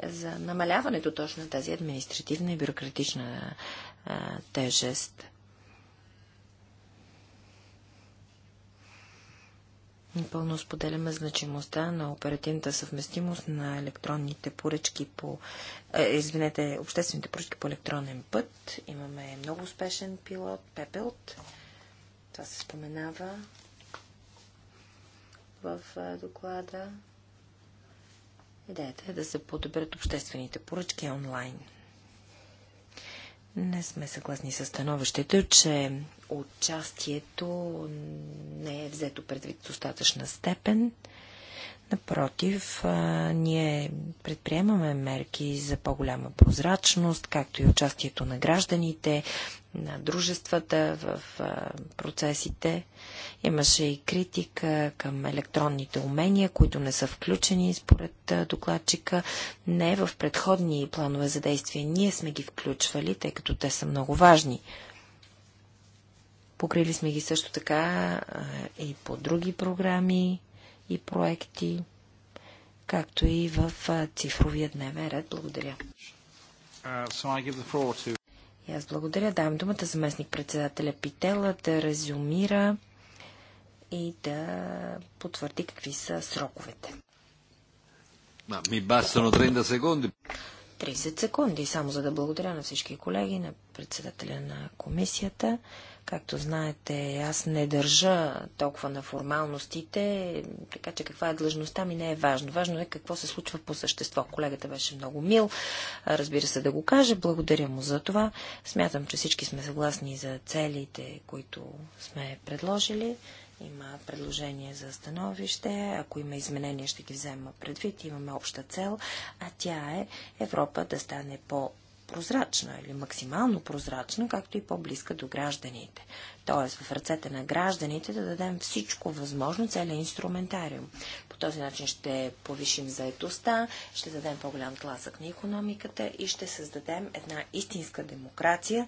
за намаляването точно на тази административна и бюрократична тежест. Напълно споделяме значимостта на оперативната съвместимост на електронните поръчки по... Е, извинете, обществените поръчки по електронен път. Имаме много успешен пилот, Пепелт. Това се споменава в е, доклада. Идеята е да се подобрят обществените поръчки онлайн. Не сме съгласни с становището, че участието не е взето предвид достатъчна степен. Напротив, ние предприемаме мерки за по-голяма прозрачност, както и участието на гражданите, на дружествата, в процесите. Имаше и критика към електронните умения, които не са включени според докладчика. Не в предходни планове за действие. Ние сме ги включвали, тъй като те са много важни. Покрили сме ги също така и по други програми и проекти, както и в цифровия дневен ред. Благодаря. Uh, so и аз благодаря. Давам думата заместник председателя Питела да резюмира и да потвърди какви са сроковете. Ми бастано 30 секунди. 30 секунди, само за да благодаря на всички колеги, на председателя на комисията. Както знаете, аз не държа толкова на формалностите, така че каква е длъжността ми не е важно. Важно е какво се случва по същество. Колегата беше много мил, разбира се да го каже. Благодаря му за това. Смятам, че всички сме съгласни за целите, които сме предложили. Има предложение за становище. Ако има изменения, ще ги взема предвид. Имаме обща цел, а тя е Европа да стане по прозрачна или максимално прозрачна, както и по-близка до гражданите. Тоест в ръцете на гражданите да дадем всичко възможно, целият инструментариум. По този начин ще повишим заетостта, ще дадем по-голям тласък на економиката и ще създадем една истинска демокрация,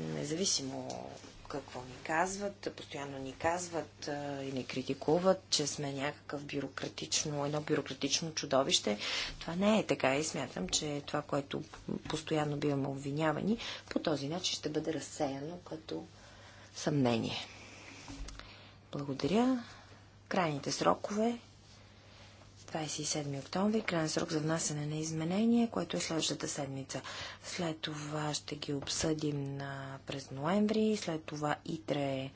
независимо какво ни казват. Постоянно ни казват а, и ни критикуват, че сме някакъв бюрократично, едно бюрократично чудовище. Това не е така и смятам, че това, което постоянно биваме обвинявани, по този начин ще бъде разсеяно като съмнение. Благодаря. Крайните срокове 27 октомври, крайен срок за внасяне на изменения, което е следващата седмица. След това ще ги обсъдим на, през ноември, след това ИТРЕ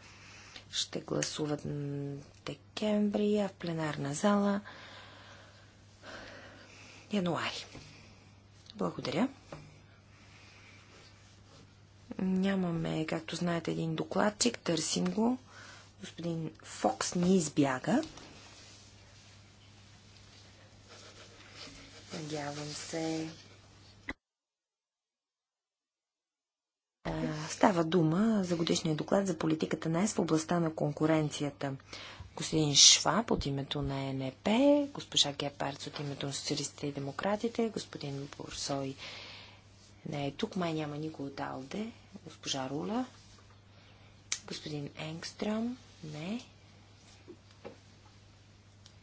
ще гласуват декември, а в пленарна зала януари. Благодаря. Нямаме, както знаете, един докладчик. Търсим го. Господин Фокс ни избяга. Надявам се. Става дума за годишния доклад за политиката на ЕС в областта на конкуренцията. Господин Шваб от името на ЕНП, госпожа Гепарц от името на социалистите и демократите, господин Бурсой не е тук, май няма никой от Алде, госпожа Рула, господин Енгстрам, не.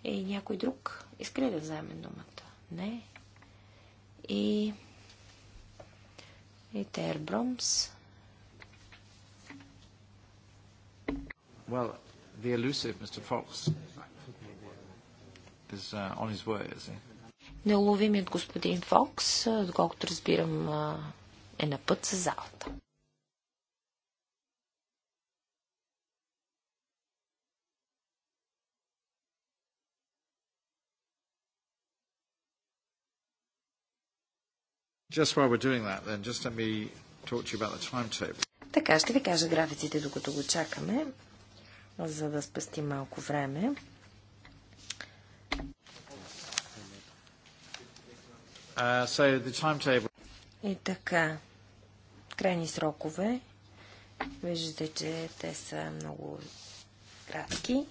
Е, и някой друг иска ли да вземе думата? Не. И... И Бромс. Well, the elusive Mr. Fox is uh, on his way, is he? Неуловимият господин Фокс, доколкото разбирам, е на път с залата. Just while we're doing that, then, just let me talk to you about the timetable. Така, ще ви кажа графиците, докато го чакаме, за да спасти малко време. Uh, so the timetable... И така, крайни срокове. Виждате, че те са много кратки.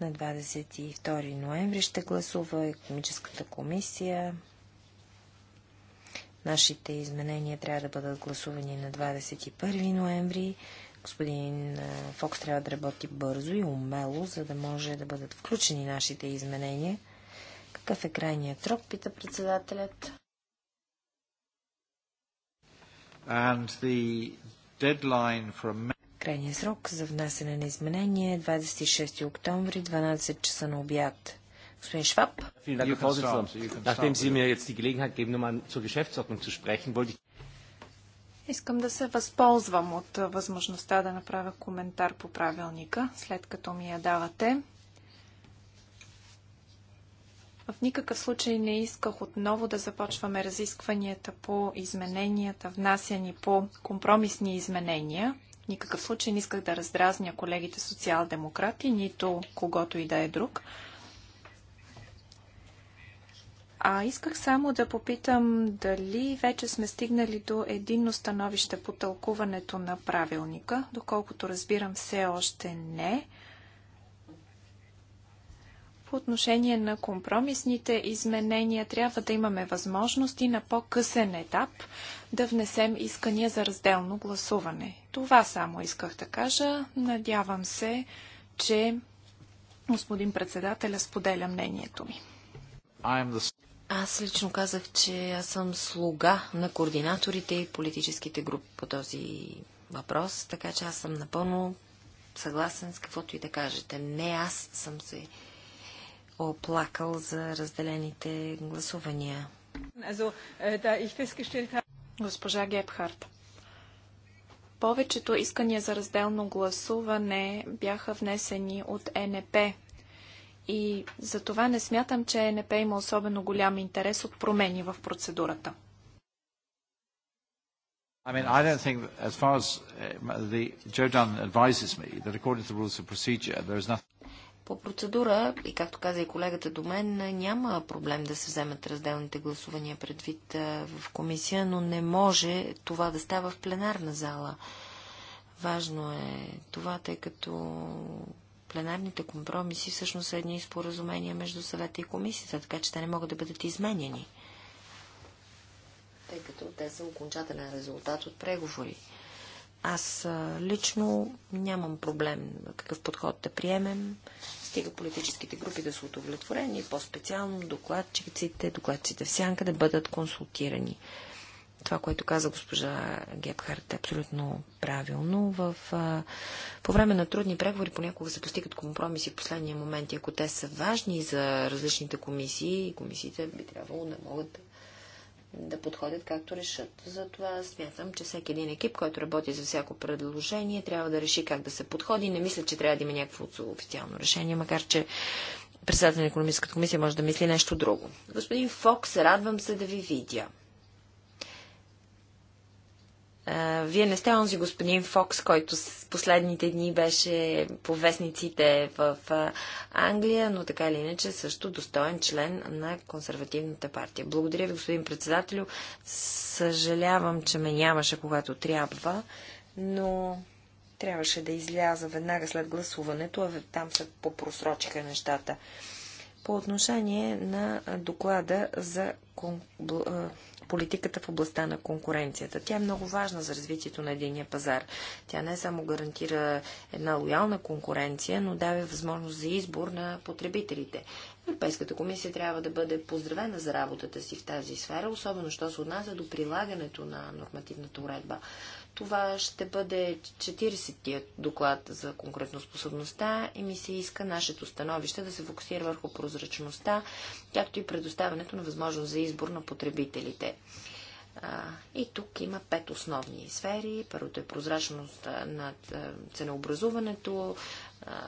На 22 ноември ще гласува економическата комисия. Нашите изменения трябва да бъдат гласувани на 21 ноември. Господин Фокс трябва да работи бързо и умело, за да може да бъдат включени нашите изменения. Какъв е крайният срок, пита председателят. And the deadline for... Крайният срок за внасяне на изменение е 26 октомври, 12 часа на обяд. Господин Шваб. Искам да се възползвам от възможността да направя коментар по правилника, след като ми я давате. В никакъв случай не исках отново да започваме разискванията по измененията, внасяни по компромисни изменения. В никакъв случай не исках да раздразня колегите социал-демократи, нито когото и да е друг. А исках само да попитам дали вече сме стигнали до единно становище по тълкуването на правилника. Доколкото разбирам, все още не. По отношение на компромисните изменения трябва да имаме възможности на по-късен етап да внесем искания за разделно гласуване. Това само исках да кажа. Надявам се, че господин председателя споделя мнението ми. The... Аз лично казах, че аз съм слуга на координаторите и политическите групи по този въпрос, така че аз съм напълно съгласен с каквото и да кажете. Не аз съм се оплакал за разделените гласувания. Э, Госпожа Гепхарт, повечето искания за разделно гласуване бяха внесени от НП и за това не смятам, че НП има особено голям интерес от промени в процедурата. I mean, I don't think, as far as uh, the Jodan advises me, that according to the rules of procedure, there is nothing. По процедура, и както каза и колегата до мен, няма проблем да се вземат разделните гласувания предвид в комисия, но не може това да става в пленарна зала. Важно е това, тъй като пленарните компромиси всъщност са едни споразумения между съвета и комисията, така че те не могат да бъдат изменени. Тъй като те са окончателен резултат от преговори. Аз лично нямам проблем какъв подход да приемем. Стига политическите групи да са удовлетворени, по-специално докладчиците, докладчиците в сянка да бъдат консултирани. Това, което каза госпожа Гепхарт, е абсолютно правилно. В, а, по време на трудни преговори понякога се постигат компромиси в последния момент и ако те са важни за различните комисии, комисиите би трябвало да могат да да подходят както решат. Затова смятам, че всеки един екип, който работи за всяко предложение, трябва да реши как да се подходи. Не мисля, че трябва да има някакво официално решение, макар че председател на економическата комисия може да мисли нещо друго. Господин Фокс, радвам се да ви видя вие не сте онзи господин Фокс, който с последните дни беше по вестниците в Англия, но така или иначе също достоен член на консервативната партия. Благодаря ви, господин председателю. Съжалявам, че ме нямаше когато трябва, но трябваше да изляза веднага след гласуването, а там се попросрочиха нещата. По отношение на доклада за политиката в областта на конкуренцията. Тя е много важна за развитието на единия пазар. Тя не само гарантира една лоялна конкуренция, но дава възможност за избор на потребителите. Европейската комисия трябва да бъде поздравена за работата си в тази сфера, особено що се отнася до прилагането на нормативната уредба. Това ще бъде 40-тият доклад за конкурентоспособността и ми се иска нашето становище да се фокусира върху прозрачността, както и предоставянето на възможност за избор на потребителите. И тук има пет основни сфери. Първото е прозрачност над ценообразуването,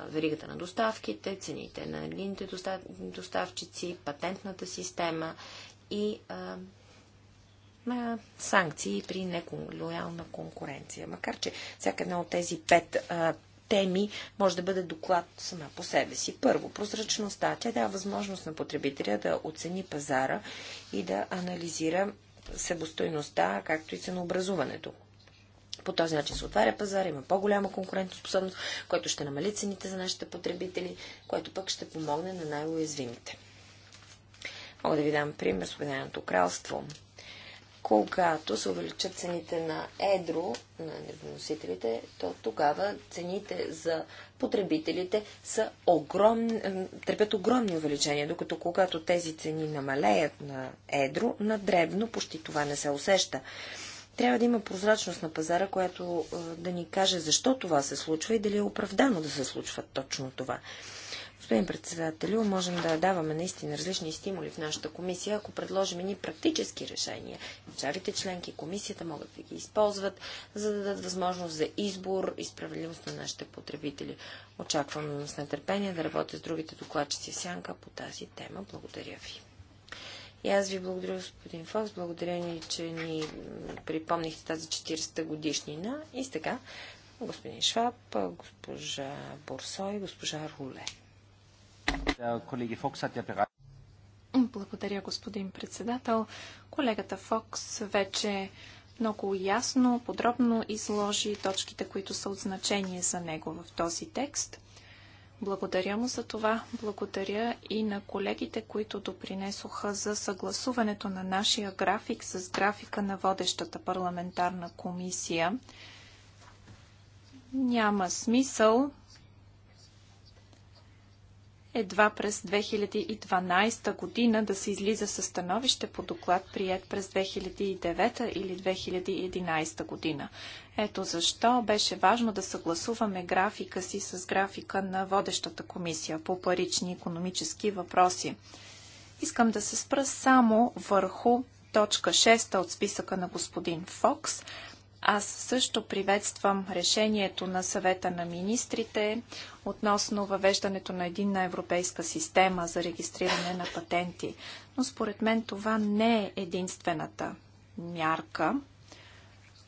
веригата на доставките, цените на едините доставчици, патентната система и на санкции при нелоялна конкуренция. Макар, че всяка една от тези пет а, теми може да бъде доклад сама по себе си. Първо, прозрачността. Тя дава възможност на потребителя да оцени пазара и да анализира себостойността, както и ценообразуването. По този начин се отваря пазар, има по-голяма конкурентоспособност, което ще намали цените за нашите потребители, което пък ще помогне на най-уязвимите. Мога да ви дам пример с Обединеното кралство когато се увеличат цените на едро на енергоносителите, то тогава цените за потребителите са огромни, търпят огромни увеличения, докато когато тези цени намалеят на едро, на дребно почти това не се усеща. Трябва да има прозрачност на пазара, която е, да ни каже защо това се случва и дали е оправдано да се случва точно това. Господин председателю, можем да даваме наистина различни стимули в нашата комисия, ако предложим ни практически решения. Държавите членки, комисията могат да ги използват, за да дадат възможност за избор и справедливост на нашите потребители. Очаквам с нетърпение да работя с другите докладчици в Сянка по тази тема. Благодаря ви. И аз ви благодаря, господин Фокс. Благодаря ни, че ни припомнихте тази 40-та годишнина. И сега господин Шваб, госпожа Борсой, госпожа Руле. Благодаря, господин председател. Колегата Фокс вече много ясно, подробно изложи точките, които са от значение за него в този текст. Благодаря му за това. Благодаря и на колегите, които допринесоха за съгласуването на нашия график с графика на водещата парламентарна комисия. Няма смисъл едва през 2012 година да се излиза със становище по доклад, прият през 2009 или 2011 година. Ето защо беше важно да съгласуваме графика си с графика на водещата комисия по парични економически въпроси. Искам да се спра само върху точка 6 от списъка на господин Фокс, аз също приветствам решението на съвета на министрите относно въвеждането на единна европейска система за регистриране на патенти. Но според мен това не е единствената мярка,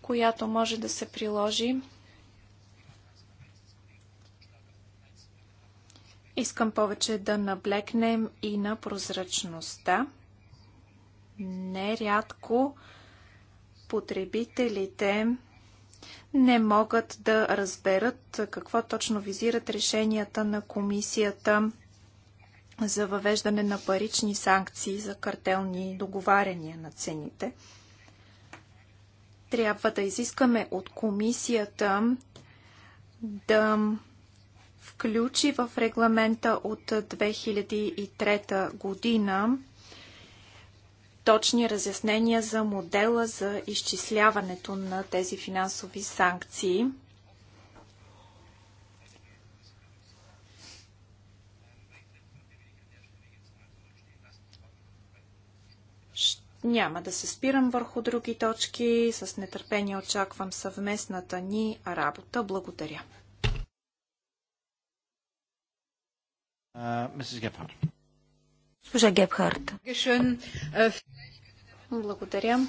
която може да се приложи. Искам повече да наблекнем и на прозрачността. Нерядко рядко потребителите не могат да разберат какво точно визират решенията на комисията за въвеждане на парични санкции за картелни договаряния на цените. Трябва да изискаме от комисията да включи в регламента от 2003 година точни разяснения за модела за изчисляването на тези финансови санкции. Няма да се спирам върху други точки. С нетърпение очаквам съвместната ни работа. Благодаря. Uh, Mrs. Госпожа Гебхарт. Благодаря.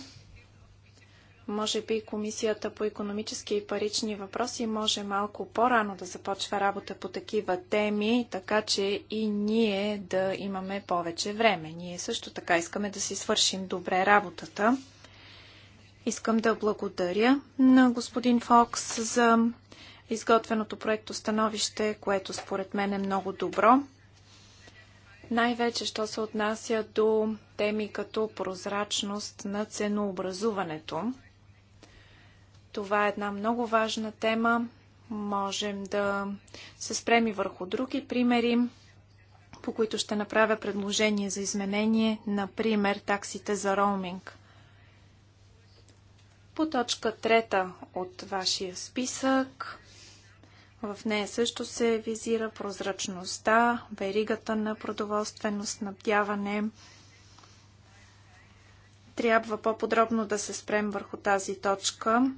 Може би Комисията по економически и парични въпроси може малко по-рано да започва работа по такива теми, така че и ние да имаме повече време. Ние също така искаме да си свършим добре работата. Искам да благодаря на господин Фокс за изготвеното проекто становище, което според мен е много добро най-вече, що се отнася до теми като прозрачност на ценообразуването. Това е една много важна тема. Можем да се спрем и върху други примери, по които ще направя предложение за изменение, например таксите за роуминг. По точка трета от вашия списък в нея също се визира прозрачността, веригата на продоволствено снабдяване. Трябва по-подробно да се спрем върху тази точка,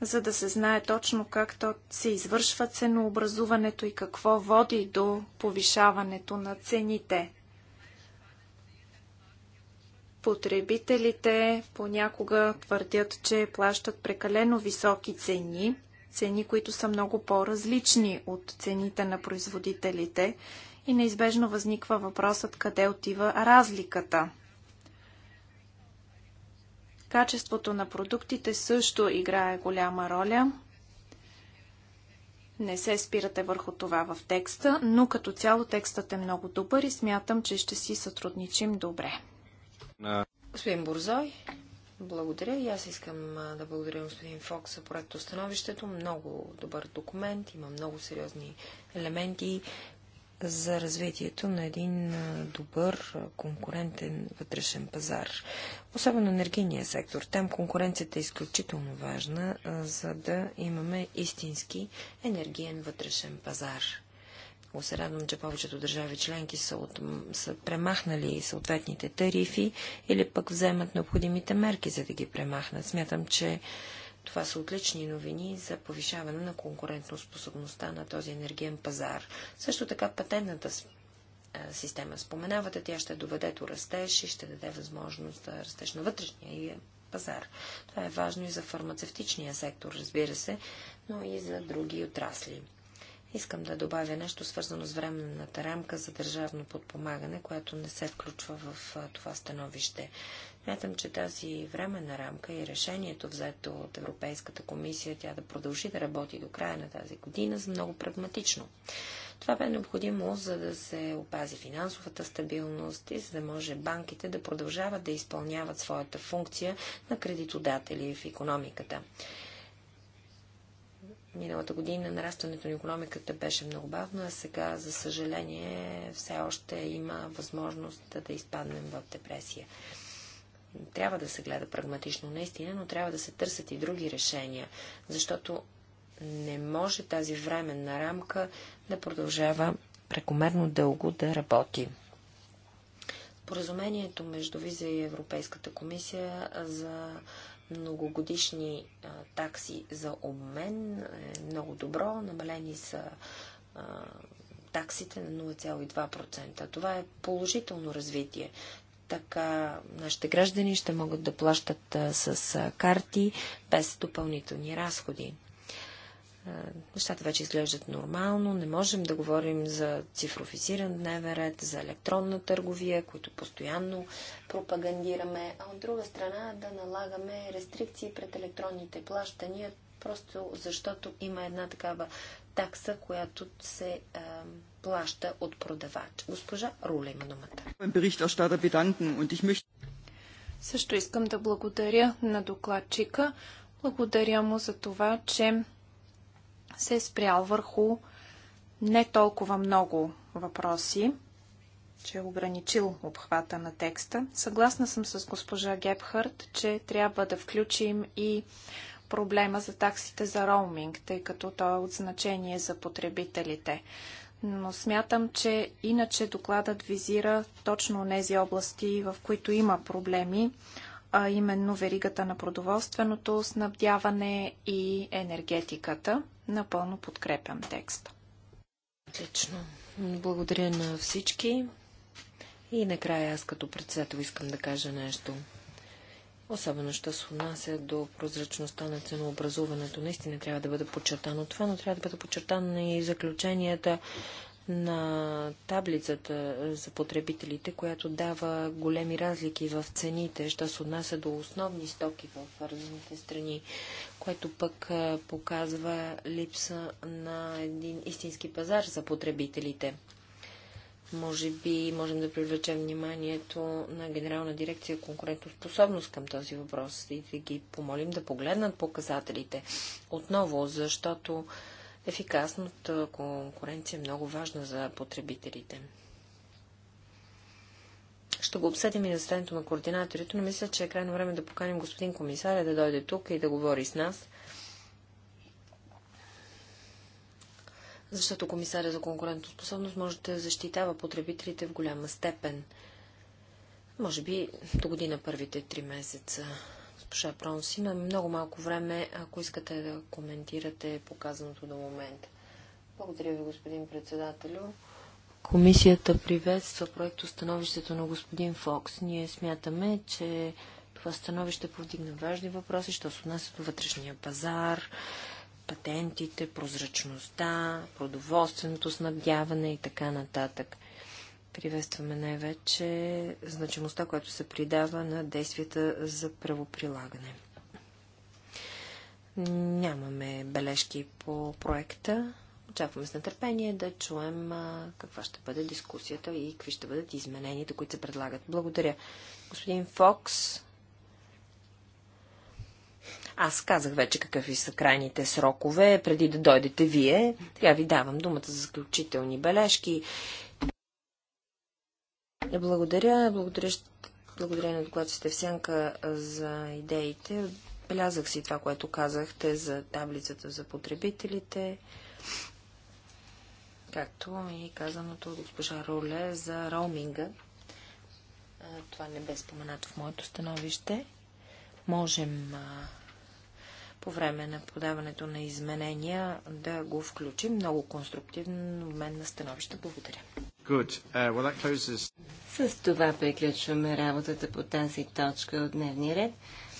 за да се знае точно как то се извършва ценообразуването и какво води до повишаването на цените. Потребителите понякога твърдят, че плащат прекалено високи цени – цени, които са много по-различни от цените на производителите и неизбежно възниква въпросът къде отива разликата. Качеството на продуктите също играе голяма роля. Не се спирате върху това в текста, но като цяло текстът е много добър и смятам, че ще си сътрудничим добре. Господин Бурзой. Благодаря и аз искам да благодаря господин Фокс за проекто становището. Много добър документ, има много сериозни елементи за развитието на един добър конкурентен вътрешен пазар. Особено енергийния сектор. Там конкуренцията е изключително важна, за да имаме истински енергиен вътрешен пазар. Много се радвам, че повечето държави членки са, от, са премахнали съответните тарифи или пък вземат необходимите мерки, за да ги премахнат. Смятам, че това са отлични новини за повишаване на конкурентоспособността на този енергиен пазар. Също така патентната система споменавате, тя ще доведе до растеж и ще даде възможност да растеж на вътрешния и е, пазар. Това е важно и за фармацевтичния сектор, разбира се, но и за други отрасли. Искам да добавя нещо свързано с временната рамка за държавно подпомагане, което не се включва в това становище. Мятам, че тази временна рамка и решението, взето от Европейската комисия, тя да продължи да работи до края на тази година, за много прагматично. Това бе необходимо, за да се опази финансовата стабилност и за да може банките да продължават да изпълняват своята функция на кредитодатели в економиката. Миналата година нарастването на економиката беше много бавно, а сега, за съжаление, все още има възможност да, да изпаднем в депресия. Трябва да се гледа прагматично, наистина, но трябва да се търсят и други решения, защото не може тази временна рамка да продължава прекомерно дълго да работи. Споразумението между Виза и Европейската комисия за многогодишни а, такси за обмен е много добро. Намалени са а, таксите на 0,2%. Това е положително развитие. Така нашите граждани ще могат да плащат а, с карти без допълнителни разходи. Е, нещата вече изглеждат нормално, не можем да говорим за цифрофизиран дневен ред, за електронна търговия, които постоянно пропагандираме, а от друга страна да налагаме рестрикции пред електронните плащания, просто защото има една такава такса, която се а, е, плаща от продавач. Госпожа Руле, има думата. Също искам да благодаря на докладчика. Благодаря му за това, че се е спрял върху не толкова много въпроси, че е ограничил обхвата на текста. Съгласна съм с госпожа Гепхарт, че трябва да включим и проблема за таксите за роуминг, тъй като то е от значение за потребителите. Но смятам, че иначе докладът визира точно тези области, в които има проблеми, а именно веригата на продоволственото снабдяване и енергетиката. Напълно подкрепям текста. Отлично. Благодаря на всички. И накрая аз като председател искам да кажа нещо. Особено, що се отнася до прозрачността на ценообразуването. Наистина трябва да бъде подчертано това, но трябва да бъде подчертано и заключенията на таблицата за потребителите, която дава големи разлики в цените, що се отнася до основни стоки в разните страни, което пък показва липса на един истински пазар за потребителите. Може би можем да привлечем вниманието на Генерална дирекция конкурентоспособност към този въпрос и да ги помолим да погледнат показателите отново, защото Ефикасната конкуренция е много важна за потребителите. Ще го обсъдим и на заседанието на координаторите, но мисля, че е крайно време да поканим господин комисаря да дойде тук и да говори с нас. Защото комисаря за конкурентоспособност може да защитава потребителите в голяма степен. Може би до година първите три месеца госпожа Пронс. Имаме много малко време, ако искате да коментирате показаното до момента. Благодаря ви, господин председателю. Комисията приветства проекто становището на господин Фокс. Ние смятаме, че това становище повдигна важни въпроси, що се отнася до вътрешния пазар, патентите, прозрачността, продоволственото снабдяване и така нататък. Приветстваме най-вече значимостта, която се придава на действията за правоприлагане. Нямаме бележки по проекта. Очакваме с нетърпение да чуем каква ще бъде дискусията и какви ще бъдат измененията, които се предлагат. Благодаря. Господин Фокс, аз казах вече какъв са крайните срокове, преди да дойдете вие. Сега ви давам думата за заключителни бележки е, благодаря. Благодаря, благодаря на докладците в сянка за идеите. Белязах си това, което казахте за таблицата за потребителите, както и е казаното от госпожа Роле за роуминга. Това не бе споменато в моето становище. Можем по време на подаването на изменения да го включим. Много конструктивно, в мен на становище. Благодаря. Good. Uh, well, that closes... С това приключваме работата по тази точка от дневния ред.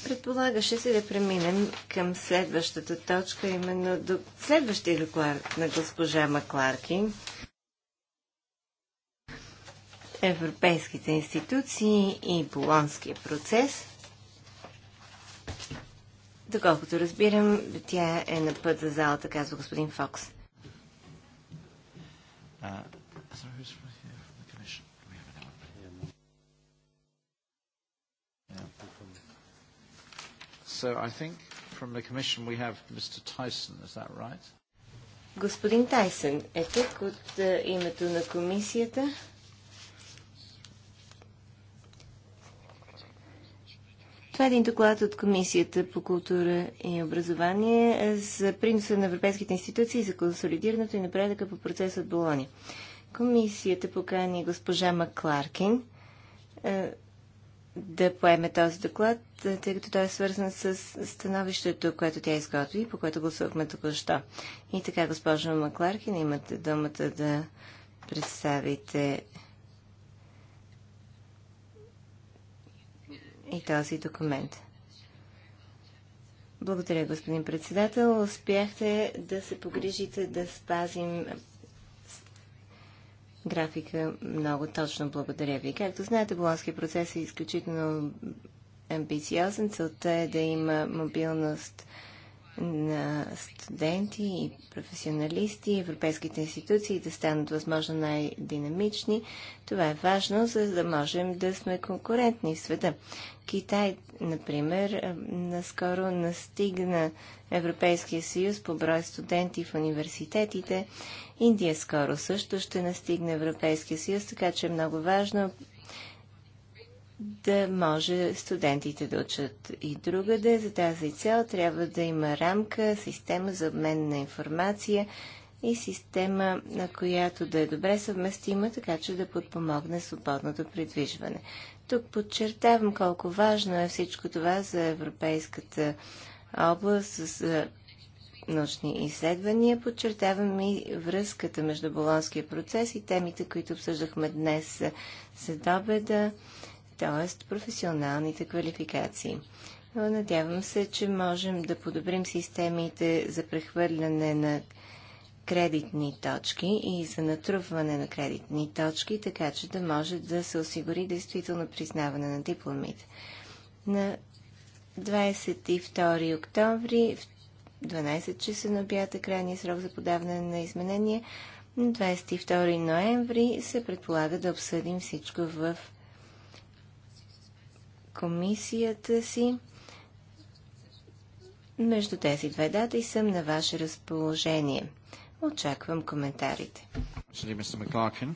Предполагаше се да преминем към следващата точка, именно до следващия доклад на госпожа Макларкин. Европейските институции и Болонския процес. Доколкото разбирам, тя е на път за залата, казва господин Фокс. Uh... So I think from the Commission we have Mr. Tyson, is that right? Господин Тайсън е тук от е, името на комисията. Това е един доклад от Комисията по култура и образование е, за приноса на европейските институции за консолидирането и напредъка по процеса от Болония. Комисията покани госпожа Макларкин е, да поеме този доклад, е, тъй като той е свързан с становището, което тя изготви и по което гласувахме току-що. И така, госпожо Макларкин, имате думата да представите и този документ. Благодаря, господин председател. Успяхте да се погрижите да спазим графика много точно. Благодаря ви. Както знаете, Болонския процес е изключително амбициозен. Целта е да има мобилност на студенти и професионалисти, европейските институции да станат възможно най-динамични. Това е важно, за да можем да сме конкурентни в света. Китай, например, е, наскоро настигна Европейския съюз по брой студенти в университетите. Индия скоро също ще настигне Европейския съюз, така че е много важно да може студентите да учат и другаде. За тази цел трябва да има рамка, система за обмен на информация и система, на която да е добре съвместима, така че да подпомогне свободното придвижване. Тук подчертавам колко важно е всичко това за Европейската област, за научни изследвания. Подчертавам и връзката между Болонския процес и темите, които обсъждахме днес за обеда т.е. професионалните квалификации. Надявам се, че можем да подобрим системите за прехвърляне на кредитни точки и за натрупване на кредитни точки, така че да може да се осигури действително признаване на дипломите. На 22 октомври в 12 часа на обяд е крайния срок за подаване на изменения. На 22 ноември се предполага да обсъдим всичко в комисията си. Между тези две дати съм на ваше разположение. Очаквам коментарите. Uh,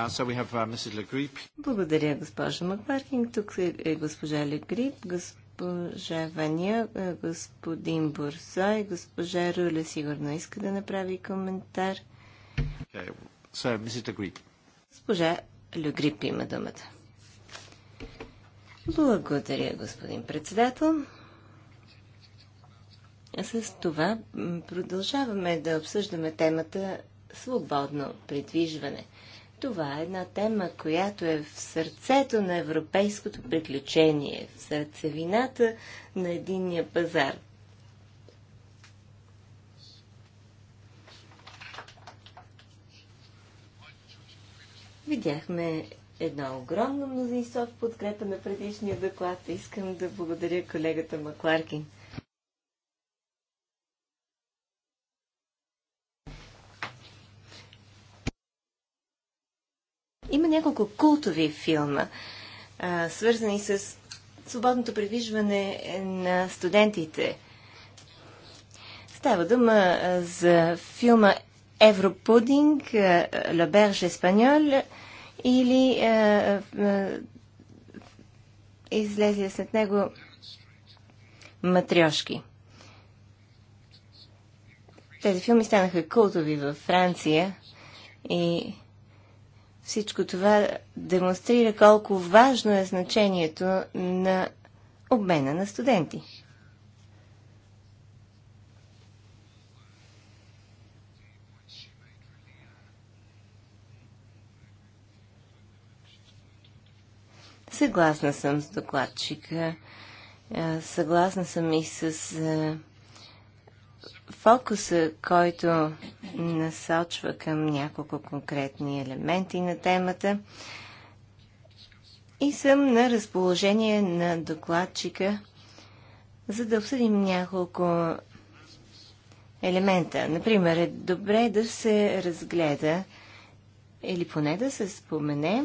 uh, Благодаря, госпожа Макларкин. Тук е госпожа Легрип, госпожа Ваня, е, господин Бурсой, госпожа Руля сигурно иска да направи коментар. Госпожа Легрип има думата. Благодаря, господин председател. С това продължаваме да обсъждаме темата свободно придвижване. Това е една тема, която е в сърцето на европейското приключение, в сърцевината на единния пазар. Видяхме едно огромно мнозинство в подкрепа на предишния доклад. Искам да благодаря колегата Макларкин. Има няколко култови филма, свързани с свободното предвижване на студентите. Става дума за филма Европудинг, Лаберж Еспаньоль, или е, е, е излезли след него матрешки. Тези филми станаха култови във Франция и всичко това демонстрира колко важно е значението на обмена на студенти. Съгласна съм с докладчика. Е, съгласна съм и с е, фокуса, който насочва към няколко конкретни елементи на темата. И съм на разположение на докладчика, за да обсъдим няколко елемента. Например, е добре да се разгледа или поне да се спомене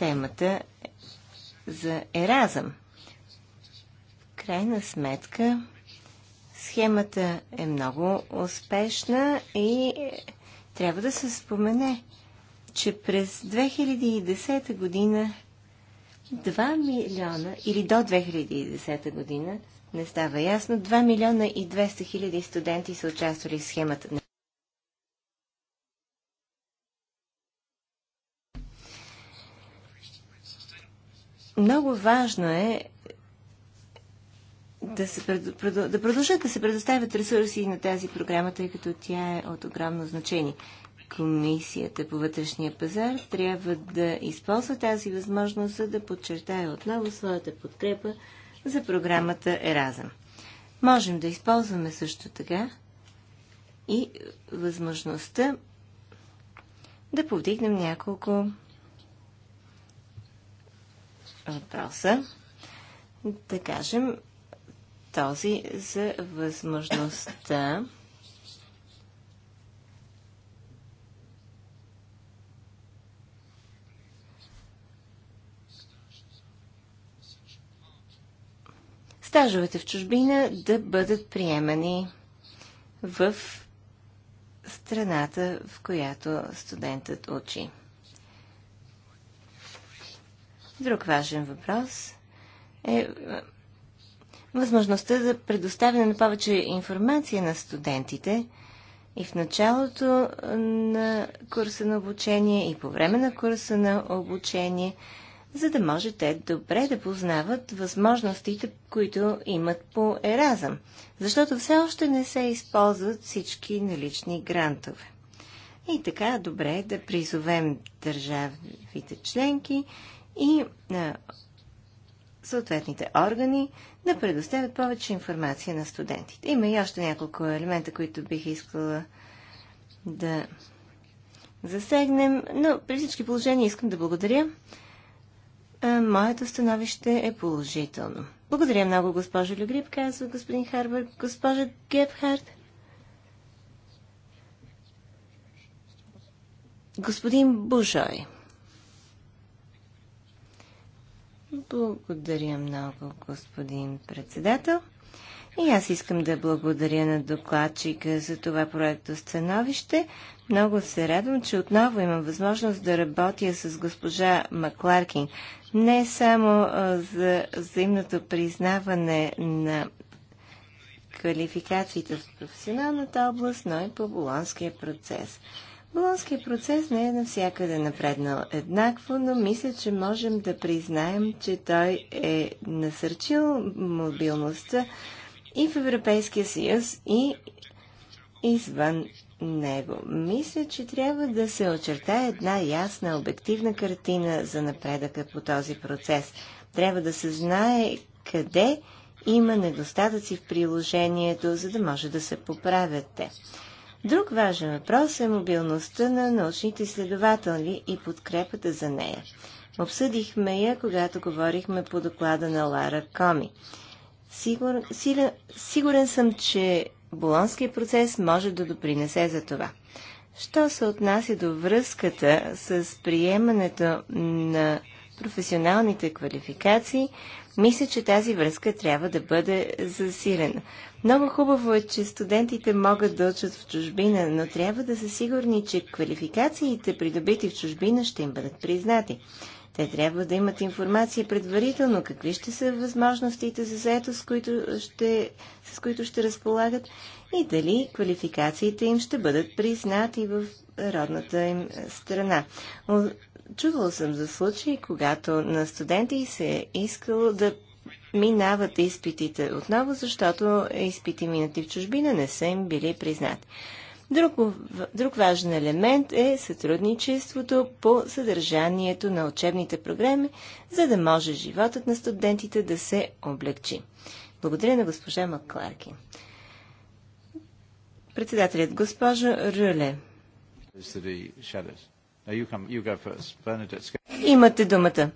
темата за Еразъм. В крайна сметка, схемата е много успешна и трябва да се спомене, че през 2010 година 2 милиона или до 2010 година не става ясно. 2 милиона и 200 хиляди студенти са участвали в схемата. Много важно е да, се, да продължат да се предоставят ресурси на тази програма, тъй като тя е от огромно значение. Комисията по вътрешния пазар трябва да използва тази възможност, за да подчертая отново своята подкрепа за програмата Еразъм. Можем да използваме също така и възможността да повдигнем няколко въпроса, да кажем този за възможността стажовете в чужбина да бъдат приемани в страната, в която студентът учи. Друг важен въпрос е, е възможността за предоставяне на повече информация на студентите и в началото е, на курса на обучение и по време на курса на обучение, за да може те добре да познават възможностите, които имат по Еразъм, защото все още не се използват всички налични грантове. И така добре е да призовем държавите членки и а, е, съответните органи да предоставят повече информация на студентите. Има и още няколко елемента, които бих искала да засегнем, но при всички положения искам да благодаря. А, е, моето становище е положително. Благодаря много, госпожо Люгрип, казва господин Харбър. Госпожа Гепхард. Господин Бужой. Благодаря много, господин председател. И аз искам да благодаря на докладчика за това проекто становище. Много се радвам, че отново имам възможност да работя с госпожа Макларкин. Не само за взаимното признаване на квалификациите в професионалната област, но и по болонския процес. Болонският процес не е навсякъде напреднал еднакво, но мисля, че можем да признаем, че той е насърчил мобилността и в Европейския съюз, и извън него. Мисля, че трябва да се очертае една ясна, обективна картина за напредъка по този процес. Трябва да се знае къде има недостатъци в приложението, за да може да се поправят те. Друг важен въпрос е мобилността на научните изследователи и подкрепата за нея. Обсъдихме я, когато говорихме по доклада на Лара Коми. Сигур, силен, сигурен съм, че Болонският процес може да допринесе за това. Що се отнася до връзката с приемането на професионалните квалификации, мисля, че тази връзка трябва да бъде засилена. Много хубаво е, че студентите могат да учат в чужбина, но трябва да са сигурни, че квалификациите, придобити в чужбина, ще им бъдат признати. Те трябва да имат информация предварително какви ще са възможностите за заето, с които ще, с които ще разполагат и дали квалификациите им ще бъдат признати в родната им страна. Чувал съм за случаи, когато на студенти се е искало да минават изпитите отново, защото изпити минати в чужбина не са им били признати. Друг, друг важен елемент е сътрудничеството по съдържанието на учебните програми, за да може животът на студентите да се облегчи. Благодаря на госпожа Макларки. Председателят госпожа Рюле. Имате думата.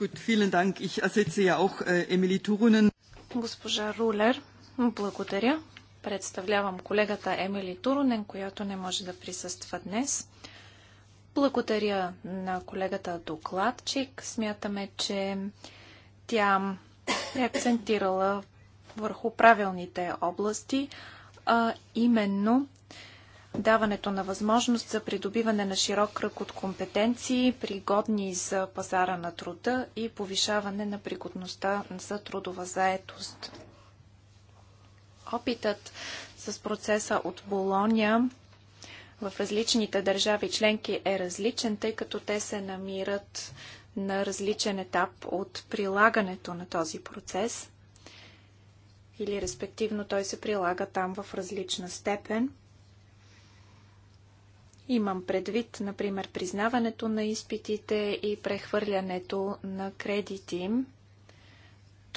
Äh, Госпожа Рулер, благодаря. Представлявам колегата Емили Турунен, която не може да присъства днес. Благодаря на колегата докладчик. Смятаме, че тя е акцентирала върху правилните области, а именно даването на възможност за придобиване на широк кръг от компетенции, пригодни за пазара на труда и повишаване на пригодността за трудова заетост. Опитът с процеса от Болония в различните държави членки е различен, тъй като те се намират на различен етап от прилагането на този процес или респективно той се прилага там в различна степен – Имам предвид, например, признаването на изпитите и прехвърлянето на кредити. Им.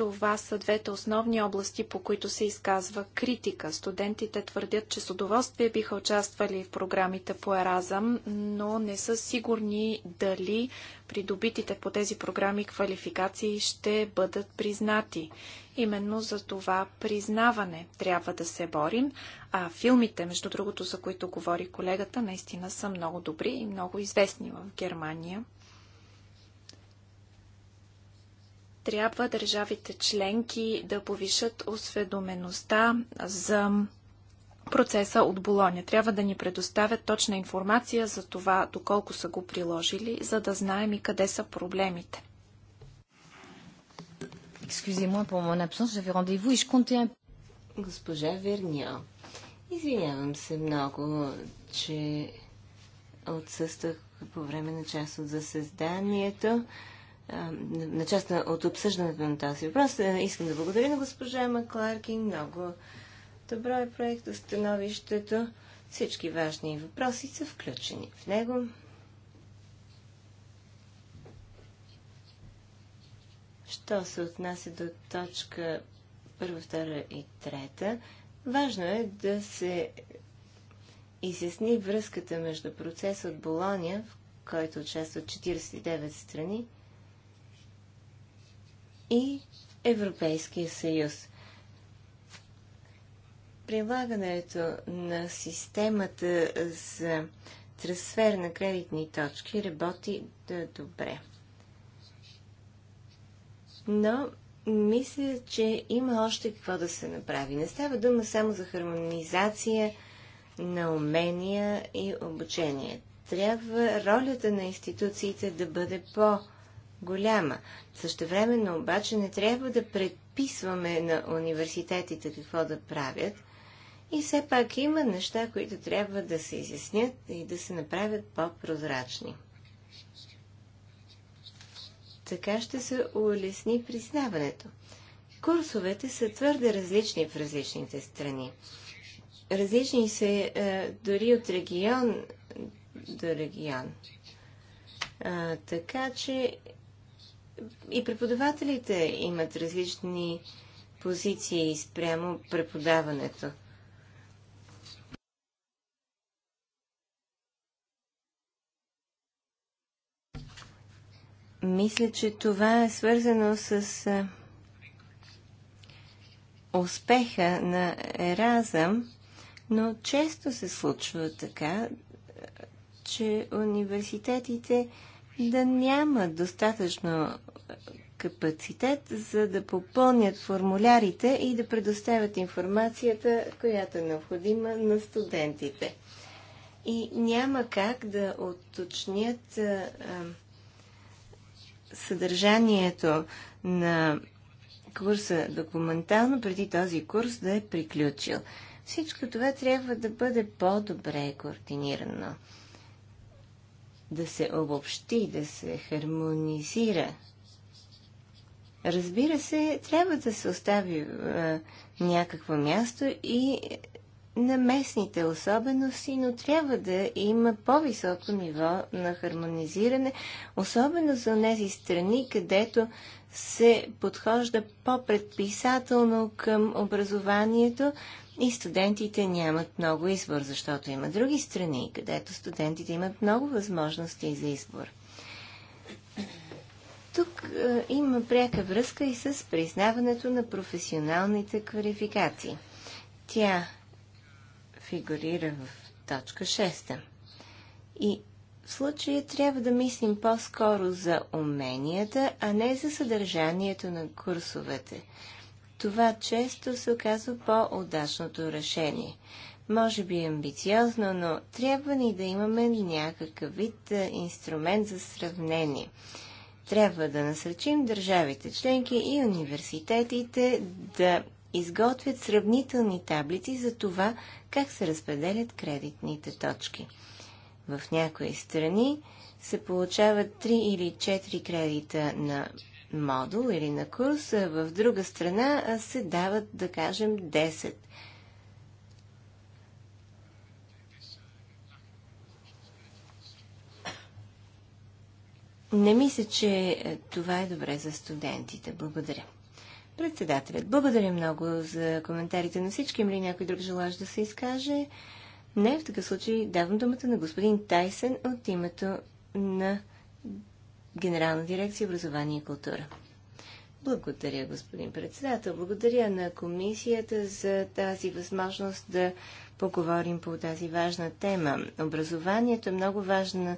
Това са двете основни области, по които се изказва критика. Студентите твърдят, че с удоволствие биха участвали в програмите по Еразъм, но не са сигурни дали придобитите по тези програми квалификации ще бъдат признати. Именно за това признаване трябва да се борим, а филмите, между другото, за които говори колегата, наистина са много добри и много известни в Германия. Трябва държавите членки да повишат осведомеността за процеса от Болоня. Трябва да ни предоставят точна информация за това, доколко са го приложили, за да знаем и къде са проблемите. Excusez-moi pour mon absence, j'avais rendez-vous et je comptais un... Госпожа Верня, извинявам се много, че отсъствах по време на част от заседанието на част от обсъждането на този въпрос. Е, искам да благодаря на госпожа Макларкин. Много добро е проект становището. Всички важни въпроси са включени в него. Що се отнася до точка първа, втора и трета, важно е да се изясни връзката между процеса от Болония, в който участват 49 страни, и Европейския съюз. Прилагането на системата за трансфер на кредитни точки работи да добре. Но мисля, че има още какво да се направи. Не става дума само за хармонизация на умения и обучение. Трябва ролята на институциите да бъде по- голяма. Същевременно обаче не трябва да предписваме на университетите какво да правят и все пак има неща, които трябва да се изяснят и да се направят по-прозрачни. Така ще се улесни признаването. Курсовете са твърде различни в различните страни. Различни се е, дори от регион до регион. А, така че и преподавателите имат различни позиции спрямо преподаването. Мисля, че това е свързано с успеха на Еразъм, но често се случва така, че университетите да нямат достатъчно капацитет, за да попълнят формулярите и да предоставят информацията, която е необходима на студентите. И няма как да отточнят а, съдържанието на курса документално преди този курс да е приключил. Всичко това трябва да бъде по-добре координирано, да се обобщи, да се хармонизира Разбира се, трябва да се остави а, е, някакво място и на местните особености, но трябва да има по-високо ниво на хармонизиране, особено за тези страни, където се подхожда по-предписателно към образованието и студентите нямат много избор, защото има други страни, където студентите имат много възможности за избор. Тук а, е, има пряка връзка и с признаването на професионалните квалификации. Тя фигурира в точка 6. И в случая трябва да мислим по-скоро за уменията, а не за съдържанието на курсовете. Това често се оказва по-удачното решение. Може би е амбициозно, но трябва ни да имаме някакъв вид е, инструмент за сравнение. Трябва да насръчим държавите членки и университетите да изготвят сравнителни таблици за това как се разпределят кредитните точки. В някои страни се получават 3 или 4 кредита на модул или на курс, а в друга страна се дават, да кажем, Не мисля, че е, това е добре за студентите. Благодаря. Председателят, благодаря много за коментарите на всички. Има ли някой друг желаж да се изкаже? Не, в такъв случай давам думата на господин Тайсен от името на Генерална дирекция образование и култура. Благодаря, господин председател. Благодаря на комисията за тази възможност да поговорим по тази важна тема. Образованието е много важен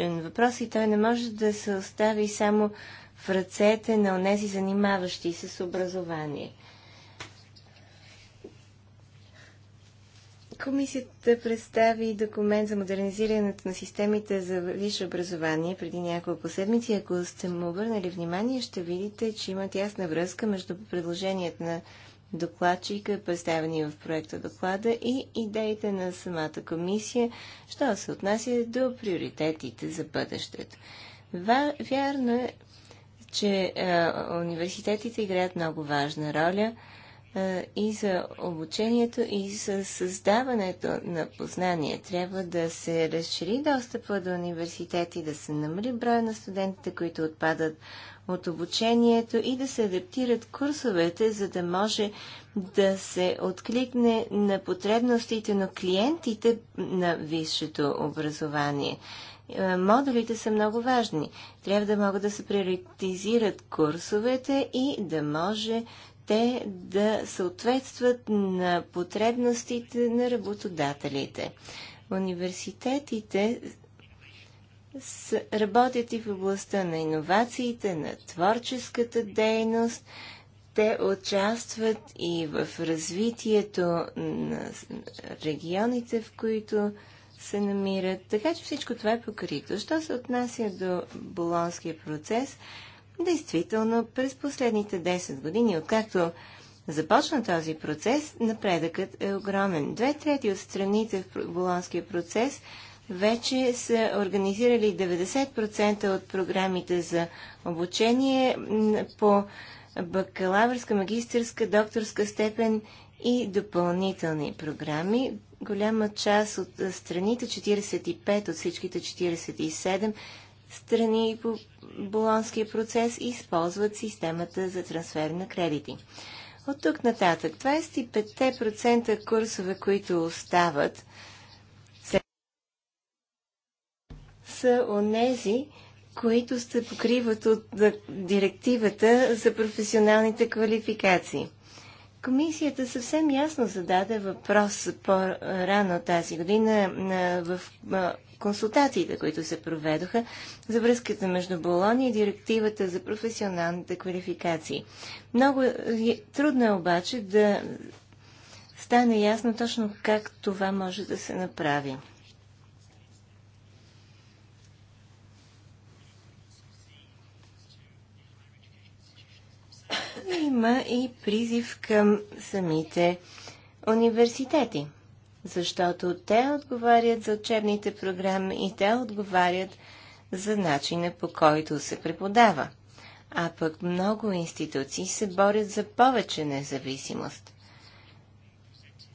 въпрос и той не може да се остави само в ръцете на онези занимаващи се с образование. Комисията представи документ за модернизирането на системите за висше образование преди няколко седмици. Ако сте му обърнали внимание, ще видите, че има тясна връзка между предложението на докладчика, представени в проекта доклада и идеите на самата комисия, що се отнася до приоритетите за бъдещето. Вярно е, че университетите играят много важна роля и за обучението, и за създаването на познания. Трябва да се разшири достъпа до университети, да се намали броя на студентите, които отпадат от обучението и да се адаптират курсовете, за да може да се откликне на потребностите на клиентите на висшето образование. Е, модулите са много важни. Трябва да могат да се приоритизират курсовете и да може те да съответстват на потребностите на работодателите. Университетите работят и в областта на иновациите, на творческата дейност. Те участват и в развитието на регионите, в които се намират. Така че всичко това е покрито. Що се отнася до болонския процес, действително през последните 10 години, откакто започна този процес, напредъкът е огромен. Две трети от страните в болонския процес – вече са организирали 90% от програмите за обучение по бакалавърска, магистърска, докторска степен и допълнителни програми. Голяма част от страните, 45 от всичките 47 страни по болонския процес, използват системата за трансфер на кредити. От тук нататък 25% курсове, които остават, са онези, които се покриват от директивата за професионалните квалификации. Комисията съвсем ясно зададе въпрос по-рано тази година в консултациите, които се проведоха за връзката между Болония и директивата за професионалните квалификации. Много е, трудно е обаче да стане ясно точно как това може да се направи. има и призив към самите университети, защото те отговарят за учебните програми и те отговарят за начина по който се преподава. А пък много институции се борят за повече независимост.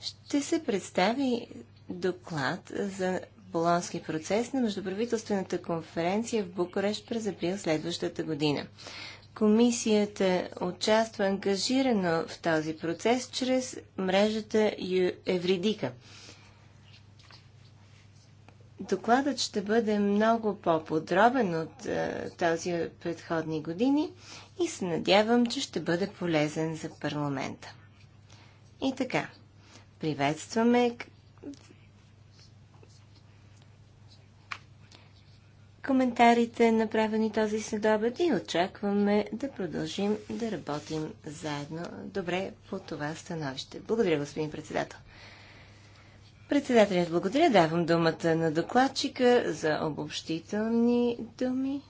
Ще се представи доклад за Болонски процес на Междуправителствената конференция в Букурещ през април следващата година. Комисията участва ангажирано в този процес чрез мрежата Евридика. Докладът ще бъде много по-подробен от тази е, този предходни години и се надявам, че ще бъде полезен за парламента. И така, приветстваме коментарите, направени този следобед и очакваме да продължим да работим заедно добре по това становище. Благодаря, господин председател. Председателят благодаря. Давам думата на докладчика за обобщителни думи.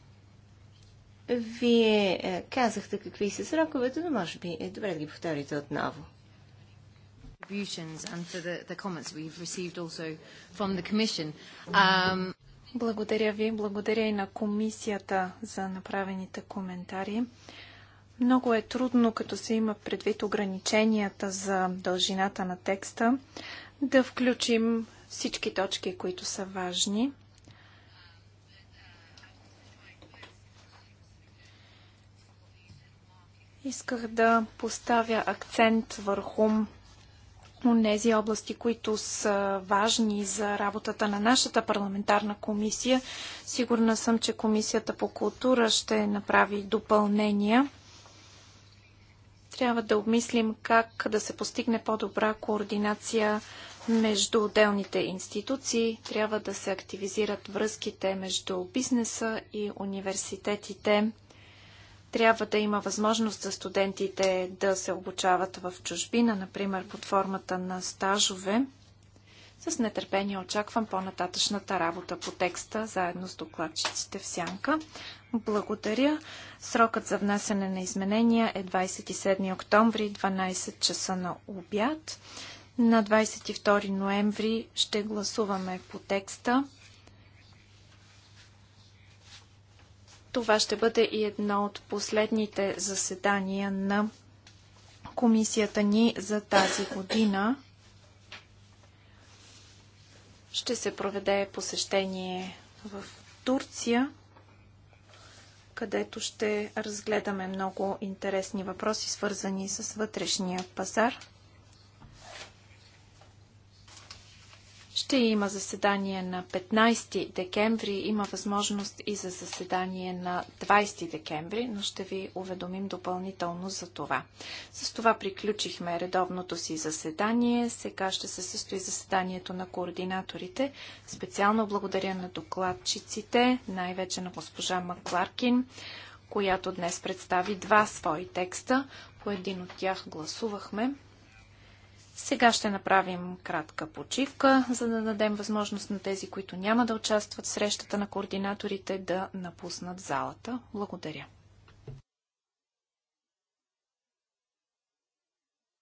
Вие е, казахте какви са сроковете, но може би е добре да ги повторите отново. Um... Благодаря ви. Благодаря и на комисията за направените коментари. Много е трудно, като се има предвид ограниченията за дължината на текста, да включим всички точки, които са важни. Исках да поставя акцент върху онези области, които са важни за работата на нашата парламентарна комисия. Сигурна съм, че Комисията по култура ще направи допълнения. Трябва да обмислим как да се постигне по-добра координация между отделните институции. Трябва да се активизират връзките между бизнеса и университетите. Трябва да има възможност за студентите да се обучават в чужбина, например под формата на стажове. С нетърпение очаквам по-нататъчната работа по текста, заедно с докладчиците в Сянка. Благодаря. Срокът за внасяне на изменения е 27 октомври, 12 часа на обяд. На 22 ноември ще гласуваме по текста. Това ще бъде и едно от последните заседания на комисията ни за тази година. Ще се проведе посещение в Турция, където ще разгледаме много интересни въпроси, свързани с вътрешния пазар. Ще има заседание на 15 декември, има възможност и за заседание на 20 декември, но ще ви уведомим допълнително за това. С това приключихме редовното си заседание. Сега ще се състои заседанието на координаторите. Специално благодаря на докладчиците, най-вече на госпожа Макларкин, която днес представи два свои текста. По един от тях гласувахме. Сега ще направим кратка почивка, за да дадем възможност на тези, които няма да участват в срещата на координаторите, да напуснат залата. Благодаря.